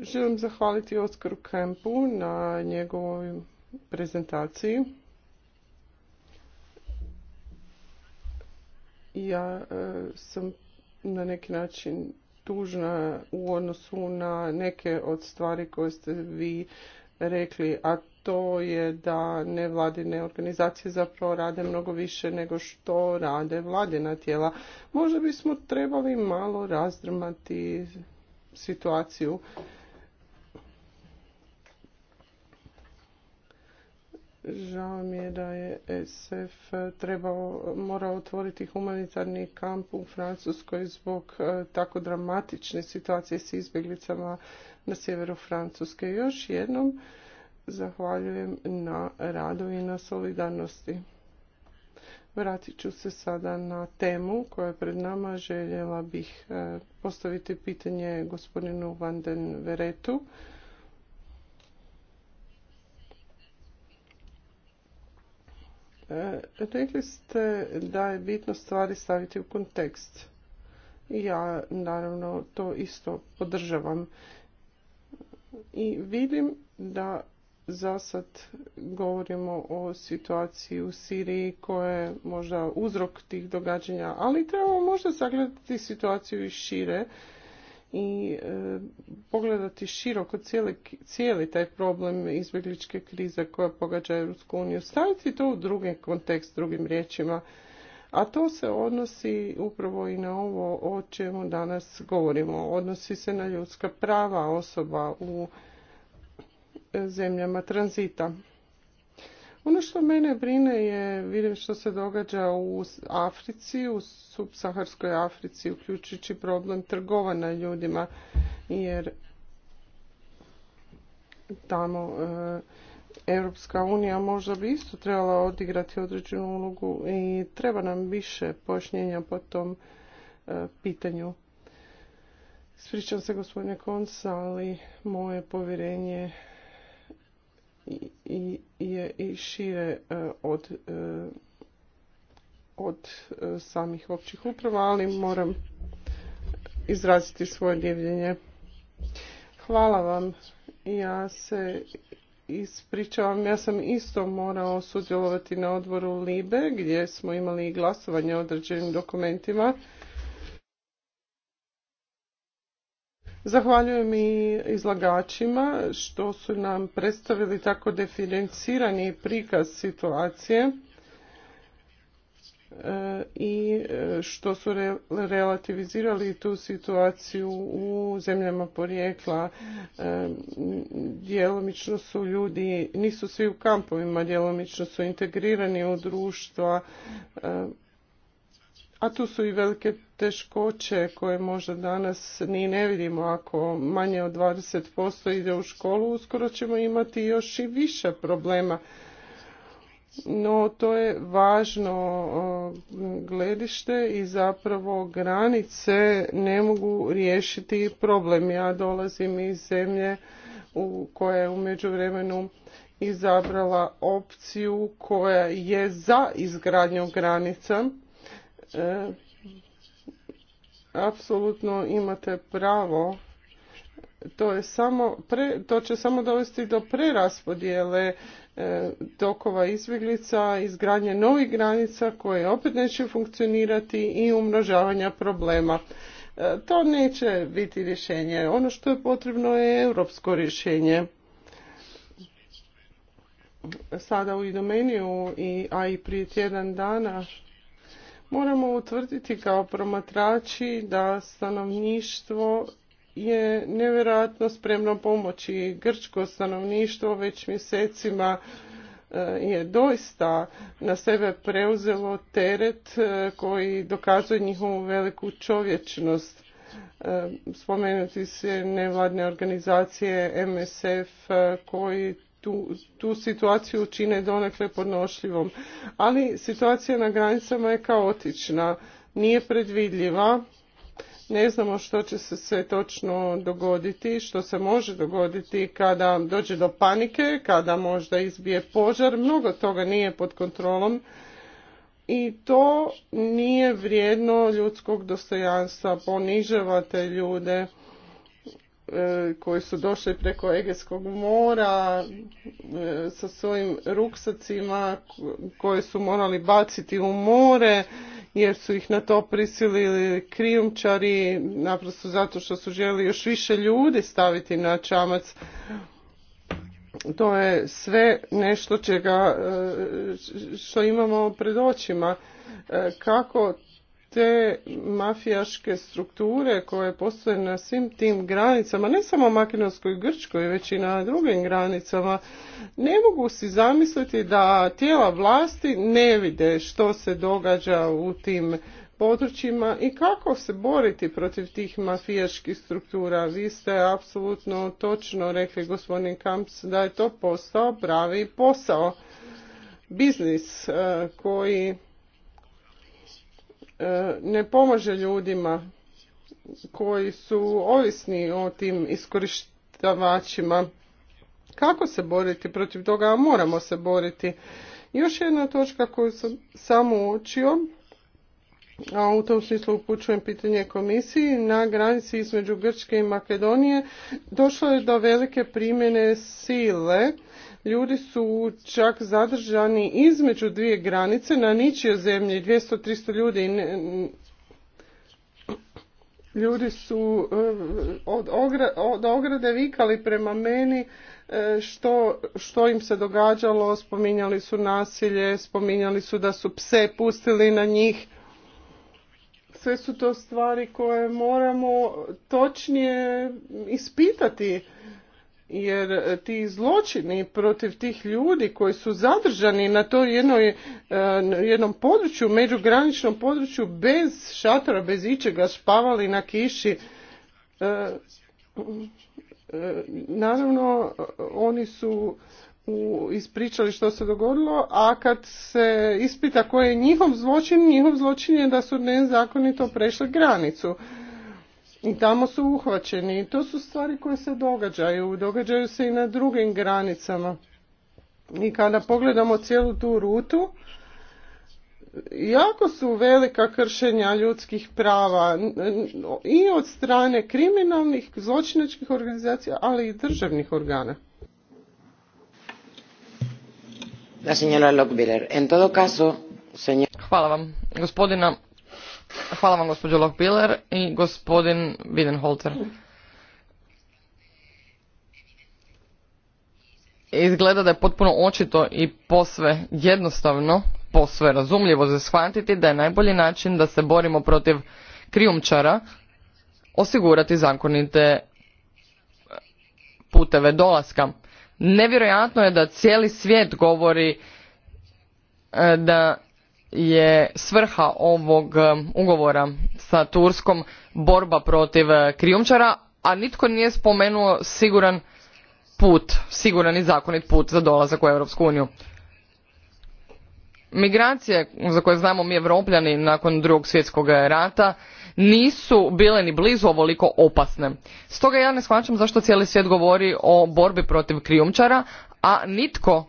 Speaker 4: Želim zahvaliti Oskaru Kempu na njegovoj prezentaciji. Ja e, sam na neki način tužna u odnosu na neke od stvari koje ste vi rekli, a to je da nevladine organizacije zapravo rade mnogo više nego što rade vladina tijela. Možda bismo trebali malo razdrmati situaciju. Žao mi je da je SF trebao, morao otvoriti humanitarni kamp u Francuskoj zbog e, tako dramatične situacije s izbjeglicama na sjeveru Francuske. Još jednom, zahvaljujem na radu i na solidarnosti. Vratit ću se sada na temu koja je pred nama. Željela bih e, postaviti pitanje gospodinu Van den Veretu. E, rekli ste da je bitno stvari staviti u kontekst. Ja naravno to isto podržavam. I vidim da Zasad govorimo o situaciji u Siriji koja je možda uzrok tih događanja, ali trebamo možda sagledati situaciju i šire i e, pogledati široko cijeli, taj problem izbjegličke krize koja pogađa Europsku uniju, staviti to u drugi kontekst, drugim riječima. A to se odnosi upravo i na ovo o čemu danas govorimo. Odnosi se na ljudska prava osoba u zemljama tranzita. Ono što mene brine je, vidim što se događa u Africi, u subsaharskoj Africi, uključujući problem trgovana ljudima, jer tamo eh, Europska unija možda bi isto trebala odigrati određenu ulogu i treba nam više pojašnjenja po tom eh, pitanju. Spričam se gospodine Konca, ali moje povjerenje i, je i šire e, od, e, od e, samih općih uprava, ali moram izraziti svoje divljenje. Hvala vam. Ja se ispričavam, ja sam isto morao sudjelovati na odboru Libe gdje smo imali glasovanje o određenim dokumentima. Zahvaljujem i izlagačima što su nam predstavili tako diferencirani prikaz situacije e, i e, što su relativizirali tu situaciju u zemljama porijekla. E, djelomično su ljudi, nisu svi u kampovima, djelomično su integrirani u društva, a tu su i velike teškoće koje možda danas ni ne vidimo ako manje od 20% ide u školu, uskoro ćemo imati još i više problema. No to je važno gledište i zapravo granice ne mogu riješiti problem. Ja dolazim iz zemlje u koja je u međuvremenu izabrala opciju koja je za izgradnju granica. E, apsolutno imate pravo to je samo to će samo dovesti do preraspodjele e, tokova izbjeglica, izgradnje novih granica koje opet neće funkcionirati i umnožavanja problema. E, to neće biti rješenje. Ono što je potrebno je europsko rješenje. Sada u Idomeniju, i, a i prije tjedan dana Moramo utvrditi kao promatrači da stanovništvo je nevjerojatno spremno pomoći. Grčko stanovništvo već mjesecima e, je doista na sebe preuzelo teret e, koji dokazuje njihovu veliku čovječnost. E, spomenuti se nevladne organizacije MSF koji tu, situaciju čine donekle podnošljivom. Ali situacija na granicama je kaotična, nije predvidljiva, ne znamo što će se sve točno dogoditi, što se može dogoditi kada dođe do panike, kada možda izbije požar, mnogo toga nije pod kontrolom i to nije vrijedno ljudskog dostojanstva, ponižavate ljude E, koji su došli preko Egejskog mora e, sa svojim ruksacima koje su morali baciti u more jer su ih na to prisilili krijumčari naprosto zato što su želi još više ljudi staviti na čamac. To je sve nešto čega e, što imamo pred očima. Kako te mafijaške strukture koje postoje na svim tim granicama, ne samo Makinovskoj i Grčkoj, već i na drugim granicama, ne mogu si zamisliti da tijela vlasti ne vide što se događa u tim područjima i kako se boriti protiv tih mafijaških struktura. Vi ste apsolutno točno rekli, gospodin Kamps, da je to postao pravi posao, biznis eh, koji E, ne pomaže ljudima koji su ovisni o tim iskorištavačima. Kako se boriti protiv toga? Moramo se boriti. Još jedna točka koju sam samo učio, a u tom smislu upućujem pitanje komisiji, na granici između Grčke i Makedonije došlo je do velike primjene sile Ljudi su čak zadržani između dvije granice na ničijoj zemlji, 200-300 ljudi. Ljudi su eh, od, ograde vikali prema meni eh, što, što im se događalo, spominjali su nasilje, spominjali su da su pse pustili na njih sve su to stvari koje moramo točnije ispitati jer e, ti zločini protiv tih ljudi koji su zadržani na toj jednoj, e, jednom području, međugraničnom području bez šatora, bez ičega, spavali na kiši, e, naravno oni su ispričali što se dogodilo, a kad se ispita koji je njihov zločin, njihov zločin je da su nezakonito prešli granicu i tamo su uhvaćeni i to su stvari koje se događaju, događaju se i na drugim granicama. I kada pogledamo cijelu tu rutu, jako su velika kršenja ljudskih prava i od strane kriminalnih, zločinačkih organizacija, ali i državnih organa.
Speaker 2: Hvala vam. Gospodina Hvala vam gospođo Lokbiler i gospodin Widenholzer. Izgleda da je potpuno očito i posve jednostavno, posve razumljivo za shvatiti da je najbolji način da se borimo protiv krijumčara osigurati zakonite e, puteve dolaska. Nevjerojatno je da cijeli svijet govori e, da je svrha ovog um, ugovora sa Turskom borba protiv uh, krijumčara, a nitko nije spomenuo siguran put, siguran i zakonit put za dolazak u Europsku uniju. Migracije za koje znamo mi Europljani nakon drugog svjetskog rata nisu bile ni blizu ovoliko opasne. Stoga ja ne shvaćam zašto cijeli svijet govori o borbi protiv krijumčara, a nitko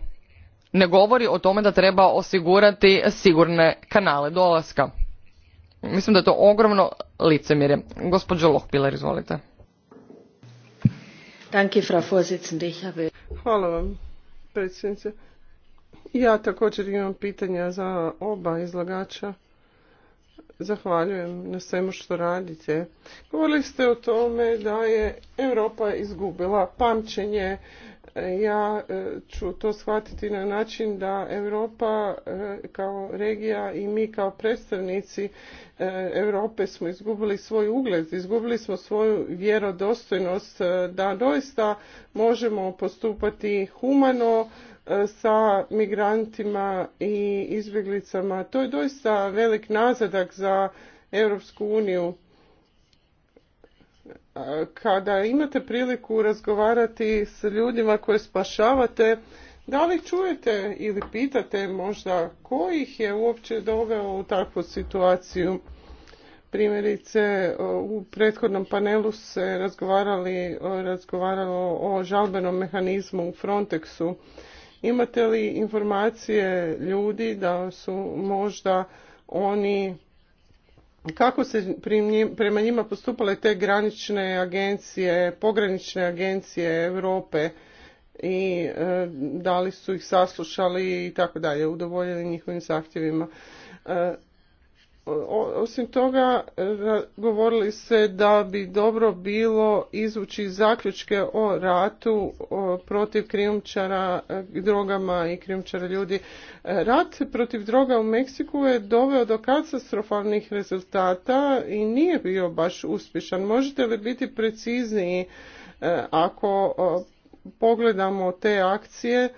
Speaker 2: ne govori o tome da treba osigurati sigurne kanale dolaska. Mislim da je to ogromno licemjerje. Gospođo Lohpiler, izvolite.
Speaker 6: Hvala vam,
Speaker 4: predsjednice. Ja također imam pitanja za oba izlagača. Zahvaljujem na svemu što radite. Govorili ste o tome da je Europa izgubila pamćenje ja e, ću to shvatiti na način da Europa e, kao regija i mi kao predstavnici e, Europe smo izgubili svoj ugled, izgubili smo svoju vjerodostojnost da doista možemo postupati humano sa migrantima i izbjeglicama. To je doista velik nazadak za Europsku uniju kada imate priliku razgovarati s ljudima koje spašavate, da li čujete ili pitate možda kojih je uopće doveo u takvu situaciju? Primjerice, u prethodnom panelu se razgovarali, razgovaralo o žalbenom mehanizmu u Frontexu. Imate li informacije ljudi da su možda oni kako se prema njima postupale te granične agencije, pogranične agencije Europe i e, da li su ih saslušali i tako dalje, udovoljili njihovim zahtjevima. E, osim toga, e, govorili se da bi dobro bilo izvući zaključke o ratu protiv krijumčara e, drogama i krijumčara ljudi. E, rat protiv droga u Meksiku je doveo do katastrofalnih rezultata i nije bio baš uspješan. Možete li biti precizniji ako pogledamo te akcije?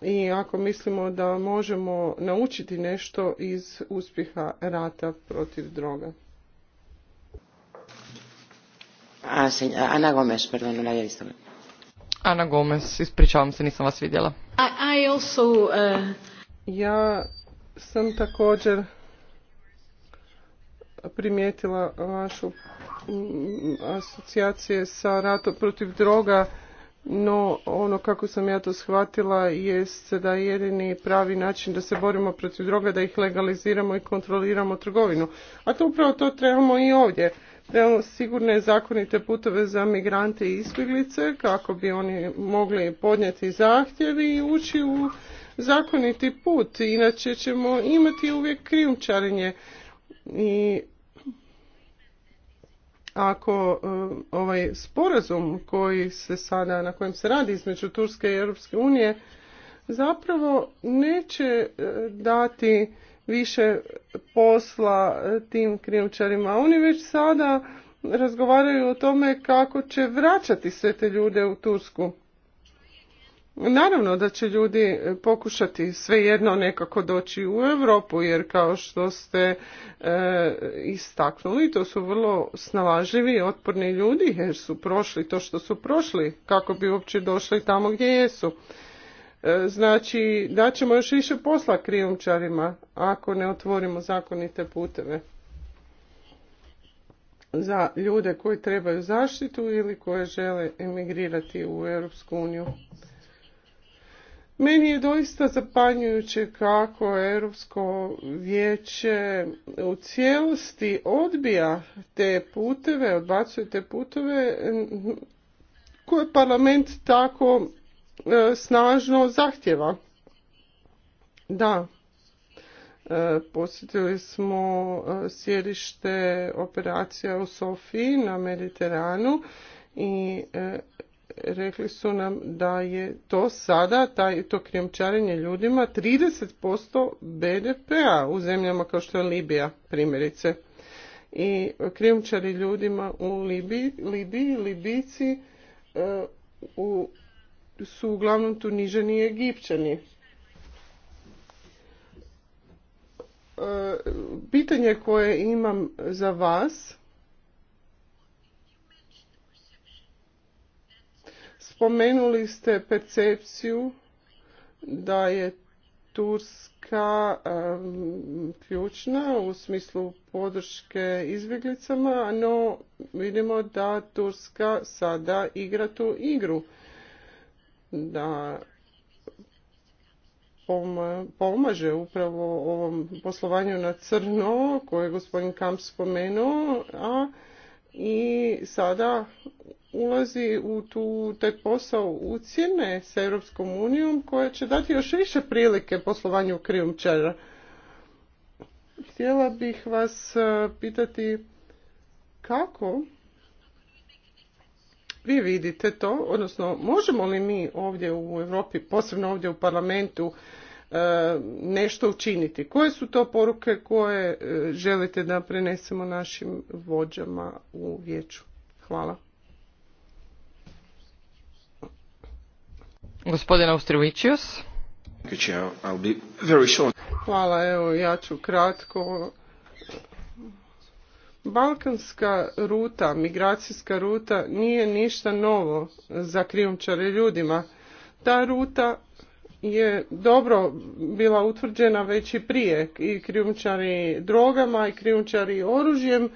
Speaker 4: i ako mislimo da možemo naučiti nešto iz uspjeha rata protiv droga.
Speaker 1: Ana Gomez, perdón, no
Speaker 2: Ana Gomes, ispričavam se, nisam vas vidjela.
Speaker 4: I, I uh, Ja sam također primijetila vašu asocijacije sa ratom protiv droga no ono kako sam ja to shvatila jest da je jedini pravi način da se borimo protiv droga da ih legaliziramo i kontroliramo trgovinu. A to upravo to trebamo i ovdje. Trebamo sigurne zakonite putove za migrante i izbjeglice kako bi oni mogli podnijeti zahtjevi i ući u zakoniti put. Inače ćemo imati uvijek krijumčarenje i ako e, ovaj sporazum koji se sada, na kojem se radi između Turske i Europske unije, zapravo neće e, dati više posla e, tim krijumčarima. Oni već sada razgovaraju o tome kako će vraćati sve te ljude u Tursku. Naravno da će ljudi e, pokušati svejedno nekako doći u Europu jer kao što ste e, istaknuli, to su vrlo snalažljivi i otporni ljudi jer su prošli to što su prošli kako bi uopće došli tamo gdje jesu. E, znači znači, ćemo još više posla krijumčarima ako ne otvorimo zakonite puteve za ljude koji trebaju zaštitu ili koje žele emigrirati u Europsku uniju. Meni je doista zapanjujuće kako Europsko vijeće u cijelosti odbija te puteve, odbacuje te puteve koje parlament tako e, snažno zahtjeva. Da, e, posjetili smo e, sjedište operacija u Sofiji na Mediteranu i rekli su nam da je to sada, taj, to krijemčarenje ljudima, 30% BDP-a u zemljama kao što je Libija, primjerice. I krijomčari ljudima u Libiji, Libiji Libijci e, u, su uglavnom tu niženi Egipćani. E, pitanje koje imam za vas Spomenuli ste percepciju da je Turska ključna u smislu podrške izbjeglicama, no vidimo da Turska sada igra tu igru. Da pomaže upravo ovom poslovanju na crno koje je gospodin Kamp spomenuo, a i sada ulazi u tu, taj posao ucjene sa Europskom unijom koja će dati još više prilike poslovanju krijumčara. Htjela bih vas e, pitati kako vi vidite to, odnosno možemo li mi ovdje u Europi, posebno ovdje u parlamentu, E, nešto učiniti. Koje su to poruke koje e, želite da prenesemo našim vođama u vijeću? Hvala. Gospodin Austrivičius. Hvala, evo ja ću kratko. Balkanska ruta, migracijska ruta nije ništa novo za krijumčare ljudima. Ta ruta je dobro bila utvrđena već i prije i krijumčari drogama i krijumčari oružjem e,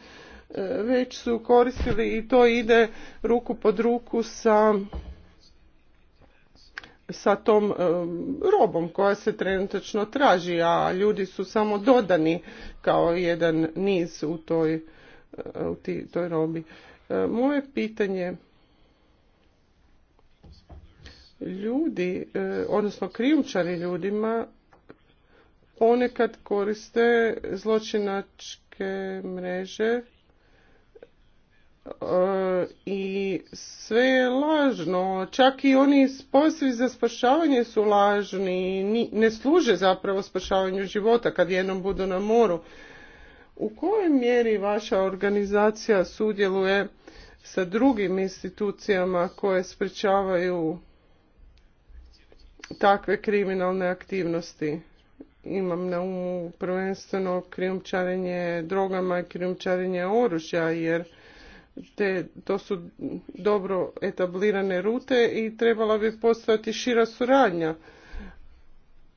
Speaker 4: već su koristili i to ide ruku pod ruku sa sa tom e, robom koja se trenutačno traži, a ljudi su samo dodani kao jedan niz u toj, e, u toj robi. Moje pitanje ljudi, e, odnosno krijumčari ljudima ponekad koriste zločinačke mreže e, i sve je lažno. Čak i oni pozivi za spašavanje su lažni, ne služe zapravo spašavanju života kad jednom budu na moru. U kojoj mjeri vaša organizacija sudjeluje sa drugim institucijama koje sprečavaju takve kriminalne aktivnosti. Imam na umu prvenstveno krijumčarenje drogama i krijumčarenje oružja jer te, to su dobro etablirane rute i trebala bi postojati šira suradnja.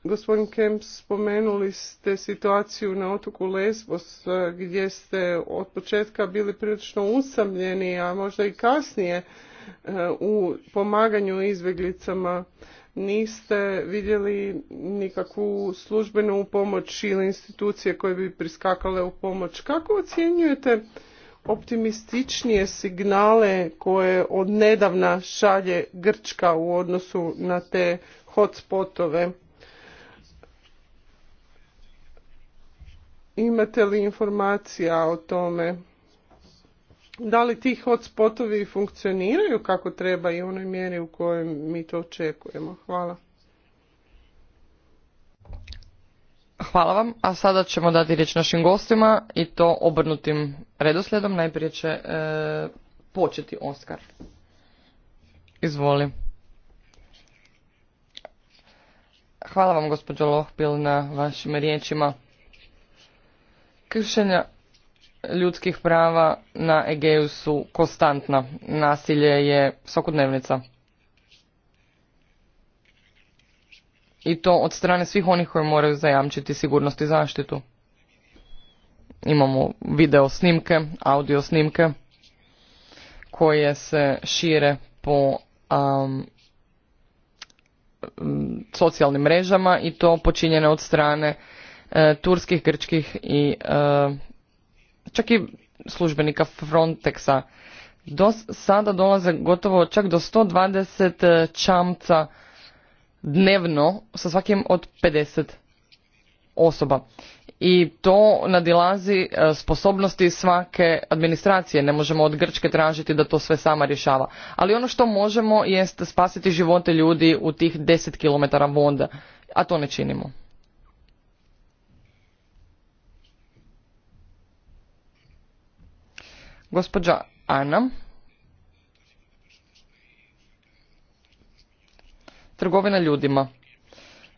Speaker 4: Gospodin Kemp, spomenuli ste situaciju na otoku Lesbos gdje ste od početka bili prilično usamljeni, a možda i kasnije e, u pomaganju izbjeglicama niste vidjeli nikakvu službenu pomoć ili institucije koje bi priskakale u pomoć. Kako ocjenjujete optimističnije signale koje od nedavna šalje Grčka u odnosu na te hotspotove? Imate li informacija o tome? da li ti hotspotovi funkcioniraju kako treba i u onoj mjeri u kojoj mi to očekujemo. Hvala.
Speaker 2: Hvala vam, a sada ćemo dati riječ našim gostima i to obrnutim redoslijedom. Najprije će e, početi Oskar. Izvoli. Hvala vam, gospođo Lohpil, na vašim riječima. Kršenja ljudskih prava na Egeju su konstantna. Nasilje je svakodnevnica. I to od strane svih onih koji moraju zajamčiti sigurnost i zaštitu. Imamo video snimke, audio snimke koje se šire po socijalnim mrežama i to počinjene od strane e, turskih, grčkih i e, čak i službenika Frontexa. Do, sada dolaze gotovo čak do 120 e, čamca dnevno sa svakim od 50 osoba. I to nadilazi e, sposobnosti svake administracije. Ne možemo od Grčke tražiti da to sve sama rješava. Ali ono što možemo jest spasiti živote ljudi u tih 10 km voda. A to ne činimo. Gospođa Ana. Trgovina ljudima.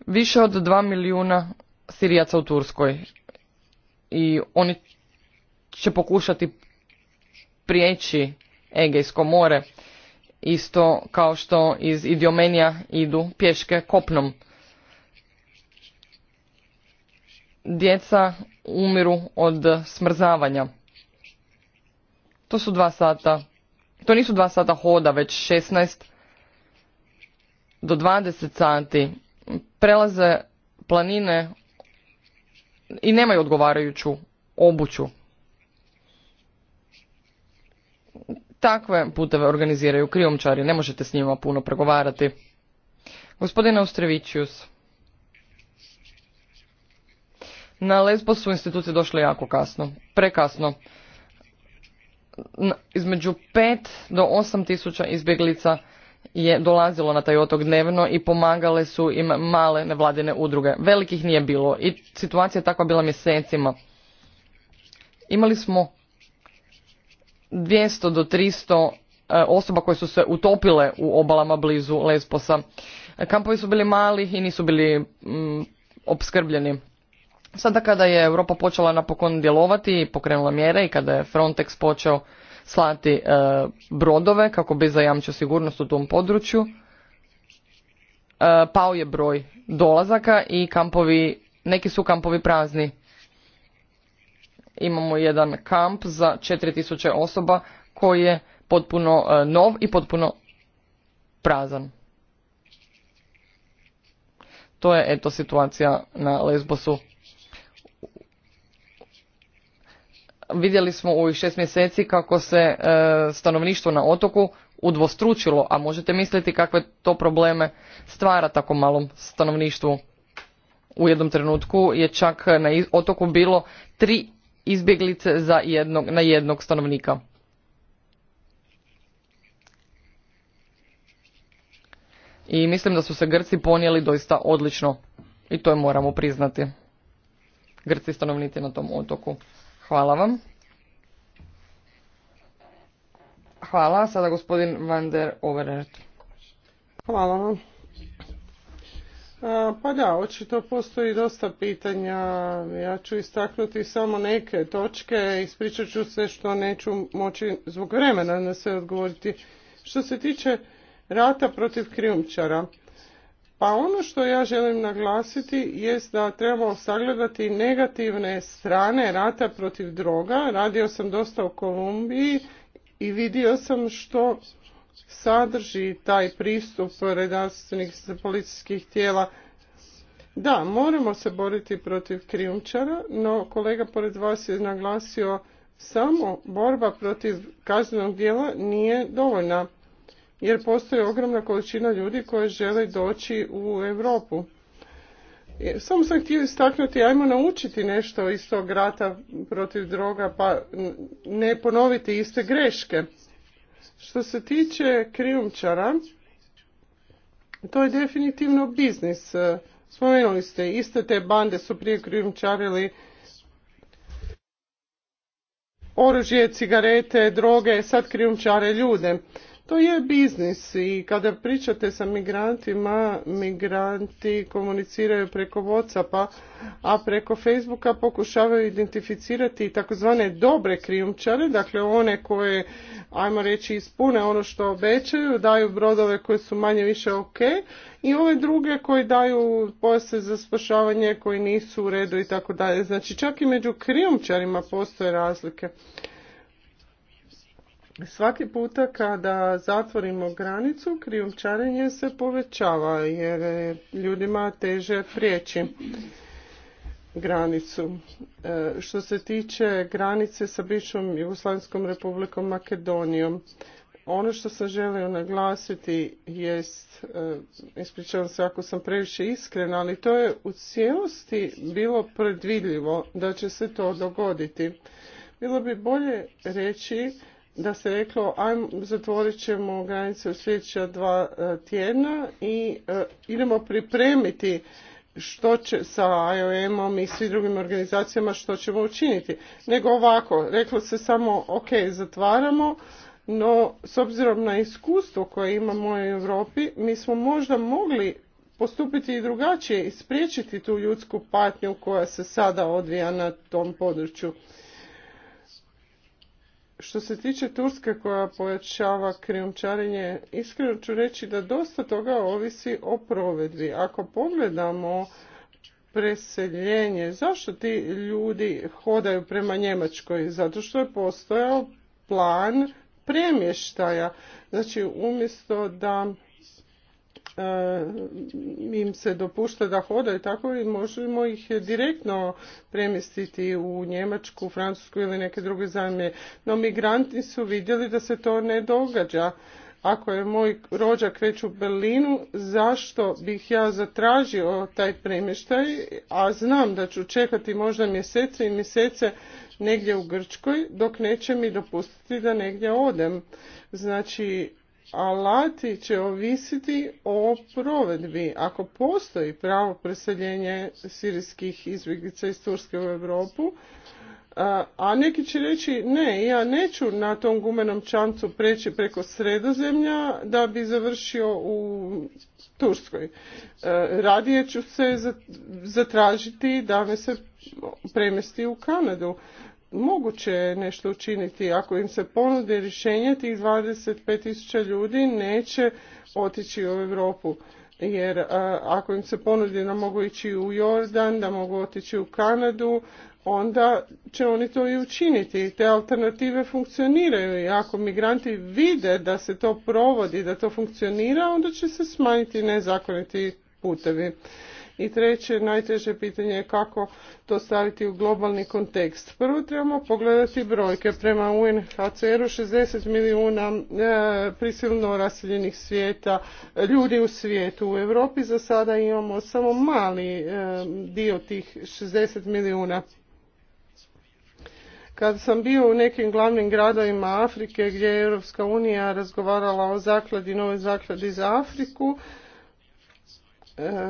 Speaker 2: Više od dva milijuna Sirijaca u Turskoj. I oni će pokušati prijeći Egejsko more. Isto kao što iz Idiomenija idu pješke kopnom. Djeca umiru od smrzavanja. To su dva sata. To nisu dva sata hoda, već 16 do 20 sati. Prelaze planine i nemaju odgovarajuću obuću. Takve puteve organiziraju kriomčari, ne možete s njima puno pregovarati. Gospodine Austrevićius, na Lesbosu su institucije došle jako kasno, prekasno između pet do osam tisuća izbjeglica je dolazilo na taj otok dnevno i pomagale su im male nevladine udruge. Velikih nije bilo i situacija je takva bila mjesecima. Imali smo 200 do 300 e, osoba koje su se utopile u obalama blizu lesposa. Kampovi su bili mali i nisu bili mm, opskrbljeni. Sada kada je Europa počela napokon djelovati i pokrenula mjere i kada je Frontex počeo slati e, brodove kako bi zajamčio sigurnost u tom području, e, pao je broj dolazaka i kampovi, neki su kampovi prazni. Imamo jedan kamp za 4000 osoba koji je potpuno e, nov i potpuno prazan. To je eto situacija na Lesbosu. vidjeli smo u ovih šest mjeseci kako se e, stanovništvo na otoku udvostručilo, a možete misliti kakve to probleme stvara tako malom stanovništvu. U jednom trenutku je čak na otoku bilo tri izbjeglice za na jednog stanovnika. I mislim da su se Grci ponijeli doista odlično. I to je moramo priznati. Grci stanovnici na tom otoku. Hvala vam. Hvala.
Speaker 4: Sada gospodin Van der Hvala vam. Pa da, očito postoji dosta pitanja. Ja ću istaknuti samo neke točke. Ispričat ću se što neću moći zbog vremena na sve odgovoriti. Što se tiče rata protiv krijumčara, pa ono što ja želim naglasiti jest da trebamo sagledati negativne strane rata protiv droga. Radio sam dosta u Kolumbiji i vidio sam što sadrži taj pristup redarstvenih policijskih tijela. Da, moramo se boriti protiv krijumčara, no kolega pored vas je naglasio samo borba protiv kaznenog dijela nije dovoljna jer postoji ogromna količina ljudi koji žele doći u Europu. E, samo sam htio istaknuti, ajmo naučiti nešto iz tog rata protiv droga, pa ne ponoviti iste greške. Što se tiče krijumčara, to je definitivno biznis. E, spomenuli ste, iste te bande su prije krijumčarili oružje, cigarete, droge, sad krijumčare ljude. To je biznis i kada pričate sa migrantima, migranti komuniciraju preko Whatsappa, a preko Facebooka pokušavaju identificirati takozvane dobre krijumčare, dakle one koje, ajmo reći, ispune ono što obećaju, daju brodove koje su manje više ok i ove druge koje daju posle za spašavanje koji nisu u redu i tako dalje. Znači čak i među krijumčarima postoje razlike. Svaki puta kada zatvorimo granicu, krijumčarenje se povećava jer ljudima teže prijeći granicu. E, što se tiče granice sa bivšom Jugoslavenskom republikom Makedonijom, ono što sam želio naglasiti jest, e, ispričavam se ako sam previše iskrena, ali to je u cijelosti bilo predvidljivo da će se to dogoditi. Bilo bi bolje reći da se reklo ajmo, zatvorit ćemo granice u sljedeća dva e, tjedna i e, idemo pripremiti što će sa IOM-om i svim drugim organizacijama što ćemo učiniti. Nego ovako, reklo se samo ok, zatvaramo, no s obzirom na iskustvo koje imamo u Europi, mi smo možda mogli postupiti i drugačije i spriječiti tu ljudsku patnju koja se sada odvija na tom području. Što se tiče Turske koja pojačava krijumčarenje, iskreno ću reći da dosta toga ovisi o provedbi. Ako pogledamo preseljenje, zašto ti ljudi hodaju prema Njemačkoj? Zato što je postojao plan premještaja. Znači umjesto da E, im se dopušta da hodaju tako i možemo ih direktno premjestiti u Njemačku, Francusku ili neke druge zemlje. No migranti su vidjeli da se to ne događa. Ako je moj rođak već u Berlinu, zašto bih ja zatražio taj premještaj, a znam da ću čekati možda mjesece i mjesece negdje u Grčkoj, dok neće mi dopustiti da negdje odem. Znači, alati će ovisiti o provedbi. Ako postoji pravo preseljenje sirijskih izbjeglica iz Turske u Europu, a neki će reći ne, ja neću na tom gumenom čamcu preći preko sredozemlja da bi završio u Turskoj. E, radije ću se zatražiti da me se premesti u Kanadu moguće nešto učiniti. Ako im se ponude rješenje, tih 25.000 ljudi neće otići u Europu. Jer ako im se ponudi da mogu ići u Jordan, da mogu otići u Kanadu, onda će oni to i učiniti. Te alternative funkcioniraju i ako migranti vide da se to provodi, da to funkcionira, onda će se smanjiti nezakoniti putevi. I treće, najteže pitanje je kako to staviti u globalni kontekst. Prvo trebamo pogledati brojke. Prema UNHCR-u 60 milijuna e, prisilno raseljenih svijeta, ljudi u svijetu. U Europi za sada imamo samo mali e, dio tih 60 milijuna kad sam bio u nekim glavnim gradovima Afrike gdje je Europska unija razgovarala o zakladi, novoj zakladi za Afriku,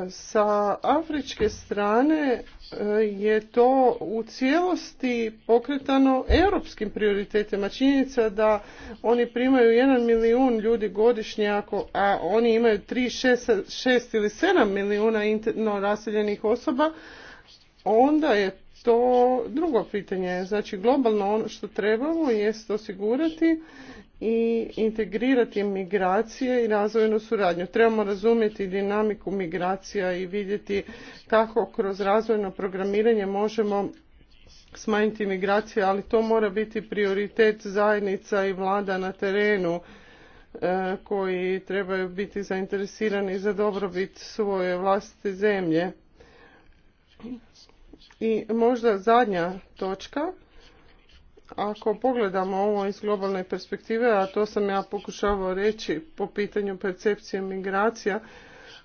Speaker 4: sa afričke strane e, je to u cijelosti pokretano europskim prioritetima. Činjenica da oni primaju 1 milijun ljudi godišnje, a oni imaju 3, 6, ili 7 milijuna interno raseljenih osoba, onda je to drugo pitanje. Znači globalno ono što trebamo jest osigurati i integrirati migracije i razvojnu suradnju. Trebamo razumjeti dinamiku migracija i vidjeti kako kroz razvojno programiranje možemo smanjiti migracije, ali to mora biti prioritet zajednica i vlada na terenu e, koji trebaju biti zainteresirani za dobrobit svoje vlastite zemlje. I možda zadnja točka ako pogledamo ovo iz globalne perspektive, a to sam ja pokušavao reći po pitanju percepcije migracija,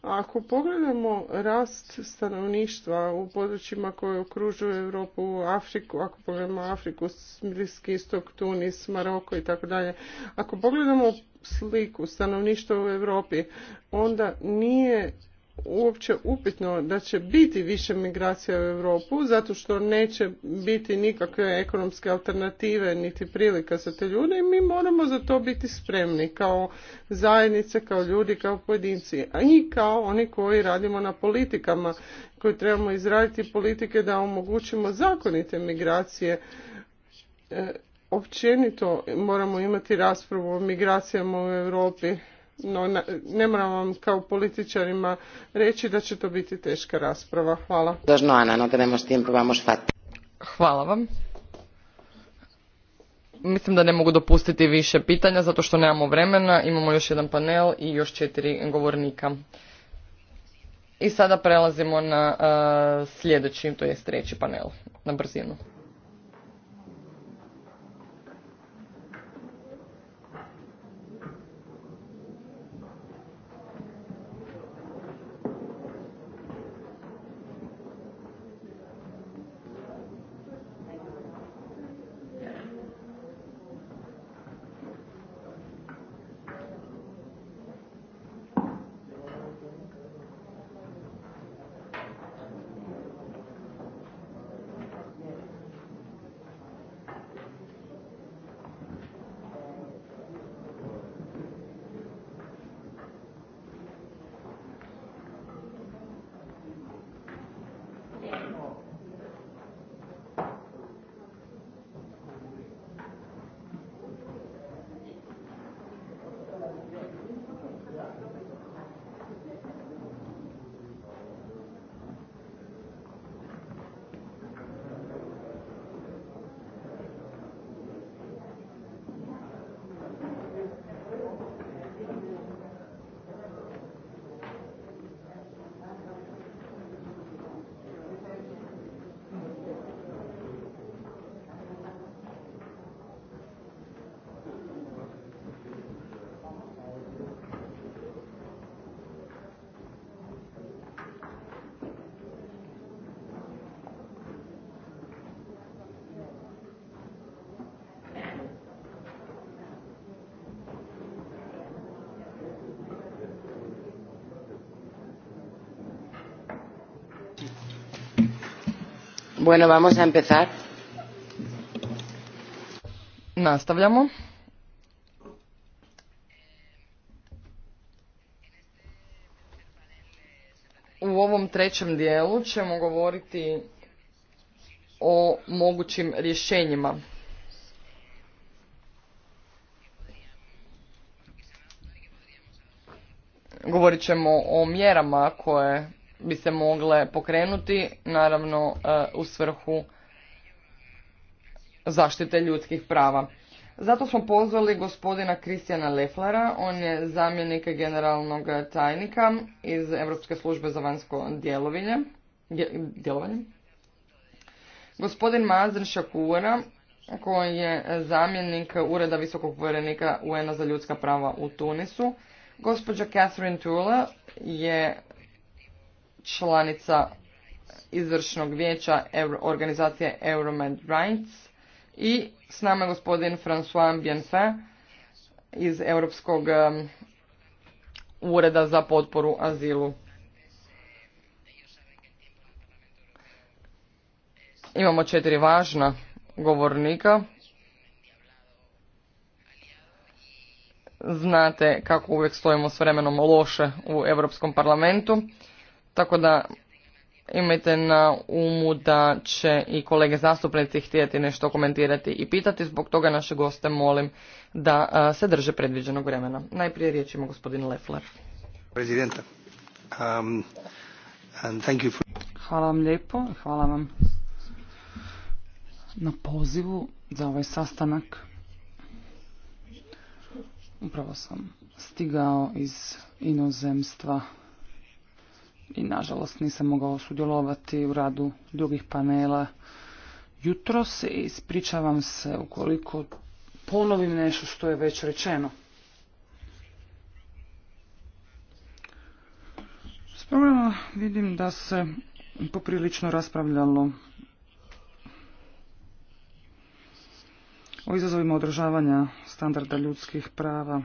Speaker 4: ako pogledamo rast stanovništva u područjima koje okružuju Europu, Afriku, ako pogledamo Afriku, Bliski istok, Tunis, Maroko i tako dalje, ako pogledamo sliku stanovništva u Europi, onda nije uopće upitno da će biti više migracija u Europu zato što neće biti nikakve ekonomske alternative niti prilika za te ljude i mi moramo za to biti spremni kao zajednice, kao ljudi, kao pojedinci, a i kao oni koji radimo na politikama, koji trebamo izraditi politike da omogućimo zakonite migracije. E, općenito moramo imati raspravu o migracijama u Europi no, ne moram vam kao političarima reći da će to biti teška rasprava. Hvala. Hvala vam.
Speaker 2: Mislim da ne mogu dopustiti više pitanja zato što nemamo vremena. Imamo još jedan panel i još četiri govornika. I sada prelazimo na eh, sljedeći, to je treći panel, na brzinu.
Speaker 1: Bueno, vamos a empezar.
Speaker 2: Nastavljamo. U ovom trećem dijelu ćemo govoriti o mogućim rješenjima. Govorit ćemo o mjerama koje bi se mogle pokrenuti, naravno e, u svrhu zaštite ljudskih prava. Zato smo pozvali gospodina Kristijana Leflara, on je zamjenik generalnog tajnika iz Europske službe za vanjsko djelovanje. Gospodin Mazen Šakura, koji je zamjenik Ureda visokog povjerenika UN-a za ljudska prava u Tunisu. Gospođa Catherine Tula je članica izvršnog vijeća organizacije Euromed Rights i s nama gospodin François Bienfait iz Europskog ureda za potporu azilu. Imamo četiri važna govornika. Znate kako uvijek stojimo s vremenom loše u Europskom parlamentu. Tako da imajte na umu da će i kolege zastupnici htjeti nešto komentirati i pitati. Zbog toga naše goste molim da se drže predviđenog vremena. Najprije riječ ima gospodin Lefler.
Speaker 3: Um,
Speaker 5: Hvala vam lijepo. Hvala vam na pozivu za ovaj sastanak. Upravo sam stigao iz inozemstva i nažalost nisam mogao sudjelovati u radu drugih panela jutros. Ispričavam se ukoliko ponovim nešto što je već rečeno. S vidim da se poprilično raspravljalo o izazovima održavanja standarda ljudskih prava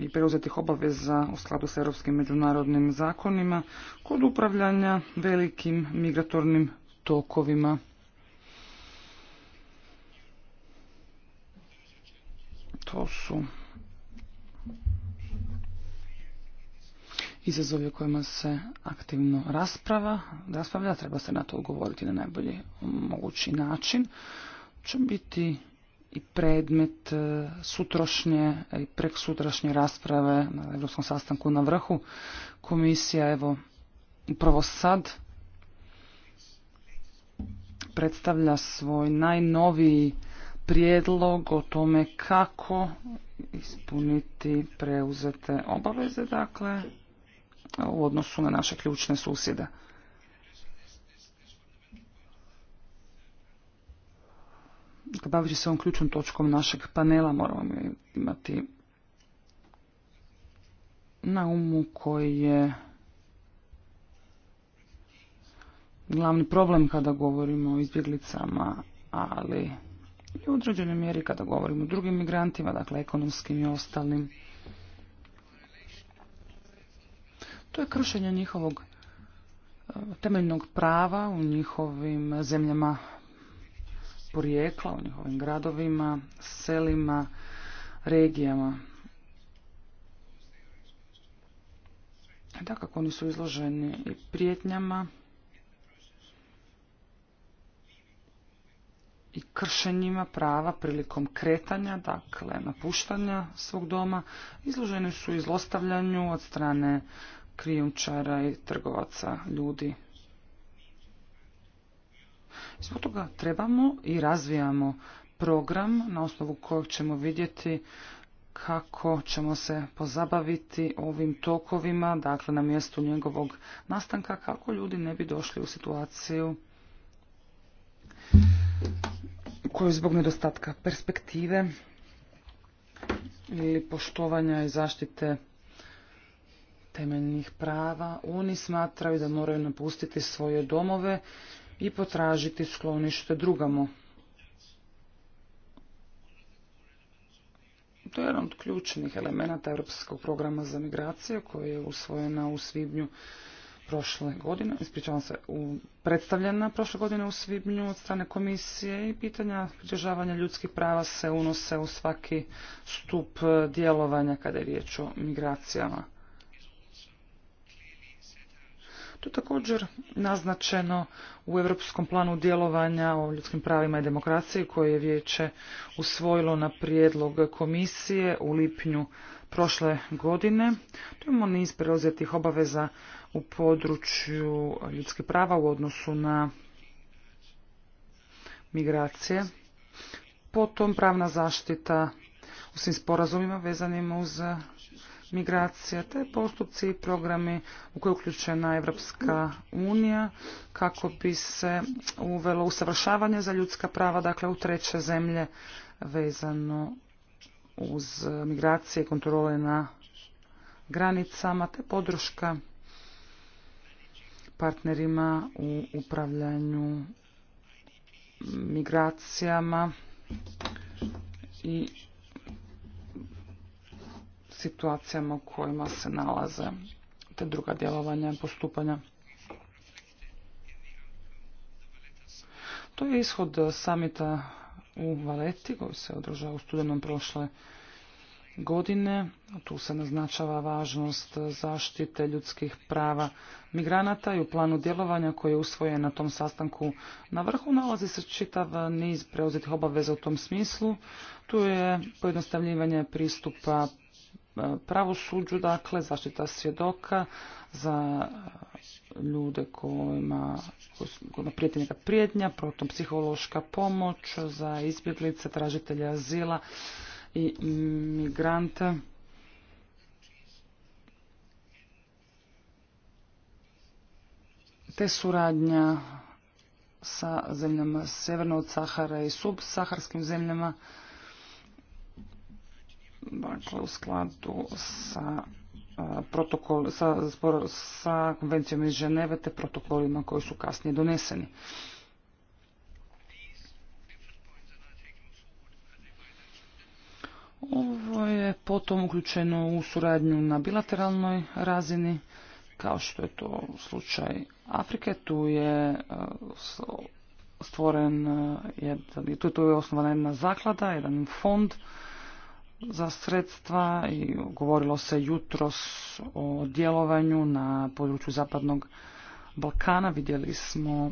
Speaker 5: i preuzetih obaveza u skladu s europskim međunarodnim zakonima kod upravljanja velikim migratornim tokovima. To su izazovi o kojima se aktivno rasprava, raspravlja, treba se na to odgovoriti na najbolji mogući način. Će biti i predmet e, sutrošnje i prek sutrašnje rasprave na Evropskom sastanku na vrhu. Komisija evo upravo sad predstavlja svoj najnoviji prijedlog o tome kako ispuniti preuzete obaveze, dakle, u odnosu na naše ključne susjede. Dakle, bavit će se ovom ključnom točkom našeg panela moramo imati na umu koji je glavni problem kada govorimo o izbjeglicama, ali i u određenoj mjeri kada govorimo o drugim migrantima, dakle ekonomskim i ostalim. To je kršenje njihovog eh, temeljnog prava u njihovim zemljama porijekla u njihovim gradovima, selima, regijama. Da, kako oni su izloženi i prijetnjama i kršenjima prava prilikom kretanja, dakle napuštanja svog doma, izloženi su i zlostavljanju od strane krijumčara i trgovaca ljudi. Zbog toga trebamo i razvijamo program na osnovu kojeg ćemo vidjeti kako ćemo se pozabaviti ovim tokovima, dakle na mjestu njegovog nastanka, kako ljudi ne bi došli u situaciju koju zbog nedostatka perspektive i poštovanja i zaštite temeljnih prava, oni smatraju da moraju napustiti svoje domove i potražiti sklonište drugamo. To je jedan od ključnih elemenata Europskog programa za migracije koja je usvojena u svibnju prošle godine, ispričavam se, u, predstavljena prošle godine u svibnju od strane komisije i pitanja pridržavanja ljudskih prava se unose u svaki stup djelovanja kada je riječ o migracijama. To je također naznačeno u Europskom planu djelovanja o ljudskim pravima i demokraciji koje je vijeće usvojilo na prijedlog komisije u lipnju prošle godine. Tu imamo niz preuzetih obaveza u području ljudskih prava u odnosu na migracije. Potom pravna zaštita u svim sporazumima vezanim uz migracija te postupci i programi u koje je uključena Evropska unija kako bi se uvelo usavršavanje za ljudska prava, dakle u treće zemlje vezano uz migracije, kontrole na granicama te podrška partnerima u upravljanju migracijama i situacijama u kojima se nalaze te druga djelovanja i postupanja. To je ishod samita u Valeti koji se održao u studenom prošle godine. Tu se naznačava važnost zaštite ljudskih prava migranata i u planu djelovanja koji je usvojen na tom sastanku na vrhu nalazi se čitav niz preuzetih obaveza u tom smislu. Tu je pojednostavljivanje pristupa E, pravosuđu, dakle zaštita svjedoka za e, ljude kojima, kojima prijeti neka prijetnja, potom psihološka pomoć za izbjeglice, tražitelje azila i migrante. Te suradnja sa zemljama severno od Sahara i subsaharskim zemljama dakle u skladu sa protokol, sa, sa konvencijom iz Ženeve te protokolima koji su kasnije doneseni. Ovo je potom uključeno u suradnju na bilateralnoj razini, kao što je to slučaj Afrike. Tu je stvoren, tu je osnovana jedna zaklada, jedan fond za sredstva i govorilo se jutros o djelovanju na području Zapadnog Balkana. Vidjeli smo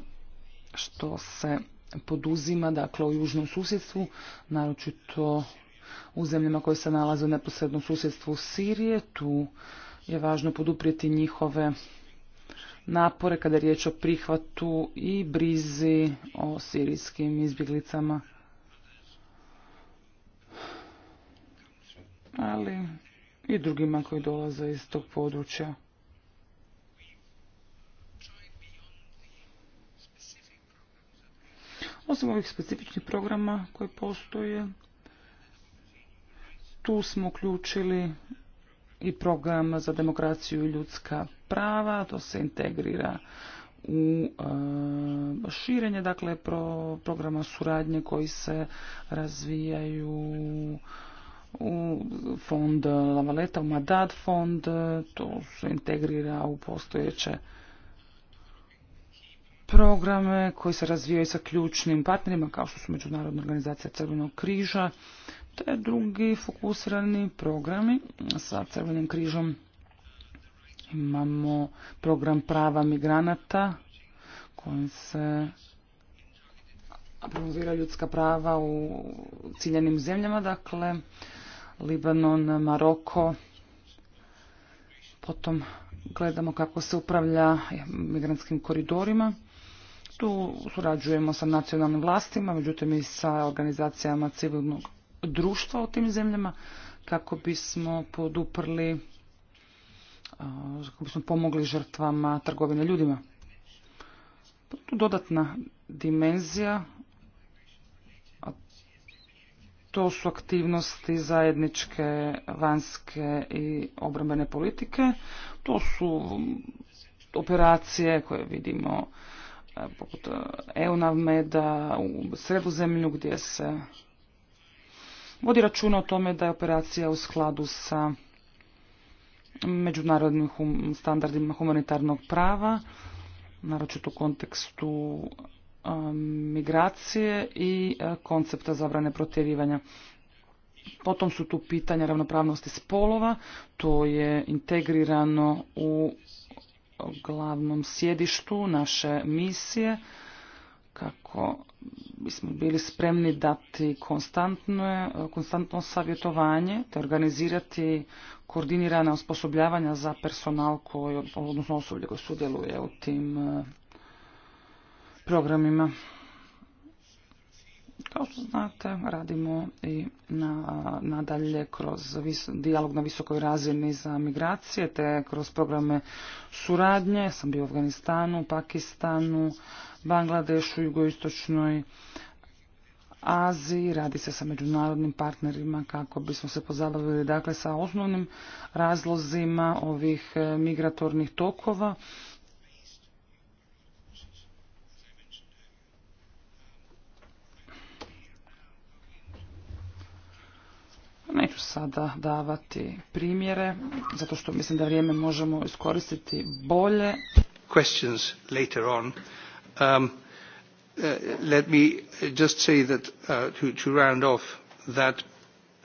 Speaker 5: što se poduzima dakle, u južnom susjedstvu, naročito u zemljama koje se nalaze u neposrednom susjedstvu Sirije. Tu je važno poduprijeti njihove napore kada je riječ o prihvatu i brizi o sirijskim izbjeglicama. ali i drugima koji dolaze iz tog područja. Osim ovih specifičnih programa koji postoje, tu smo uključili i program za demokraciju i ljudska prava, to se integrira u e, širenje, dakle, programa suradnje koji se razvijaju u fond Lavaleta, u Madad fond, e, to se integrira u postojeće programe koji se razvijaju sa ključnim partnerima kao što su Međunarodna organizacija Crvenog križa, te drugi fokusirani programi sa Crvenim križom. Imamo program prava migranata kojim se promovira ljudska prava u ciljenim zemljama, dakle Libanon, Maroko. Potom gledamo kako se upravlja migrantskim koridorima. Tu surađujemo sa nacionalnim vlastima, međutim i sa organizacijama civilnog društva u tim zemljama kako bismo poduprli, kako bismo pomogli žrtvama trgovine ljudima. Tu dodatna dimenzija to su aktivnosti zajedničke vanjske i obrambene politike. To su operacije koje vidimo e, poput e, EUNAVMEDA u zemlju gdje se vodi računa o tome da je operacija u skladu sa međunarodnim standardima humanitarnog prava, naročito u kontekstu migracije i koncepta zabrane protjerivanja. Potom su tu pitanja ravnopravnosti spolova, to je integrirano u glavnom sjedištu naše misije, kako bismo bili spremni dati konstantno, savjetovanje te organizirati koordinirana osposobljavanja za personal koji, odnosno osoblje koje sudjeluje u tim programima. Kao što znate, radimo i na, nadalje kroz vis, dijalog na visokoj razini za migracije, te kroz programe suradnje. sam bio u Afganistanu, Pakistanu, Bangladešu, jugoistočnoj Aziji. Radi se sa međunarodnim partnerima kako bismo se pozabavili dakle, sa osnovnim razlozima ovih eh, migratornih tokova Neću sada davati primjere, zato što mislim da vrijeme možemo iskoristiti bolje.
Speaker 3: Questions later on. Um, uh, let me just say that, uh, to, to round off, that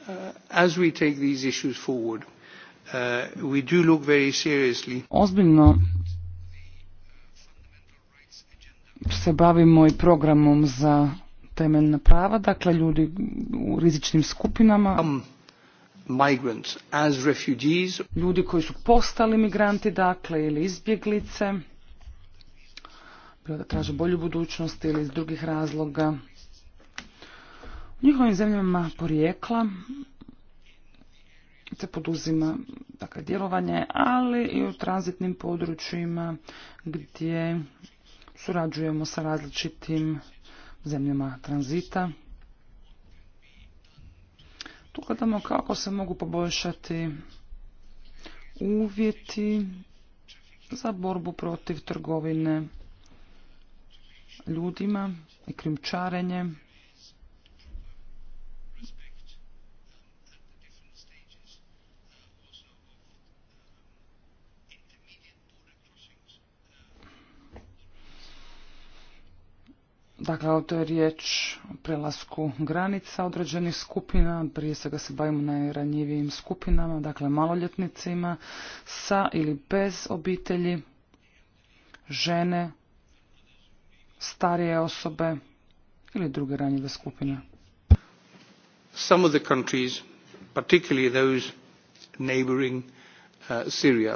Speaker 3: uh, as we take these issues forward, uh, we do look very seriously.
Speaker 5: Ozbiljno se bavimo i programom za temeljna prava, dakle ljudi u rizičnim skupinama. Um, migrants, refugees. Ljudi koji su postali migranti, dakle, ili izbjeglice, bilo da traže bolju budućnost ili iz drugih razloga. U njihovim zemljama porijekla se poduzima dakle, djelovanje, ali i u tranzitnim područjima gdje surađujemo sa različitim zemljama tranzita. Tu gledamo kako se mogu poboljšati uvjeti za borbu protiv trgovine ljudima i krimčarenje Dakle, to je riječ o prelasku granica određenih skupina, prije svega se bavimo najranjivijim skupinama, dakle maloljetnicima, sa ili bez obitelji, žene, starije osobe ili druge ranjive skupine.
Speaker 3: Some of the countries, particularly those neighboring uh, Syria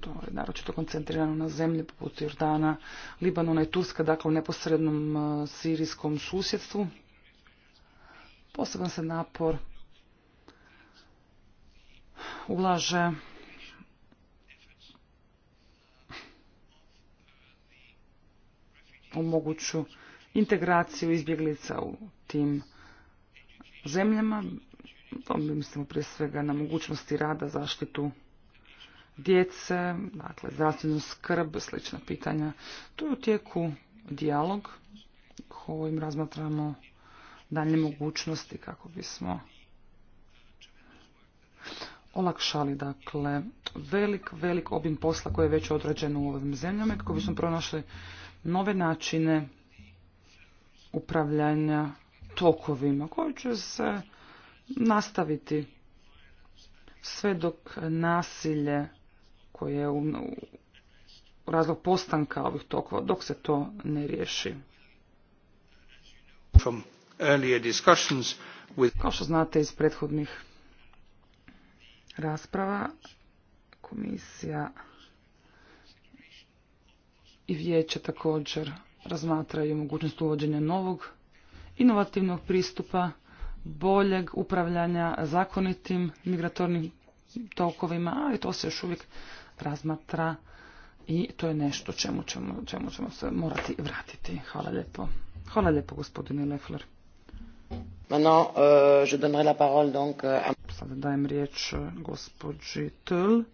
Speaker 5: to je naročito koncentrirano na zemlje poput Jordana, Libanona i Turska, dakle u neposrednom e, sirijskom susjedstvu. Poseban se napor ulaže u moguću integraciju izbjeglica u tim zemljama. To mislimo prije svega na mogućnosti rada, zaštitu djece, dakle zdravstvenu skrb, slična pitanja. Tu je u tijeku dijalog kojim razmatramo dalje mogućnosti kako bismo olakšali dakle velik, velik obim posla koji je već odrađen u ovim zemljama kako bismo pronašli nove načine upravljanja tokovima koji će se nastaviti sve dok nasilje je u razlog postanka ovih tokova, dok se to ne riješi. From with... Kao što znate iz prethodnih rasprava, komisija i vijeće također razmatraju mogućnost uvođenja novog inovativnog pristupa, boljeg upravljanja zakonitim migratornim tokovima, ali to se još uvijek razmatra i to je nešto čemu ćemo, čemu ćemo se morati vratiti. Hvala lijepo. Hvala lijepo gospodine Leffler. Euh, je donnerai euh, Sada dajem riječ euh, gospođi Tull.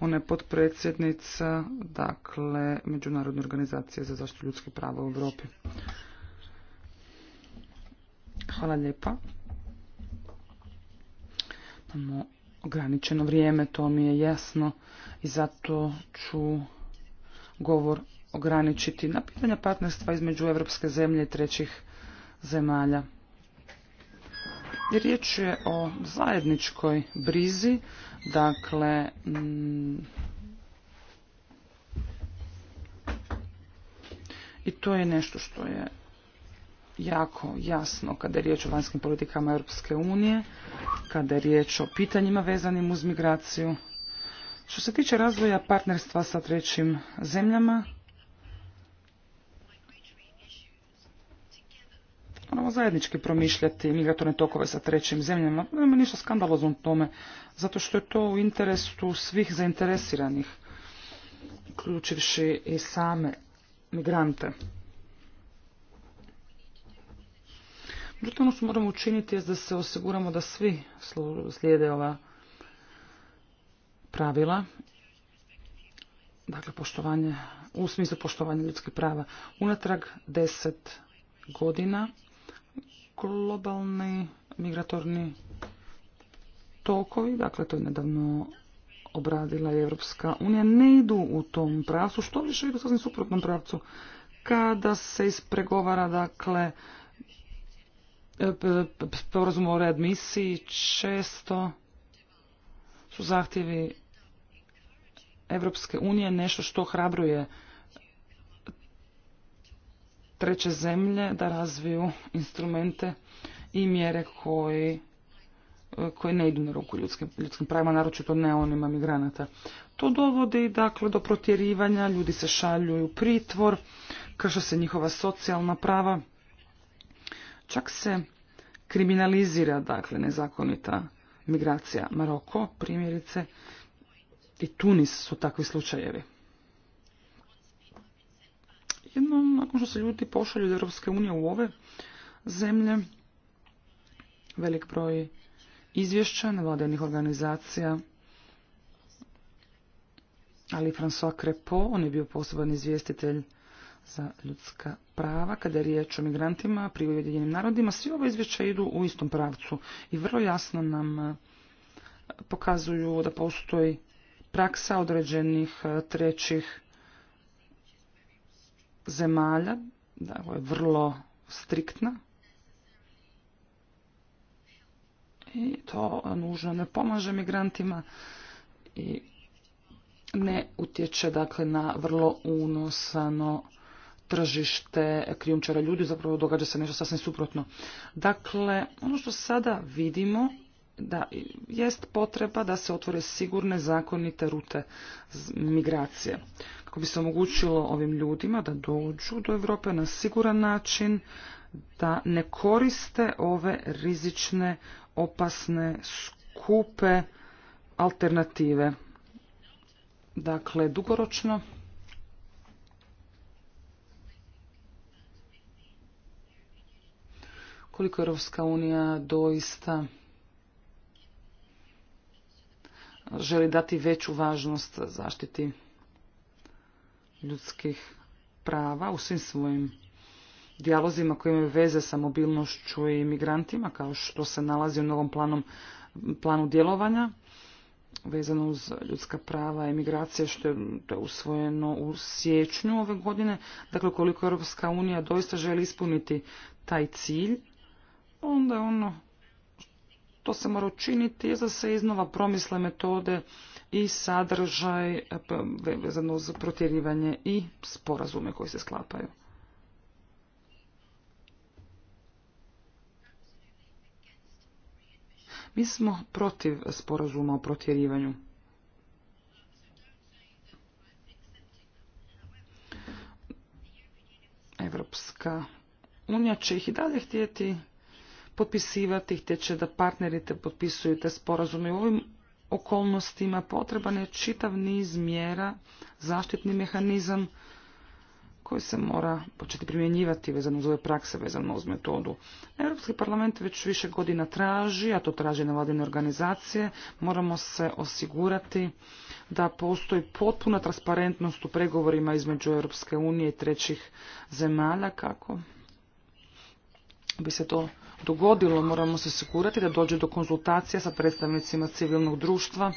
Speaker 5: Ona je potpredsjednica, dakle, Međunarodne organizacije za zaštitu ljudskih prava u Europi. Hvala lijepa. Imamo ograničeno vrijeme, to mi je jasno i zato ću govor ograničiti na pitanja partnerstva između evropske zemlje i trećih zemalja. Riječ je o zajedničkoj brizi, dakle mm, i to je nešto što je jako jasno kada je riječ o vanjskim politikama Europske unije, kada je riječ o pitanjima vezanim uz migraciju što se tiče razvoja partnerstva sa trećim zemljama, moramo zajednički promišljati migratorne tokove sa trećim zemljama. Nema ništa skandalozno u tome, zato što je to u interesu svih zainteresiranih, uključivši i same migrante. Međutim, ono što moramo učiniti je da se osiguramo da svi slijede ova pravila, dakle poštovanje, u smislu poštovanja ljudskih prava. Unatrag deset godina globalni migratorni tokovi, dakle to je nedavno obradila Evropska unija, ne idu u tom pravcu, što više idu sasvim suprotnom pravcu. Kada se ispregovara, dakle, e, sporazum o readmisiji, često su zahtjevi Evropske unije nešto što hrabruje treće zemlje da razviju instrumente i mjere koji koje ne idu na ruku ljudskim, ljudskim pravima, naročito ne onima migranata. To dovodi dakle do protjerivanja, ljudi se šaljuju u pritvor, krše se njihova socijalna prava, čak se kriminalizira dakle nezakonita migracija. Maroko, primjerice, i Tunis su takvi slučajevi. Jednom, nakon što se ljudi pošalju od Europske unije u ove zemlje, velik broj izvješća nevladanih organizacija, ali François Crepeau, on je bio poseban izvjestitelj za ljudska prava, kada je riječ o migrantima pri Ujedinjenim narodima, svi ova izvješća idu u istom pravcu i vrlo jasno nam e, pokazuju da postoji praksa određenih e, trećih zemalja, da je vrlo striktna i to nužno ne pomaže migrantima i ne utječe dakle na vrlo unosano tržište krijumčara ljudi, zapravo događa se nešto sasvim suprotno. Dakle, ono što sada vidimo da jest potreba da se otvore sigurne zakonite rute migracije kako bi se omogućilo ovim ljudima da dođu do Europe na siguran način da ne koriste ove rizične, opasne, skupe alternative. Dakle, dugoročno koliko Europska unija doista želi dati veću važnost zaštiti ljudskih prava u svim svojim dijalozima koji imaju veze sa mobilnošću i migrantima, kao što se nalazi u novom planom, planu djelovanja vezano uz ljudska prava i migracije, što je usvojeno u siječnju ove godine. Dakle, koliko Europska unija doista želi ispuniti taj cilj, onda ono to se mora učiniti je da se iznova promisle metode i sadržaj e, vezano za protjerivanje i sporazume koji se sklapaju. Mi smo protiv sporazuma o protjerivanju. Evropska unija će ih i dalje htjeti potpisivati, htjet će da partneri te potpisuju te sporazume. U ovim okolnostima potreban je čitav niz mjera, zaštitni mehanizam koji se mora početi primjenjivati vezano uz ove prakse, vezano uz metodu. Europski parlament već više godina traži, a to traži nevladine organizacije, moramo se osigurati da postoji potpuna transparentnost u pregovorima između Europske unije i trećih zemalja kako bi se to dogodilo, moramo se osigurati da dođe do konzultacija sa predstavnicima civilnog društva,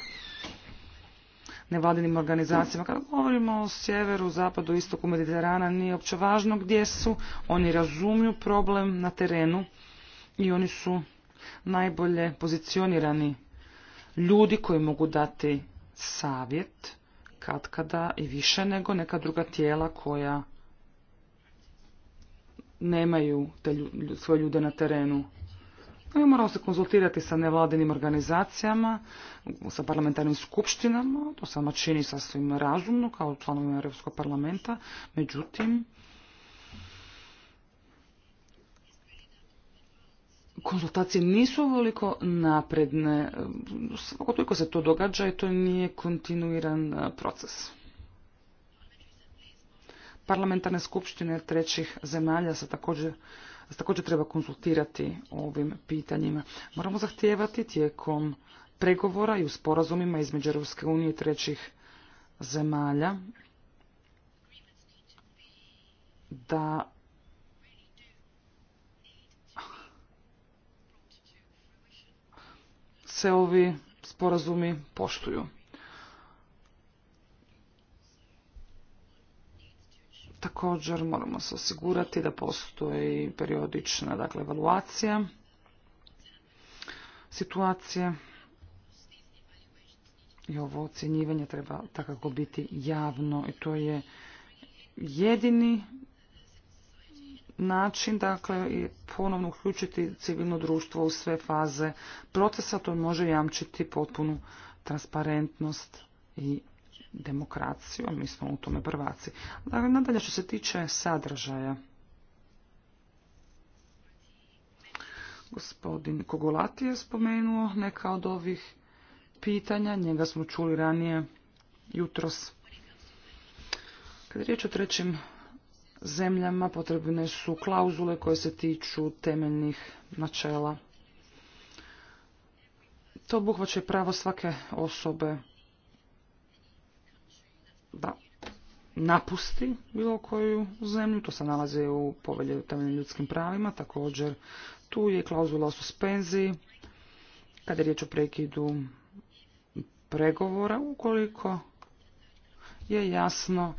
Speaker 5: nevladinim organizacijama. Kada govorimo o sjeveru, zapadu, istoku Mediterana, nije opće važno gdje su. Oni razumiju problem na terenu i oni su najbolje pozicionirani ljudi koji mogu dati savjet kad kada i više nego neka druga tijela koja nemaju te ljude, svoje ljude na terenu. I moramo se konzultirati sa nevladinim organizacijama, sa parlamentarnim skupštinama, to sama čini sasvim razumno kao članovima Europskog parlamenta, međutim, konzultacije nisu ovoliko napredne, svako toliko se to događa i to nije kontinuiran proces parlamentarne skupštine trećih zemalja se također treba konzultirati o ovim pitanjima. Moramo zahtijevati tijekom pregovora i u sporazumima između Europske unije i trećih zemalja da se ovi sporazumi poštuju. Također moramo se osigurati da postoji periodična dakle, evaluacija situacije i ovo ocjenjivanje treba takako biti javno i to je jedini način dakle i ponovno uključiti civilno društvo u sve faze procesa to može jamčiti potpunu transparentnost i demokraciju, mi smo u tome prvaci. Dakle, nadalje što se tiče sadržaja. Gospodin Kogolati je spomenuo neka od ovih pitanja, njega smo čuli ranije jutros. Kad je riječ o trećim zemljama, potrebne su klauzule koje se tiču temeljnih načela. To obuhvaća pravo svake osobe da napusti bilo koju zemlju, to se nalazi u povelje temeljnim ljudskim pravima, također tu je klauzula o suspenziji, kada je riječ o prekidu pregovora, ukoliko je jasno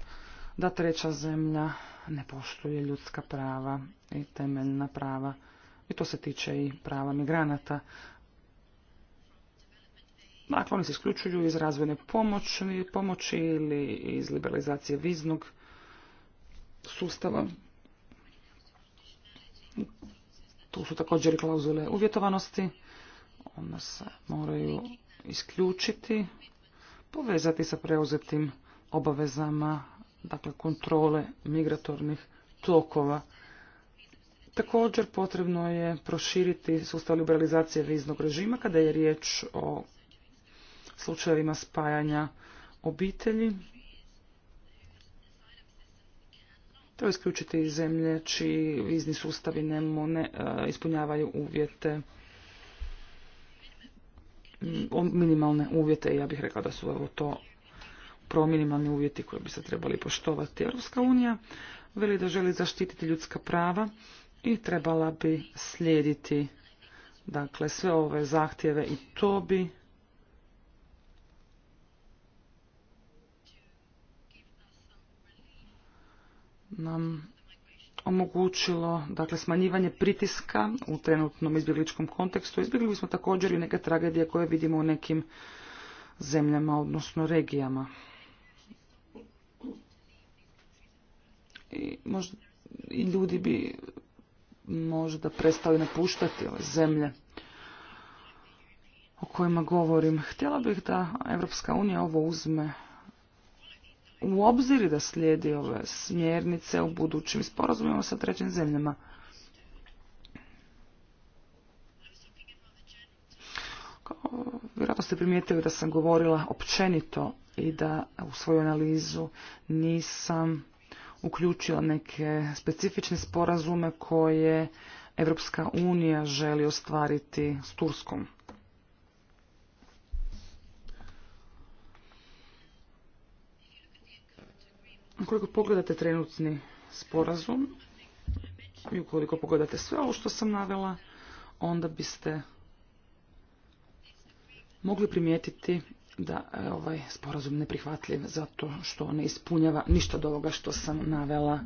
Speaker 5: da treća zemlja ne poštuje ljudska prava i temeljna prava i to se tiče i prava migranata. Dakle, oni se isključuju iz razvojne pomoći, ili iz liberalizacije viznog sustava. Tu su također i klauzule uvjetovanosti. One se moraju isključiti, povezati sa preuzetim obavezama, dakle kontrole migratornih tokova. Također potrebno je proširiti sustav liberalizacije viznog režima kada je riječ o slučajevima spajanja obitelji. je isključiti iz zemlje čiji vizni sustavi ne, e, ispunjavaju uvjete minimalne uvjete ja bih rekla da su ovo to pro uvjeti koji bi se trebali poštovati. Europska unija veli da želi zaštititi ljudska prava i trebala bi slijediti dakle sve ove zahtjeve i to bi nam omogućilo dakle, smanjivanje pritiska u trenutnom izbjegličkom kontekstu. Izbjegli bismo također i neke tragedije koje vidimo u nekim zemljama, odnosno regijama. I, i ljudi bi možda prestali napuštati ove zemlje o kojima govorim. Htjela bih da Evropska unija ovo uzme u obzir da slijedi ove smjernice u budućim sporazumima sa trećim zemljama. Kao, vjerojatno ste primijetili da sam govorila općenito i da u svoju analizu nisam uključila neke specifične sporazume koje Evropska unija želi ostvariti s Turskom. Ukoliko pogledate trenutni sporazum i ukoliko pogledate sve ovo što sam navela, onda biste mogli primijetiti da je ovaj sporazum neprihvatljiv zato što ne ispunjava ništa od ovoga što sam navela.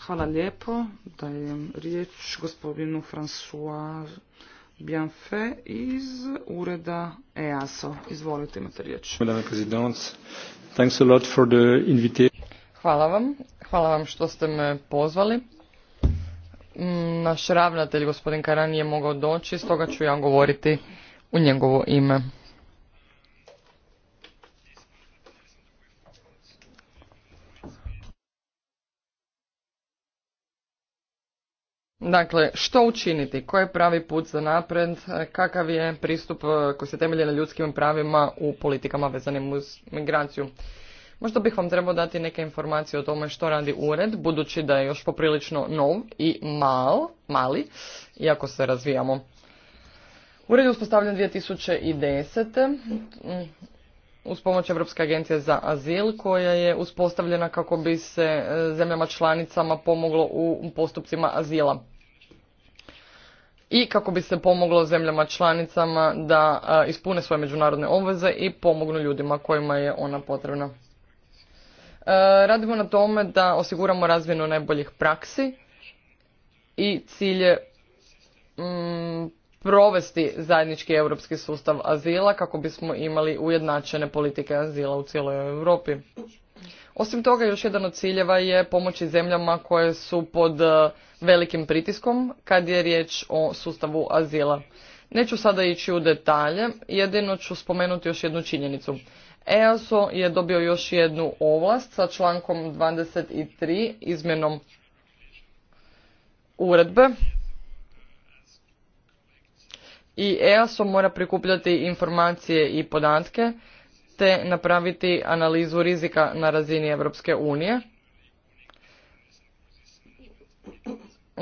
Speaker 5: Hvala lijepo. Dajem riječ gospodinu François iz ureda EASO.
Speaker 2: Izvolite, imate riječ. Hvala vam. Hvala vam što ste me pozvali. Mm, naš ravnatelj, gospodin Karan, nije mogao doći, stoga ću ja govoriti u njegovo ime. Dakle, što učiniti? Koji je pravi put za napred? Kakav je pristup eh, koji se temelji na ljudskim pravima u politikama vezanim uz migraciju? Možda bih vam trebao dati neke informacije o tome što radi ured, budući da je još poprilično nov i mal, mali, iako se razvijamo. Ured je uspostavljen 2010. Mm, uz pomoć Europske agencije za azil koja je uspostavljena kako bi se eh, zemljama članicama pomoglo u postupcima azila i kako bi se pomoglo zemljama članicama da ispune svoje međunarodne obveze i pomognu ljudima kojima je ona potrebna. E, radimo na tome da osiguramo razvijenu najboljih praksi i cilje mm, provesti zajednički europski sustav azila kako bismo imali ujednačene politike azila u cijeloj Europi. Osim toga, još jedan od ciljeva je pomoći zemljama koje su pod e, velikim pritiskom kad je riječ o sustavu azila. Neću sada ići u detalje, jedino ću spomenuti još jednu činjenicu. EASO je dobio još jednu ovlast sa člankom 23 izmjenom uredbe i EASO mora prikupljati informacije i podatke te napraviti analizu rizika na razini Europske unije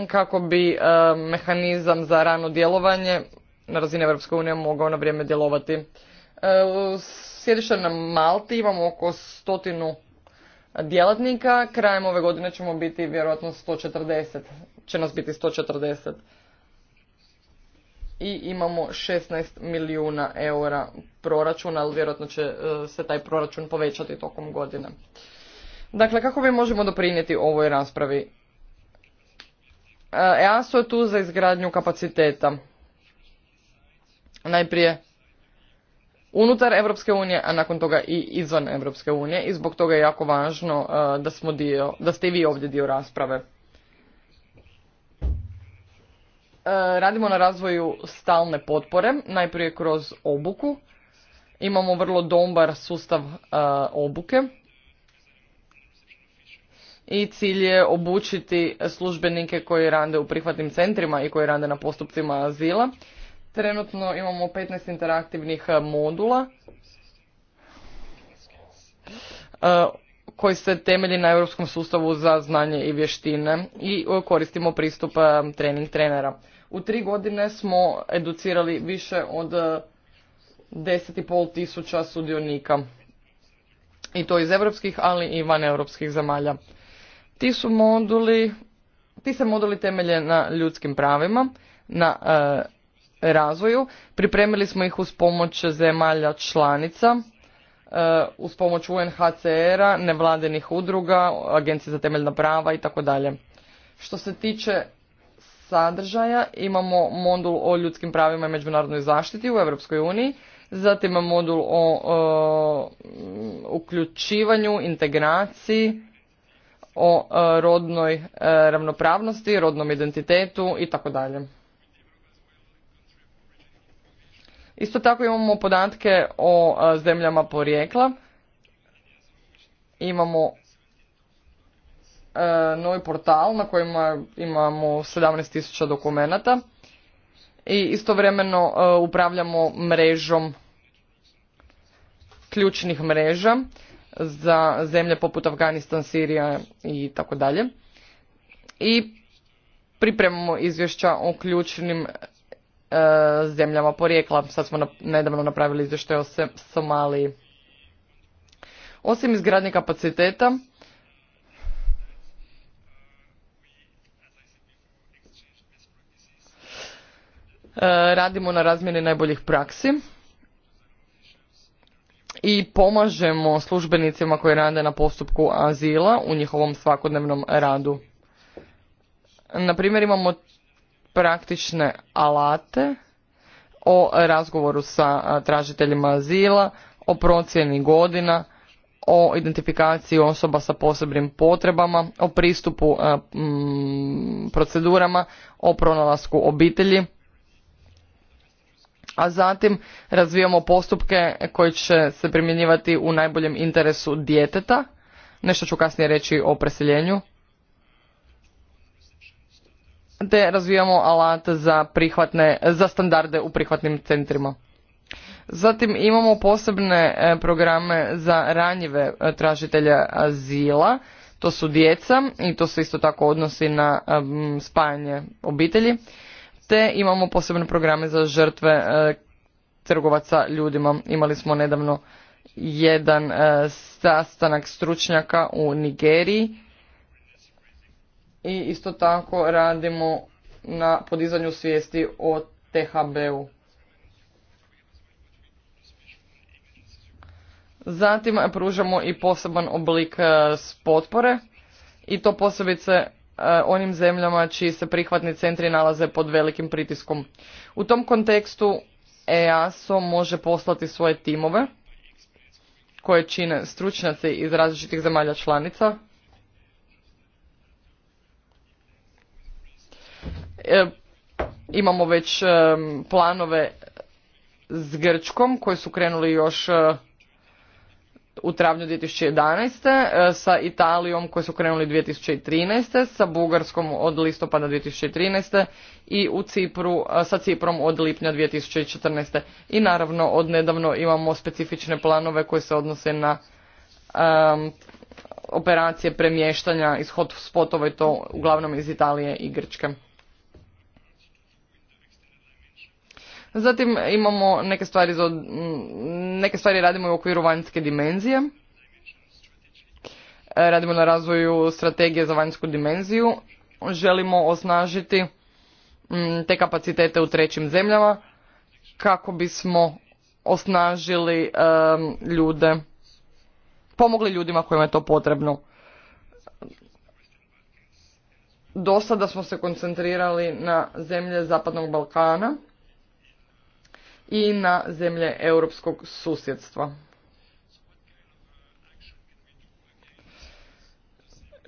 Speaker 2: kako bi e, mehanizam za rano djelovanje na razini Europske unije mogao na vrijeme djelovati. E, sjedište na Malti imamo oko stotinu djelatnika. Krajem ove godine ćemo biti vjerojatno 140. Će nas biti 140 i imamo 16 milijuna eura proračuna, ali vjerojatno će e, se taj proračun povećati tokom godine. Dakle, kako mi možemo doprinijeti ovoj raspravi? E, EASO je tu za izgradnju kapaciteta. Najprije unutar Europske unije, a nakon toga i izvan Europske unije i zbog toga je jako važno e, da smo dio, da ste i vi ovdje dio rasprave. E, radimo na razvoju stalne potpore, najprije kroz obuku. Imamo vrlo dombar sustav e, obuke i cilj je obučiti službenike koji rade u prihvatnim centrima i koji rade na postupcima azila. Trenutno imamo 15 interaktivnih modula e, koji se temelji na europskom sustavu za znanje i vještine i koristimo pristup trening trenera. U tri godine smo educirali više od e, pol tisuća sudionika. I to iz europskih, ali i van evropskih zemalja. Ti su moduli, ti se moduli temelje na ljudskim pravima, na e, razvoju. Pripremili smo ih uz pomoć zemalja članica, e, uz pomoć UNHCR-a, nevladinih udruga, Agencije za temeljna prava i tako dalje. Što se tiče sadržaja imamo modul o ljudskim pravima i međunarodnoj zaštiti u Europskoj uniji, zatim modul o, o uključivanju, integraciji, o e, rodnoj e, ravnopravnosti, rodnom identitetu i tako dalje. Isto tako imamo podatke o e, zemljama porijekla. Imamo E, novi portal na kojima imamo 17.000 dokumenata i istovremeno e, upravljamo mrežom ključnih mreža za zemlje poput Afganistan, Sirija i tako dalje. I pripremamo izvješća o ključnim e, zemljama porijekla. Sad smo nedavno napravili izvješće o Somaliji. Osim izgradnje kapaciteta, E, radimo na razmjeni najboljih praksi i pomažemo službenicima koji rade na postupku azila u njihovom svakodnevnom radu. Na primjer imamo praktične alate o razgovoru sa tražiteljima azila, o procjeni godina, o identifikaciji osoba sa posebnim potrebama, o pristupu procedurama, o pronalasku obitelji a zatim razvijamo postupke koji će se primjenjivati u najboljem interesu djeteta. Nešto ću kasnije reći o preseljenju. Te razvijamo alat za, prihvatne, za standarde u prihvatnim centrima. Zatim imamo posebne e, programe za ranjive e, tražitelja azila. To su djeca i to se isto tako odnosi na e, spajanje obitelji te imamo posebne programe za žrtve e, trgovaca ljudima. Imali smo nedavno jedan e, sastanak stručnjaka u Nigeriji i isto tako radimo na podizanju svijesti o THB-u. Zatim pružamo i poseban oblik e, potpore i to posebice E, onim zemljama čiji se prihvatni centri nalaze pod velikim pritiskom. U tom kontekstu EASO može poslati svoje timove koje čine stručnjaci iz različitih zemalja članica. E, imamo već planove s Grčkom koji su krenuli još e, u travnju 2011. E, sa Italijom koje su krenuli 2013. sa Bugarskom od listopada 2013. i u Cipru e, sa Ciprom od lipnja 2014. I naravno od nedavno imamo specifične planove koje se odnose na operacije premještanja iz hotspotova i to uglavnom iz Italije i Grčke. Zatim imamo neke stvari, za, neke stvari radimo u okviru vanjske dimenzije. E, radimo na razvoju strategije za vanjsku dimenziju. Želimo osnažiti te kapacitete u trećim zemljama kako bismo osnažili ljude, pomogli ljudima kojima je to potrebno. Do sada smo se koncentrirali na zemlje Zapadnog Balkana i na zemlje europskog susjedstva.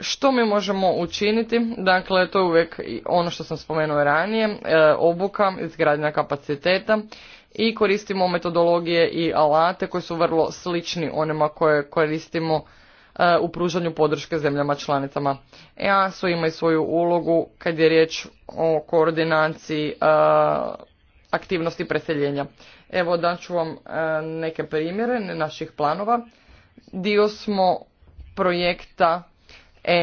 Speaker 2: Što mi možemo učiniti? Dakle, to je uvijek ono što sam spomenuo ranije, e, obuka, izgradnja kapaciteta i koristimo metodologije i alate koji su vrlo slični onima koje koristimo e, u pružanju podrške zemljama članicama. EASO ima i svoju ulogu kad je riječ o koordinaciji e, aktivnosti preseljenja. Evo daću vam e, neke primjere naših planova. Dio smo projekta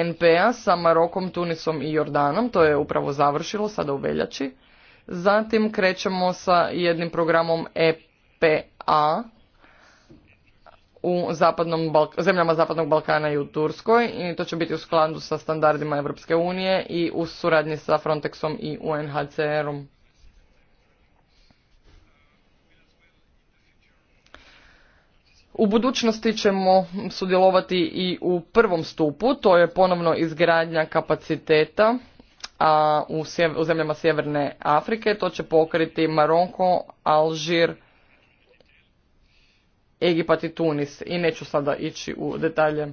Speaker 2: Npa sa Marokom, Tunisom i Jordanom, to je upravo završilo sada u veljači. Zatim krećemo sa jednim programom EPA u zemljama Zapadnog Balkana i u Turskoj i to će biti u skladu sa standardima Europske unije i u suradnji sa Frontexom i UNHCR-om. U budućnosti ćemo sudjelovati i u prvom stupu, to je ponovno izgradnja kapaciteta a u, zemljama Sjeverne Afrike. To će pokriti Maronko, Alžir, Egipat i Tunis. I neću sada ići u detalje.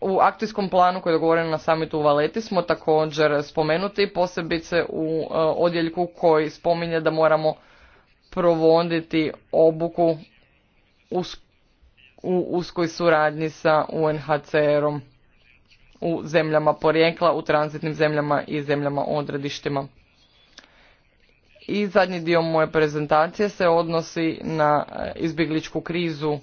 Speaker 2: U akcijskom planu koji je dogovoren na samitu u Valeti smo također spomenuti, posebice u e, odjeljku koji spominje da moramo provoditi obuku u uskoj suradnji sa UNHCR-om u zemljama porijekla, u tranzitnim zemljama i zemljama odredištima. I zadnji dio moje prezentacije se odnosi na e, izbjegličku krizu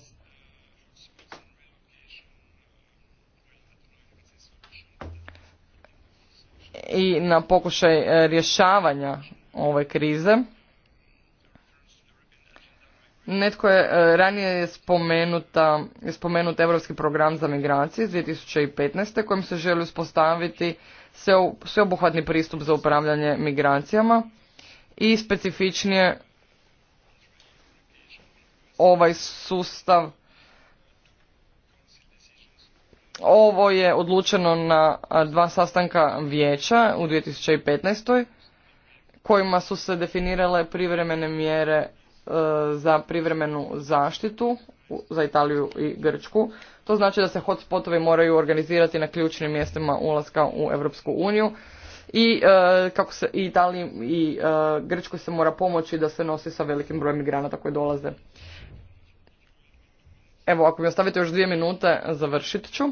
Speaker 2: i na pokušaj e, rješavanja ove krize. Netko je e, ranije spomenuta, spomenut Europski program za migracije iz 2015. kojim se želi uspostaviti sveobuhvatni pristup za upravljanje migracijama i specifičnije ovaj sustav ovo je odlučeno na dva sastanka vijeća u 2015. kojima su se definirale privremene mjere E, za privremenu zaštitu za Italiju i Grčku. To znači da se hotspotovi moraju organizirati na ključnim mjestima ulaska u Europsku uniju i e, kako se i Italiji i e, Grčkoj se mora pomoći da se nosi sa velikim brojem migranata koji dolaze. Evo, ako mi ostavite još dvije minute, završit ću.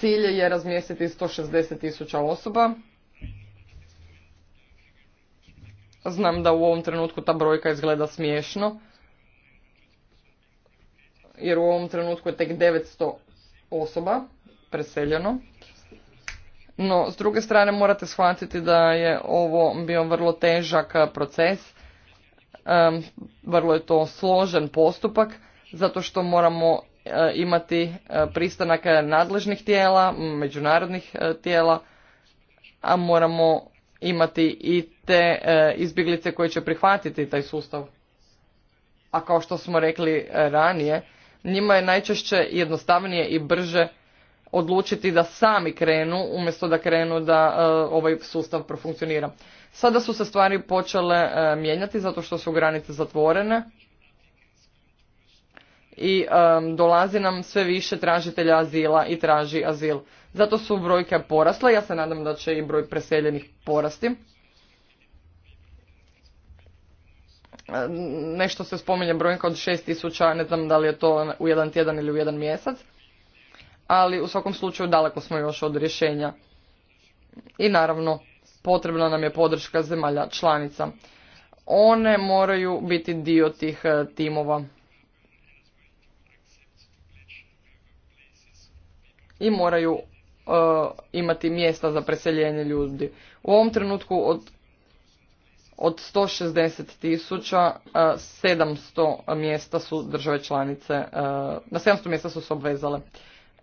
Speaker 2: Cilj je razmjestiti 160 tisuća osoba. Znam da u ovom trenutku ta brojka izgleda smiješno, jer u ovom trenutku je tek 900 osoba preseljeno. No, s druge strane morate shvatiti da je ovo bio vrlo težak proces, vrlo je to složen postupak, zato što moramo e, imati e, pristanak nadležnih tijela, međunarodnih e, tijela, a moramo imati i te e, izbjeglice koje će prihvatiti taj sustav. A kao što smo rekli e, ranije, njima je najčešće jednostavnije i brže odlučiti da sami krenu umjesto da krenu da e, ovaj sustav profunkcionira. Sada su se stvari počele e, mijenjati zato što su granice zatvorene i dolazi nam sve više tražitelja azila i traži azil. Zato su brojke porasle, ja se nadam da će i broj preseljenih porasti. nešto se spominje brojka od 6000, ne znam da li je to u jedan tjedan ili u jedan mjesec, ali u svakom slučaju daleko smo još od rješenja. I naravno, potrebna nam je podrška zemalja članica. One moraju biti dio tih e, timova. I moraju e, imati mjesta za preseljenje ljudi. U ovom trenutku od od 160 tisuća 700 e, mjesta su države članice, e, na 700 mjesta su se obvezale.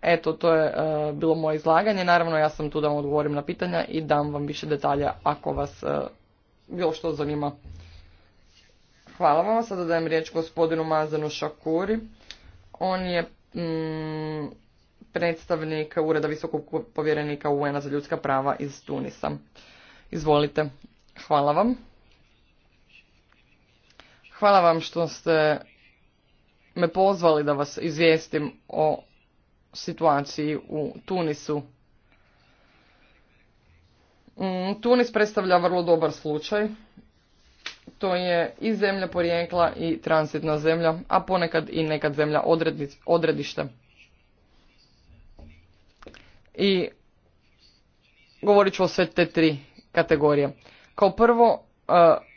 Speaker 2: Eto, to je e, bilo moje izlaganje. Naravno, ja sam tu da vam odgovorim na pitanja i dam vam više detalja ako vas bilo što zanima. Hvala vam. Sada dajem riječ gospodinu Mazanu Šakuri. On je mm, predstavnik Ureda visokog povjerenika UN-a za ljudska prava iz Tunisa. Izvolite. Hvala vam. Hvala vam što ste me pozvali da vas izvijestim o situaciji u Tunisu. Mm, Tunis predstavlja vrlo dobar slučaj. To je i zemlja porijekla i transitna zemlja, a ponekad i nekad zemlja odredište. I govorit ću o sve te tri kategorije. Kao prvo, e,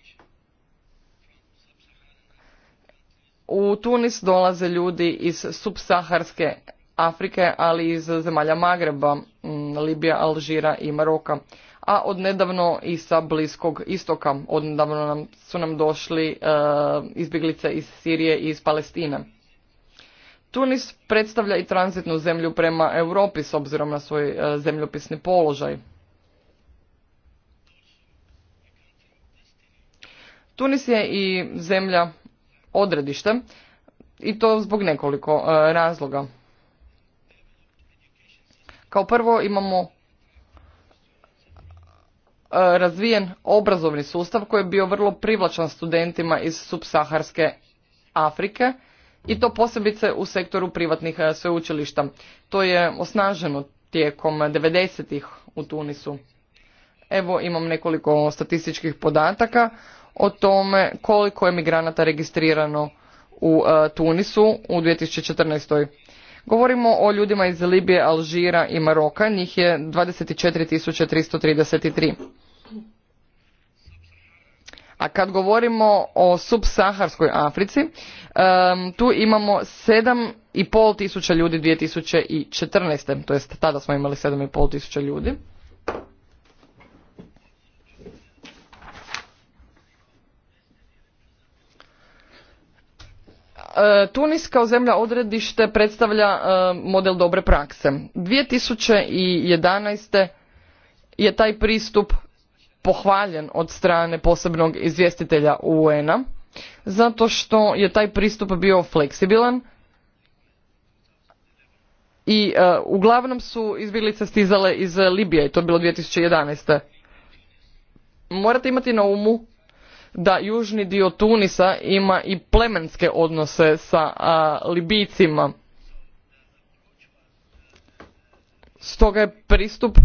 Speaker 2: U Tunis dolaze ljudi iz subsaharske Afrike, ali i iz zemalja Magreba, mm, Libija, Alžira i Maroka. A odnedavno i sa Bliskog istoka, odnedavno nam, su nam došli e, izbjeglice iz Sirije i iz Palestine. Tunis predstavlja i tranzitnu zemlju prema Europi s obzirom na svoj e, zemljopisni položaj. Tunis je i zemlja odredište i to zbog nekoliko e, razloga. Kao prvo imamo e, razvijen obrazovni sustav koji je bio vrlo privlačan studentima iz subsaharske Afrike i to posebice u sektoru privatnih e, sveučilišta. To je osnaženo tijekom 90 u Tunisu. Evo imam nekoliko statističkih podataka o tome koliko je migranata registrirano u e, Tunisu u 2014. Govorimo o ljudima iz Libije, Alžira i Maroka, njih je 24.333. A kad govorimo o subsaharskoj Africi, tu imamo 7,5 tisuća ljudi 2014. To jest tada smo imali 7,5 tisuća ljudi. E, Tunis kao zemlja odredište predstavlja e, model dobre prakse. 2011. je taj pristup pohvaljen od strane posebnog izvjestitelja UN-a zato što je taj pristup bio fleksibilan i e, uglavnom su izbjeglice stizale iz Libije i to je bilo 2011. Morate imati na umu da južni dio Tunisa ima i plemenske odnose sa Libijcima. Stoga je pristup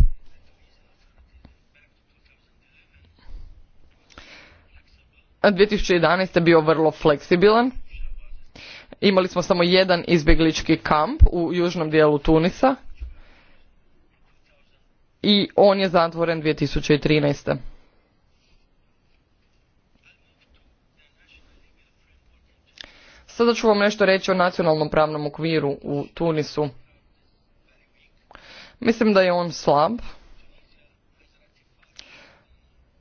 Speaker 2: and 2011. bio vrlo fleksibilan. Imali smo samo jedan izbjeglički kamp u južnom dijelu Tunisa i on je zatvoren 2013. Sada ću vam nešto reći o nacionalnom pravnom okviru u Tunisu. Mislim da je on slab.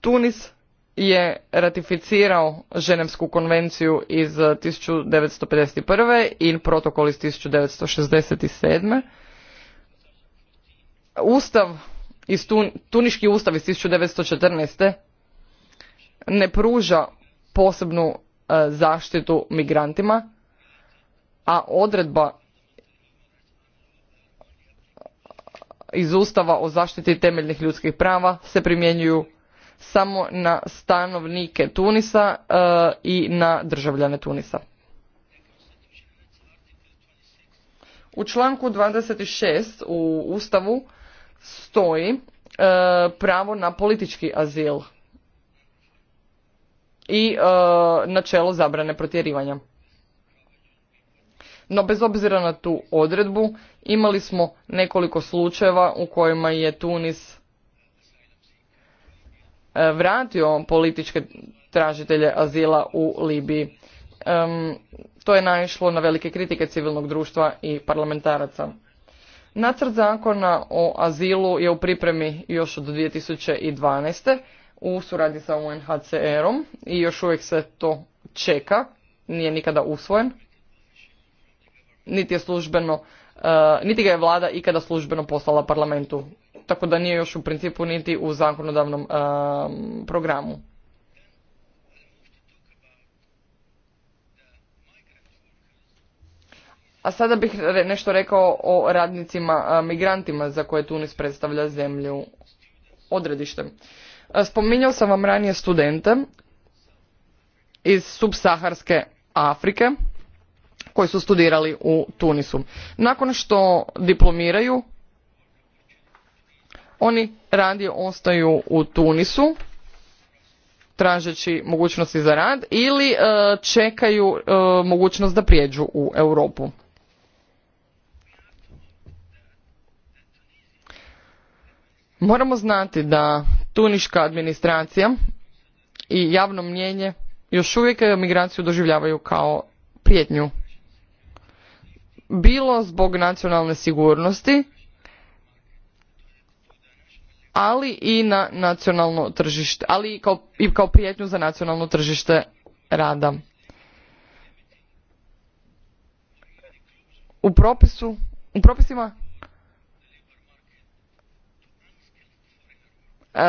Speaker 2: Tunis je ratificirao Ženevsku konvenciju iz 1951. i protokol iz 1967. Ustav iz Tuniški ustav iz 1914. ne pruža posebnu E, zaštitu migrantima, a odredba iz Ustava o zaštiti temeljnih ljudskih prava se primjenjuju samo na stanovnike Tunisa e, i na državljane Tunisa. U članku 26 u Ustavu stoji e, pravo na politički azil i e, načelo zabrane protjerivanja. No bez obzira na tu odredbu imali smo nekoliko slučajeva u kojima je Tunis e, vratio političke tražitelje azila u Libiji. to je naišlo na velike kritike civilnog društva i parlamentaraca. Nacrt zakona o azilu je u pripremi još od 2012 u suradnji sa UNHCR-om i još uvijek se to čeka, nije nikada usvojen, niti je službeno, eh, niti ga je vlada ikada službeno poslala parlamentu, tako da nije još u principu niti u zakonodavnom eh, programu. A sada bih nešto rekao o radnicima eh, migrantima za koje Tunis predstavlja zemlju odredištem. E, spominjao sam vam ranije studente iz subsaharske Afrike koji su studirali u Tunisu. Nakon što diplomiraju, oni radije ostaju u Tunisu tražeći mogućnosti za rad ili e, čekaju e, mogućnost da prijeđu u Europu. Moramo znati da tuniška administracija i javno mnjenje još uvijek migraciju doživljavaju kao prijetnju bilo zbog nacionalne sigurnosti ali i na nacionalno tržište ali i kao, i kao prijetnju za nacionalno tržište rada u propisu u propisima E,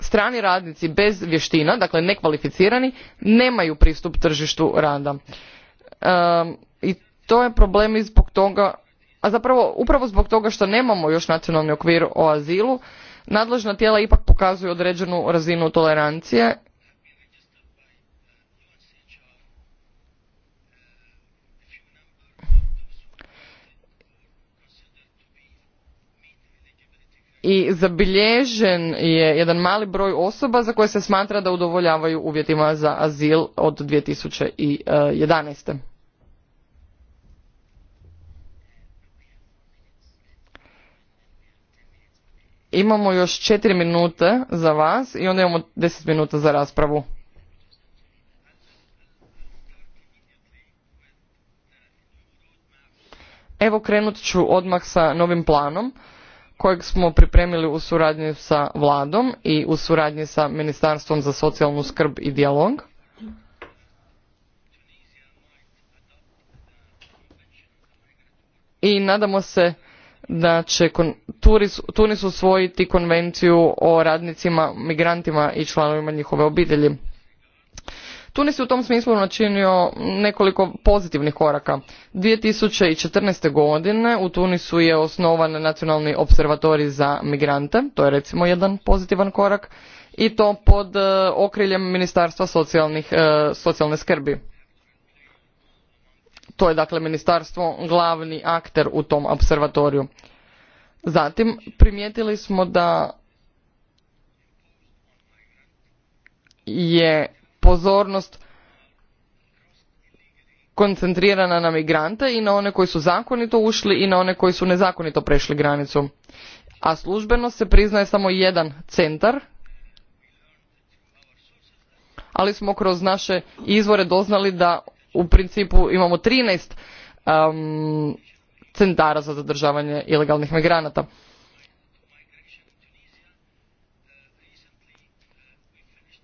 Speaker 2: strani radnici bez vještina dakle nekvalificirani nemaju pristup tržištu rada e, i to je problem i zbog toga a zapravo upravo zbog toga što nemamo još nacionalni okvir o azilu nadležna tijela ipak pokazuju određenu razinu tolerancije i zabilježen je jedan mali broj osoba za koje se smatra da udovoljavaju uvjetima za azil od 2011. E, imamo još četiri minute za vas i onda imamo deset minuta za raspravu. Evo krenut ću odmah sa novim planom kojeg smo pripremili u suradnji sa vladom i u suradnji sa ministarstvom za socijalnu skrb i dijalog i nadamo se da će tunis usvojiti konvenciju o radnicima migrantima i članovima njihove obitelji Tunis je u tom smislu načinio nekoliko pozitivnih koraka. 2014. godine u Tunisu je osnovan nacionalni observatorij za migrante, to je recimo jedan pozitivan korak, i to pod e, okriljem Ministarstva socijalnih, e, socijalne skrbi. To je dakle ministarstvo glavni akter u tom observatoriju. Zatim primijetili smo da je pozornost koncentrirana na migrante i na one koji su zakonito ušli i na one koji su nezakonito prešli granicu. A službeno se priznaje samo jedan centar, ali smo kroz naše izvore doznali da u principu imamo 13 um, centara za zadržavanje ilegalnih migranata.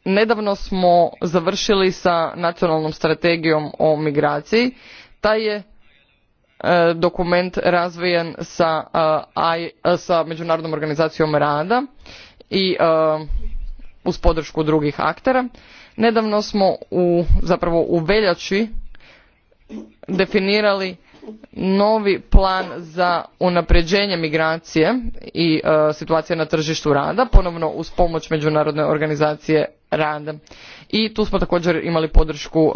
Speaker 2: Nedavno smo završili sa nacionalnom strategijom o migraciji. Taj je e, dokument razvijen e, e, sa, Međunarodnom organizacijom rada i uz podršku drugih aktera. Nedavno smo u, zapravo u veljači definirali novi plan za unapređenje migracije i e, situacije na tržištu rada ponovno uz pomoć međunarodne organizacije rada i tu smo također imali podršku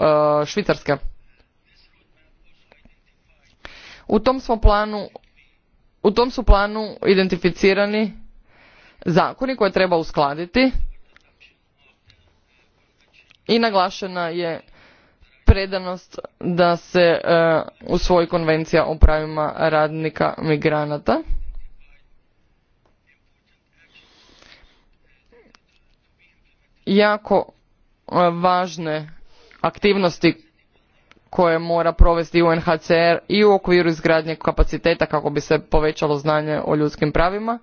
Speaker 2: e, u tom u tom su planu identificirani zakoni koje treba uskladiti i naglašena je predanost da se e, usvoji konvencija o pravima radnika migranata jako e, važne aktivnosti koje mora provesti UNHCR i u okviru izgradnje kapaciteta kako bi se povećalo znanje o ljudskim pravima,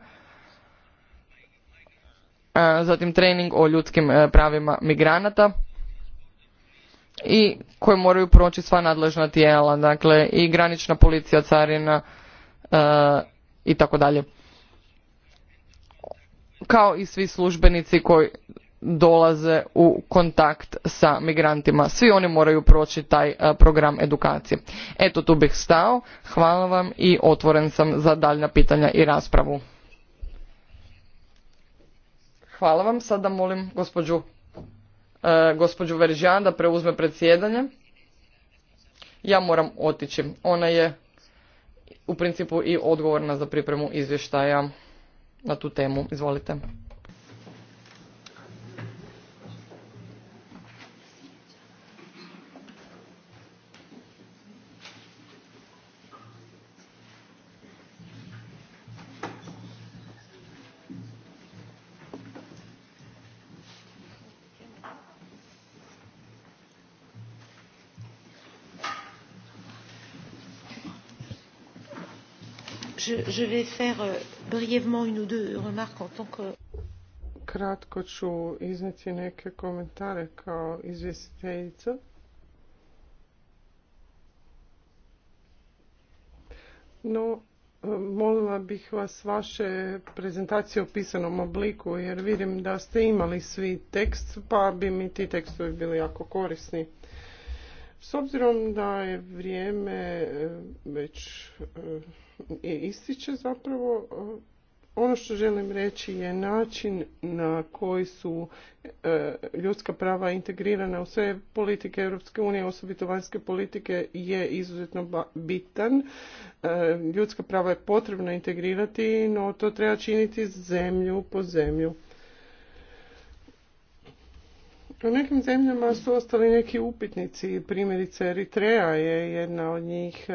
Speaker 2: e, zatim trening o ljudskim pravima migranata i koje moraju proći sva nadležna tijela, dakle i granična policija, carina e, i tako dalje. Kao i svi službenici koji dolaze u kontakt sa migrantima. Svi oni moraju proći taj e, program edukacije. Eto tu bih stao. Hvala vam i otvoren sam za daljna pitanja i raspravu. Hvala vam. Sada molim gospođu E, gospođu Veržan da preuzme predsjedanje. Ja moram otići. Ona je u principu i odgovorna za pripremu izvještaja na tu temu. Izvolite.
Speaker 7: je vais
Speaker 4: faire euh, brièvement une ou deux remarques en tant kratko ću izneti neke komentare kao izvjestiteljica. No, molila bih vas vaše prezentacije u pisanom obliku, jer vidim da ste imali svi tekst, pa bi mi ti tekstovi bili jako korisni. S obzirom da je vrijeme eh, već eh, ističe zapravo e, ono što želim reći je način na koji su e, ljudska prava integrirana u sve politike Europske unije, osobito vanjske politike, je izuzetno bitan. E, ljudska prava je potrebno integrirati, no to treba činiti zemlju po zemlju. U nekim zemljama su ostali neki upitnici, primjerice Eritreja je jedna od njih,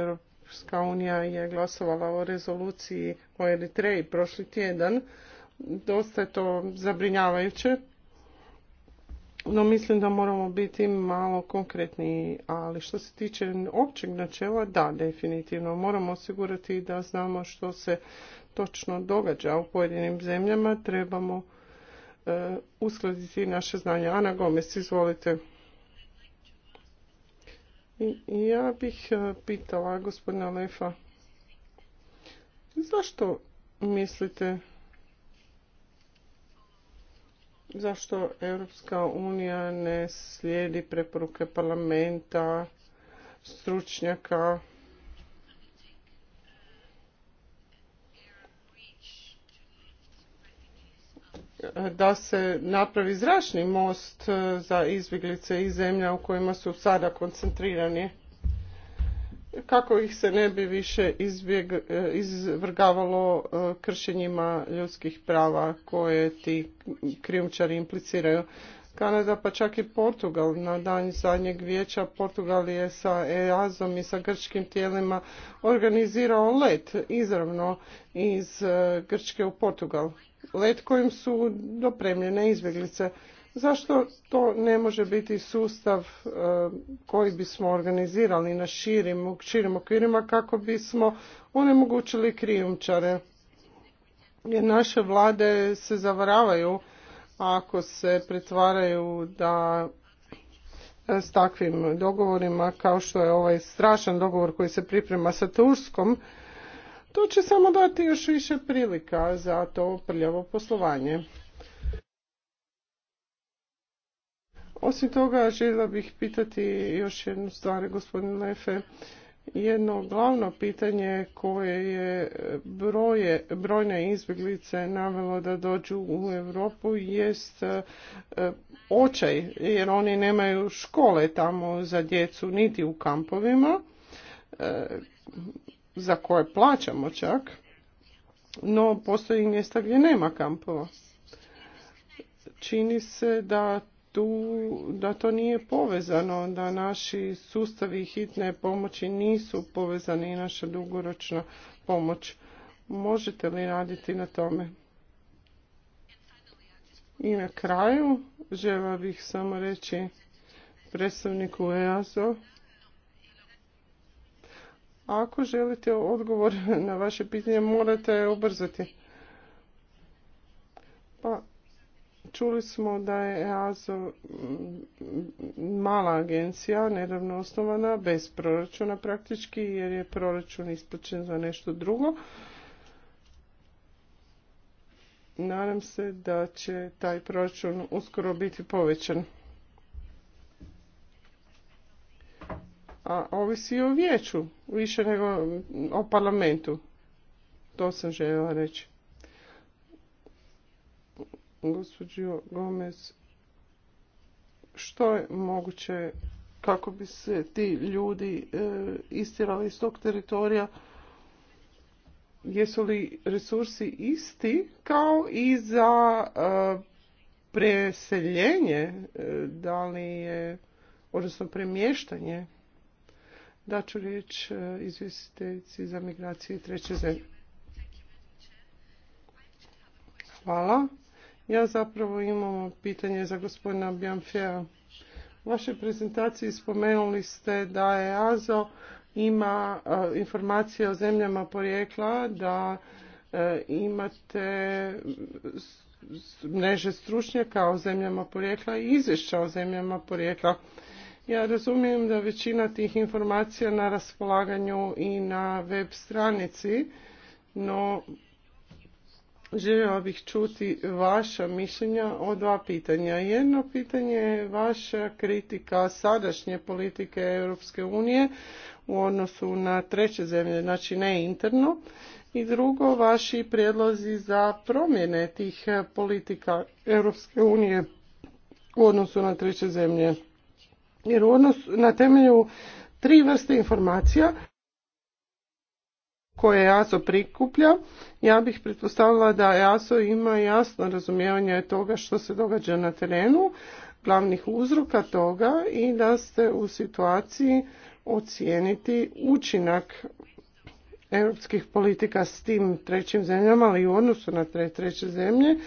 Speaker 4: Europa Europska unija je glasovala o rezoluciji o Eritreji prošli tjedan. Dosta je to zabrinjavajuće, no mislim da moramo biti malo konkretniji, ali što se tiče općeg načela, da, definitivno. Moramo osigurati da znamo što se točno događa u pojedinim zemljama. Trebamo e, uskladiti naše znanje. Ana Gomez, izvolite. Ja bih e, pitala gospodina Lefa, zašto mislite zašto Europska unija ne slijedi preporuke parlamenta, stručnjaka da se napravi zračni most e, za izbjeglice iz zemlja u kojima su sada koncentrirani kako ih se ne bi više izbjeg, e, izvrgavalo e, kršenjima ljudskih prava koje ti krijumčari impliciraju. Kanada pa čak i Portugal na dan zadnjeg vijeća Portugal je sa EAZom i sa grčkim tijelima organizirao let izravno iz Grčke u Portugal let kojim su dopremljene izbjeglice. Zašto to ne može biti sustav e, koji bismo organizirali na širim, okvirima kako bismo onemogućili krijumčare? Jer naše vlade se zavaravaju ako se pretvaraju da e, s takvim dogovorima kao što je ovaj strašan dogovor koji se priprema sa Turskom, to će samo dati još više prilika za to prljavo poslovanje. Osim toga, željela bih pitati još jednu stvar, gospodin Lefe. Jedno glavno pitanje koje je broje, brojne izbjeglice navelo da dođu u Europu jest e, očaj, jer oni nemaju škole tamo za djecu niti u kampovima e, za koje plaćamo čak, no postoji mjesta gdje nema kampova. Čini se da tu, da to nije povezano, da naši sustavi hitne pomoći nisu povezani i naša dugoročna pomoć. Možete li raditi na tome? I na kraju žela bih samo reći predstavniku EASO ako želite odgovor na vaše pitanje, morate ubrzati. Pa, čuli smo da je EASO mm, mala agencija, nedavno osnovana, bez proračuna praktički, jer je proračun isplaćen za nešto drugo. Nadam se da će taj proračun uskoro biti povećan. a ovisi o vijeću, više nego o parlamentu. To sam željela reći. Gospođo Gomez, što je moguće kako bi se ti ljudi e, istirali iz tog teritorija? Jesu li resursi isti kao i za e, preseljenje, e, da li je, odnosno premještanje ću riječ e, izvjestiteljici za migracije treće zemlje. Hvala. Ja zapravo imam pitanje za gospodina Bjanfea. U vašoj prezentaciji spomenuli ste da je AZO ima e, informacije o zemljama porijekla, da e, imate mreže stručnjaka o zemljama porijekla i izvješća o zemljama porijekla. Ja razumijem da većina tih informacija na raspolaganju i na web stranici, no željela bih čuti vaša mišljenja o dva pitanja. Jedno pitanje je vaša kritika sadašnje politike Europske unije u odnosu na treće zemlje, znači ne interno. I drugo, vaši prijedlozi za promjene tih politika Europske unije u odnosu na treće zemlje jer u odnosu na temelju tri vrste informacija koje EASO prikuplja, ja bih pretpostavila da EASO ima jasno razumijevanje toga što se događa na terenu, glavnih uzroka toga i da ste u situaciji ocijeniti učinak europskih politika s tim trećim zemljama, ali i u odnosu na treće zemlje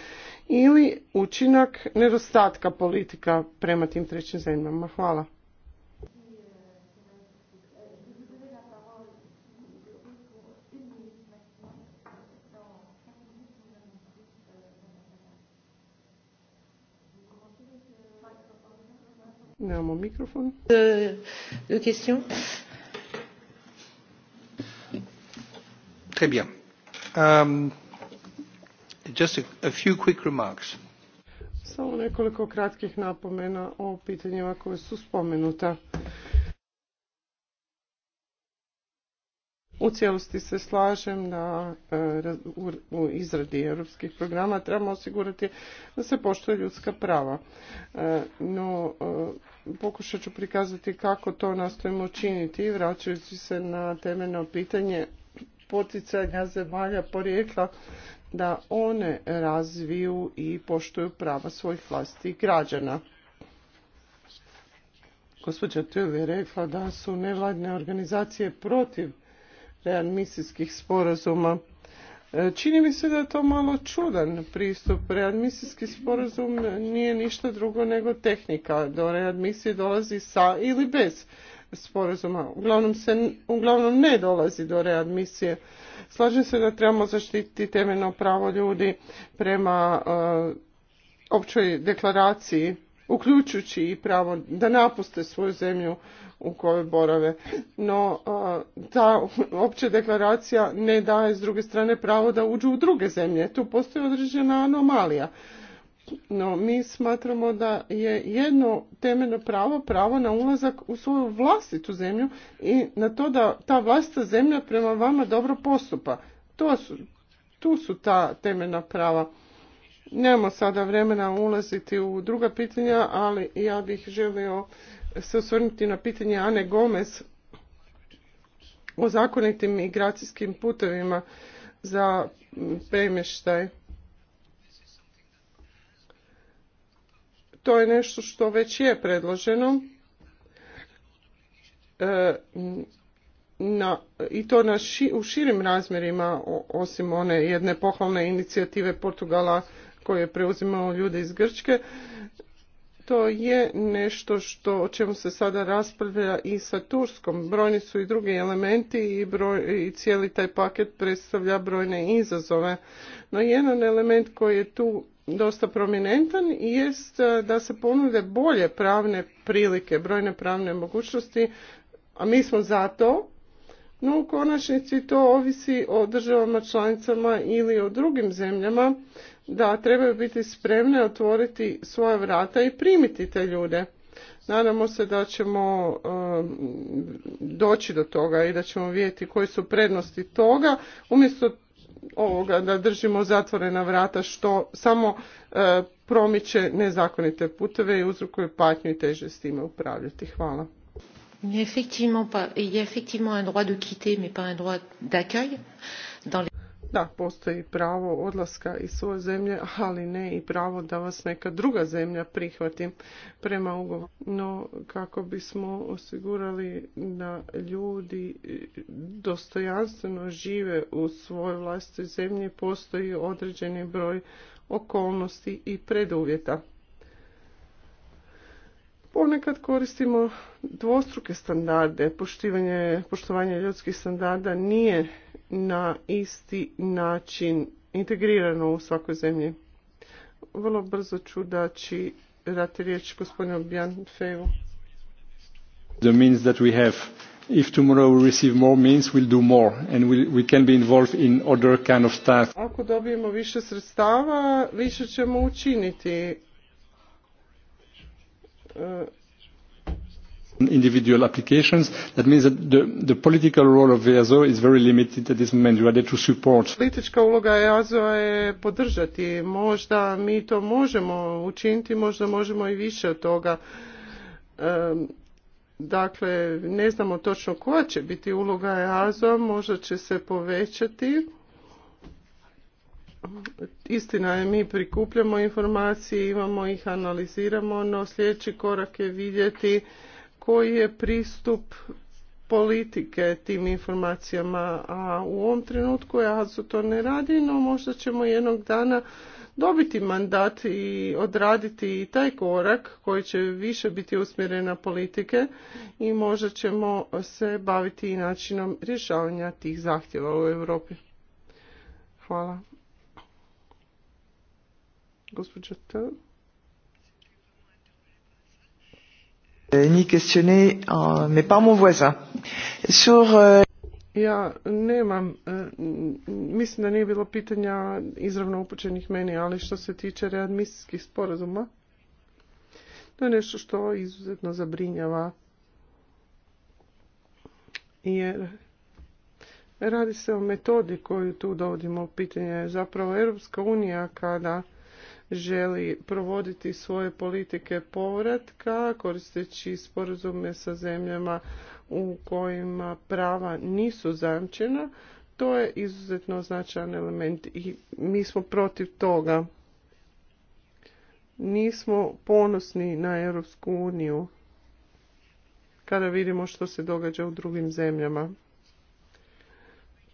Speaker 4: ili učinak nedostatka politika prema tim trećim zemljama. Hvala. Nemamo mikrofon. Euh, deux question.
Speaker 3: Très bien. Um...
Speaker 4: Samo nekoliko kratkih napomena o pitanjima koja su spomenuta. U cijelosti se slažem da e, u izradi europskih programa trebamo osigurati da se poštuje ljudska prava. E, no, e, pokušat ću prikazati kako to nastojimo činiti, vraćajući se na temeljno pitanje poticanja zemalja porijekla da one razviju i poštuju prava svojih i građana. Gospođa Tül je rekla da su nevladne organizacije protiv readmisijskih sporazuma. E, čini mi se da je to malo čudan pristup. Readmisijski sporazum nije ništa drugo nego tehnika. Do readmisije dolazi sa ili bez sporazuma. Uglavnom, se, uglavnom ne dolazi do readmisije. Slažem se da trebamo zaštititi temeljno pravo ljudi prema eh, općoj deklaraciji uključujući i pravo da napuste svoju zemlju u kojoj borave. No, eh, ta opća deklaracija ne daje s druge strane pravo da uđu u druge zemlje. Tu postoji određena anomalija. No, mi smatramo da je jedno temeljno pravo pravo na ulazak u svoju vlastitu zemlju i na to da ta vlastita zemlja prema vama dobro postupa. To su, tu su ta temeljna prava. Nemamo sada vremena ulaziti u druga pitanja, ali ja bih želio se osvrnuti na pitanje Ane Gomez o zakonitim migracijskim putevima za premještaj. To je nešto što već je predloženo e, i to na u širim razmjerima osim one jedne pohvalne inicijative Portugala koje je preuzimao ljude iz Grčke. To je nešto što o čemu se sada raspravlja i sa Turskom. Brojni su i drugi elementi i, i cijeli taj paket predstavlja brojne izazove. No jedan element koji je tu dosta prominentan jest e, da se ponude bolje pravne prilike, brojne pravne mogućnosti, a mi smo za to, no u konačnici to ovisi o državama članicama ili o drugim zemljama da trebaju biti spremne otvoriti svoja vrata i primiti te ljude. Nadamo se da ćemo e, doći do toga i da ćemo vidjeti koje su prednosti toga, umjesto ovoga da držimo zatvorena vrata što samo e, promiče nezakonite puteve i uzrokuje patnju i teže s time upravljati. Hvala. Il y
Speaker 1: a effectivement un droit de quitter, mais pas un droit
Speaker 4: d'accueil. Dans les... Da, postoji pravo odlaska iz svoje zemlje, ali ne i pravo da vas neka druga zemlja prihvati prema ugovoru. No, kako bismo osigurali da ljudi dostojanstveno žive u svojoj vlastitoj zemlji, postoji određeni broj okolnosti i preduvjeta. Ponekad koristimo dvostruke standarde. poštovanje ljudskih standarda nije na isti način integrirano u svakoj zemlji. Vrlo brzo ću daći dati riječ gospodinu Bjanfeju.
Speaker 3: The means that we have if tomorrow we receive more means we'll do more and we, we can be involved in other kind of stuff.
Speaker 4: Ako dobijemo više sredstava, više ćemo učiniti
Speaker 3: individual applications. That means that the, the political role of EASO is very limited at this moment. to support.
Speaker 4: Politička uloga EASO je podržati. Možda mi to možemo učiniti, možda možemo i više od toga. dakle, ne znamo točno koja će biti uloga EASO, možda će se povećati. Istina je, mi prikupljamo informacije, imamo ih, analiziramo, no sljedeći korak je vidjeti koji je pristup politike tim informacijama, a u ovom trenutku su to ne radi, no možda ćemo jednog dana dobiti mandat i odraditi i taj korak koji će više biti usmjeren na politike i možda ćemo se baviti i načinom rješavanja tih zahtjeva u Europi. Hvala. Gospođa
Speaker 2: Euh, ni questionné, euh, mais mon voisin. Sur... Euh,
Speaker 4: ja nemam, e, mislim da nije bilo pitanja izravno upućenih meni, ali što se tiče readmisijskih sporazuma, to je nešto što izuzetno zabrinjava. Jer radi se o metodi koju tu dovodimo u pitanje. Zapravo Europska unija kada želi provoditi svoje politike povratka koristeći sporazume sa zemljama u kojima prava nisu zamčena, to je izuzetno značajan element i mi smo protiv toga. Nismo ponosni na Europsku uniju kada vidimo što se događa u drugim zemljama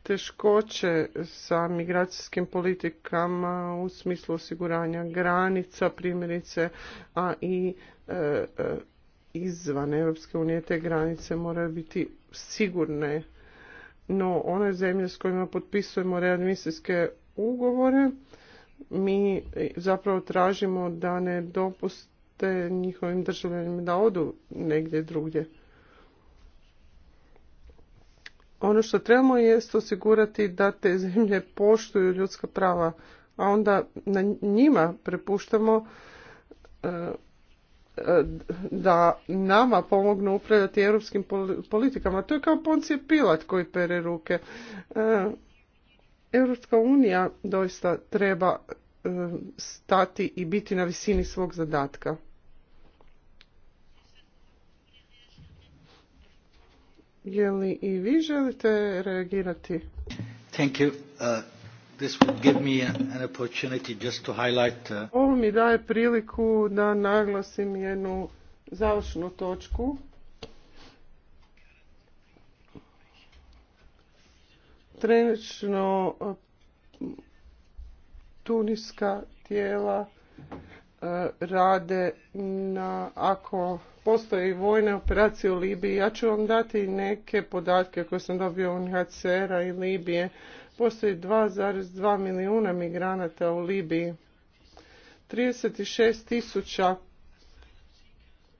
Speaker 4: teškoće sa migracijskim politikama u smislu osiguranja granica, primjerice, a i e, e, izvan Europske unije te granice moraju biti sigurne. No, one zemlje s kojima potpisujemo readmisijske ugovore, mi zapravo tražimo da ne dopuste njihovim državljanima da odu negdje drugdje. Ono što trebamo jest osigurati da te zemlje poštuju ljudska prava, a onda na njima prepuštamo e, e, da nama pomognu upravljati europskim politikama. To je kao Poncije Pilat koji pere ruke. E, Europska unija doista treba stati i biti na visini svog zadatka. Je li i vi želite reagirati?
Speaker 7: Thank you. Uh, this would give me an opportunity just to highlight... Uh...
Speaker 4: Ovo mi daje priliku da naglasim jednu završnu točku. uh, tuniska tijela E, rade na, ako postoji vojne operacije u Libiji, ja ću vam dati neke podatke koje sam dobio nhcr a i Libije. Postoji 2,2 milijuna migranata u Libiji. 36 tisuća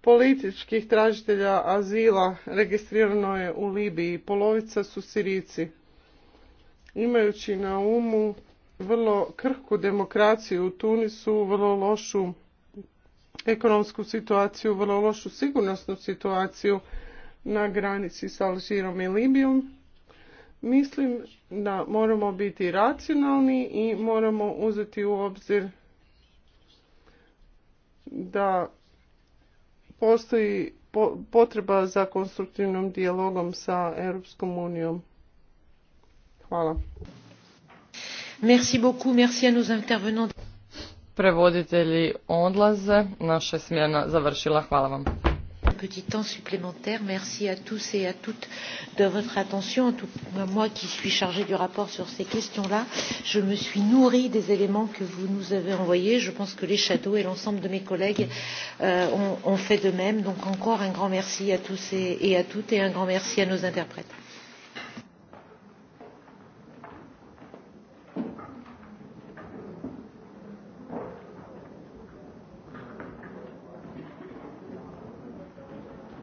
Speaker 4: političkih tražitelja azila registrirano je u Libiji. Polovica su Sirici. Imajući na umu vrlo krhku demokraciju u Tunisu, vrlo lošu ekonomsku situaciju, vrlo lošu sigurnosnu situaciju na granici sa Alžirom i Libijom. Mislim da moramo biti racionalni i moramo uzeti u obzir da postoji potreba za konstruktivnom dijalogom sa Europskom unijom. Hvala.
Speaker 1: Merci beaucoup, merci à nos intervenants.
Speaker 2: odlaze, naša smjena završila, hvala vam.
Speaker 1: Petit temps supplémentaire, merci à tous et à toutes de votre attention. En tout cas, moi qui suis chargée du rapport sur ces questions-là, je me suis nourrie des éléments que vous nous avez envoyés. Je pense que les châteaux et l'ensemble de mes collègues euh, ont, fait de même. Donc encore un grand merci à tous et, et à toutes et un grand merci à nos interprètes.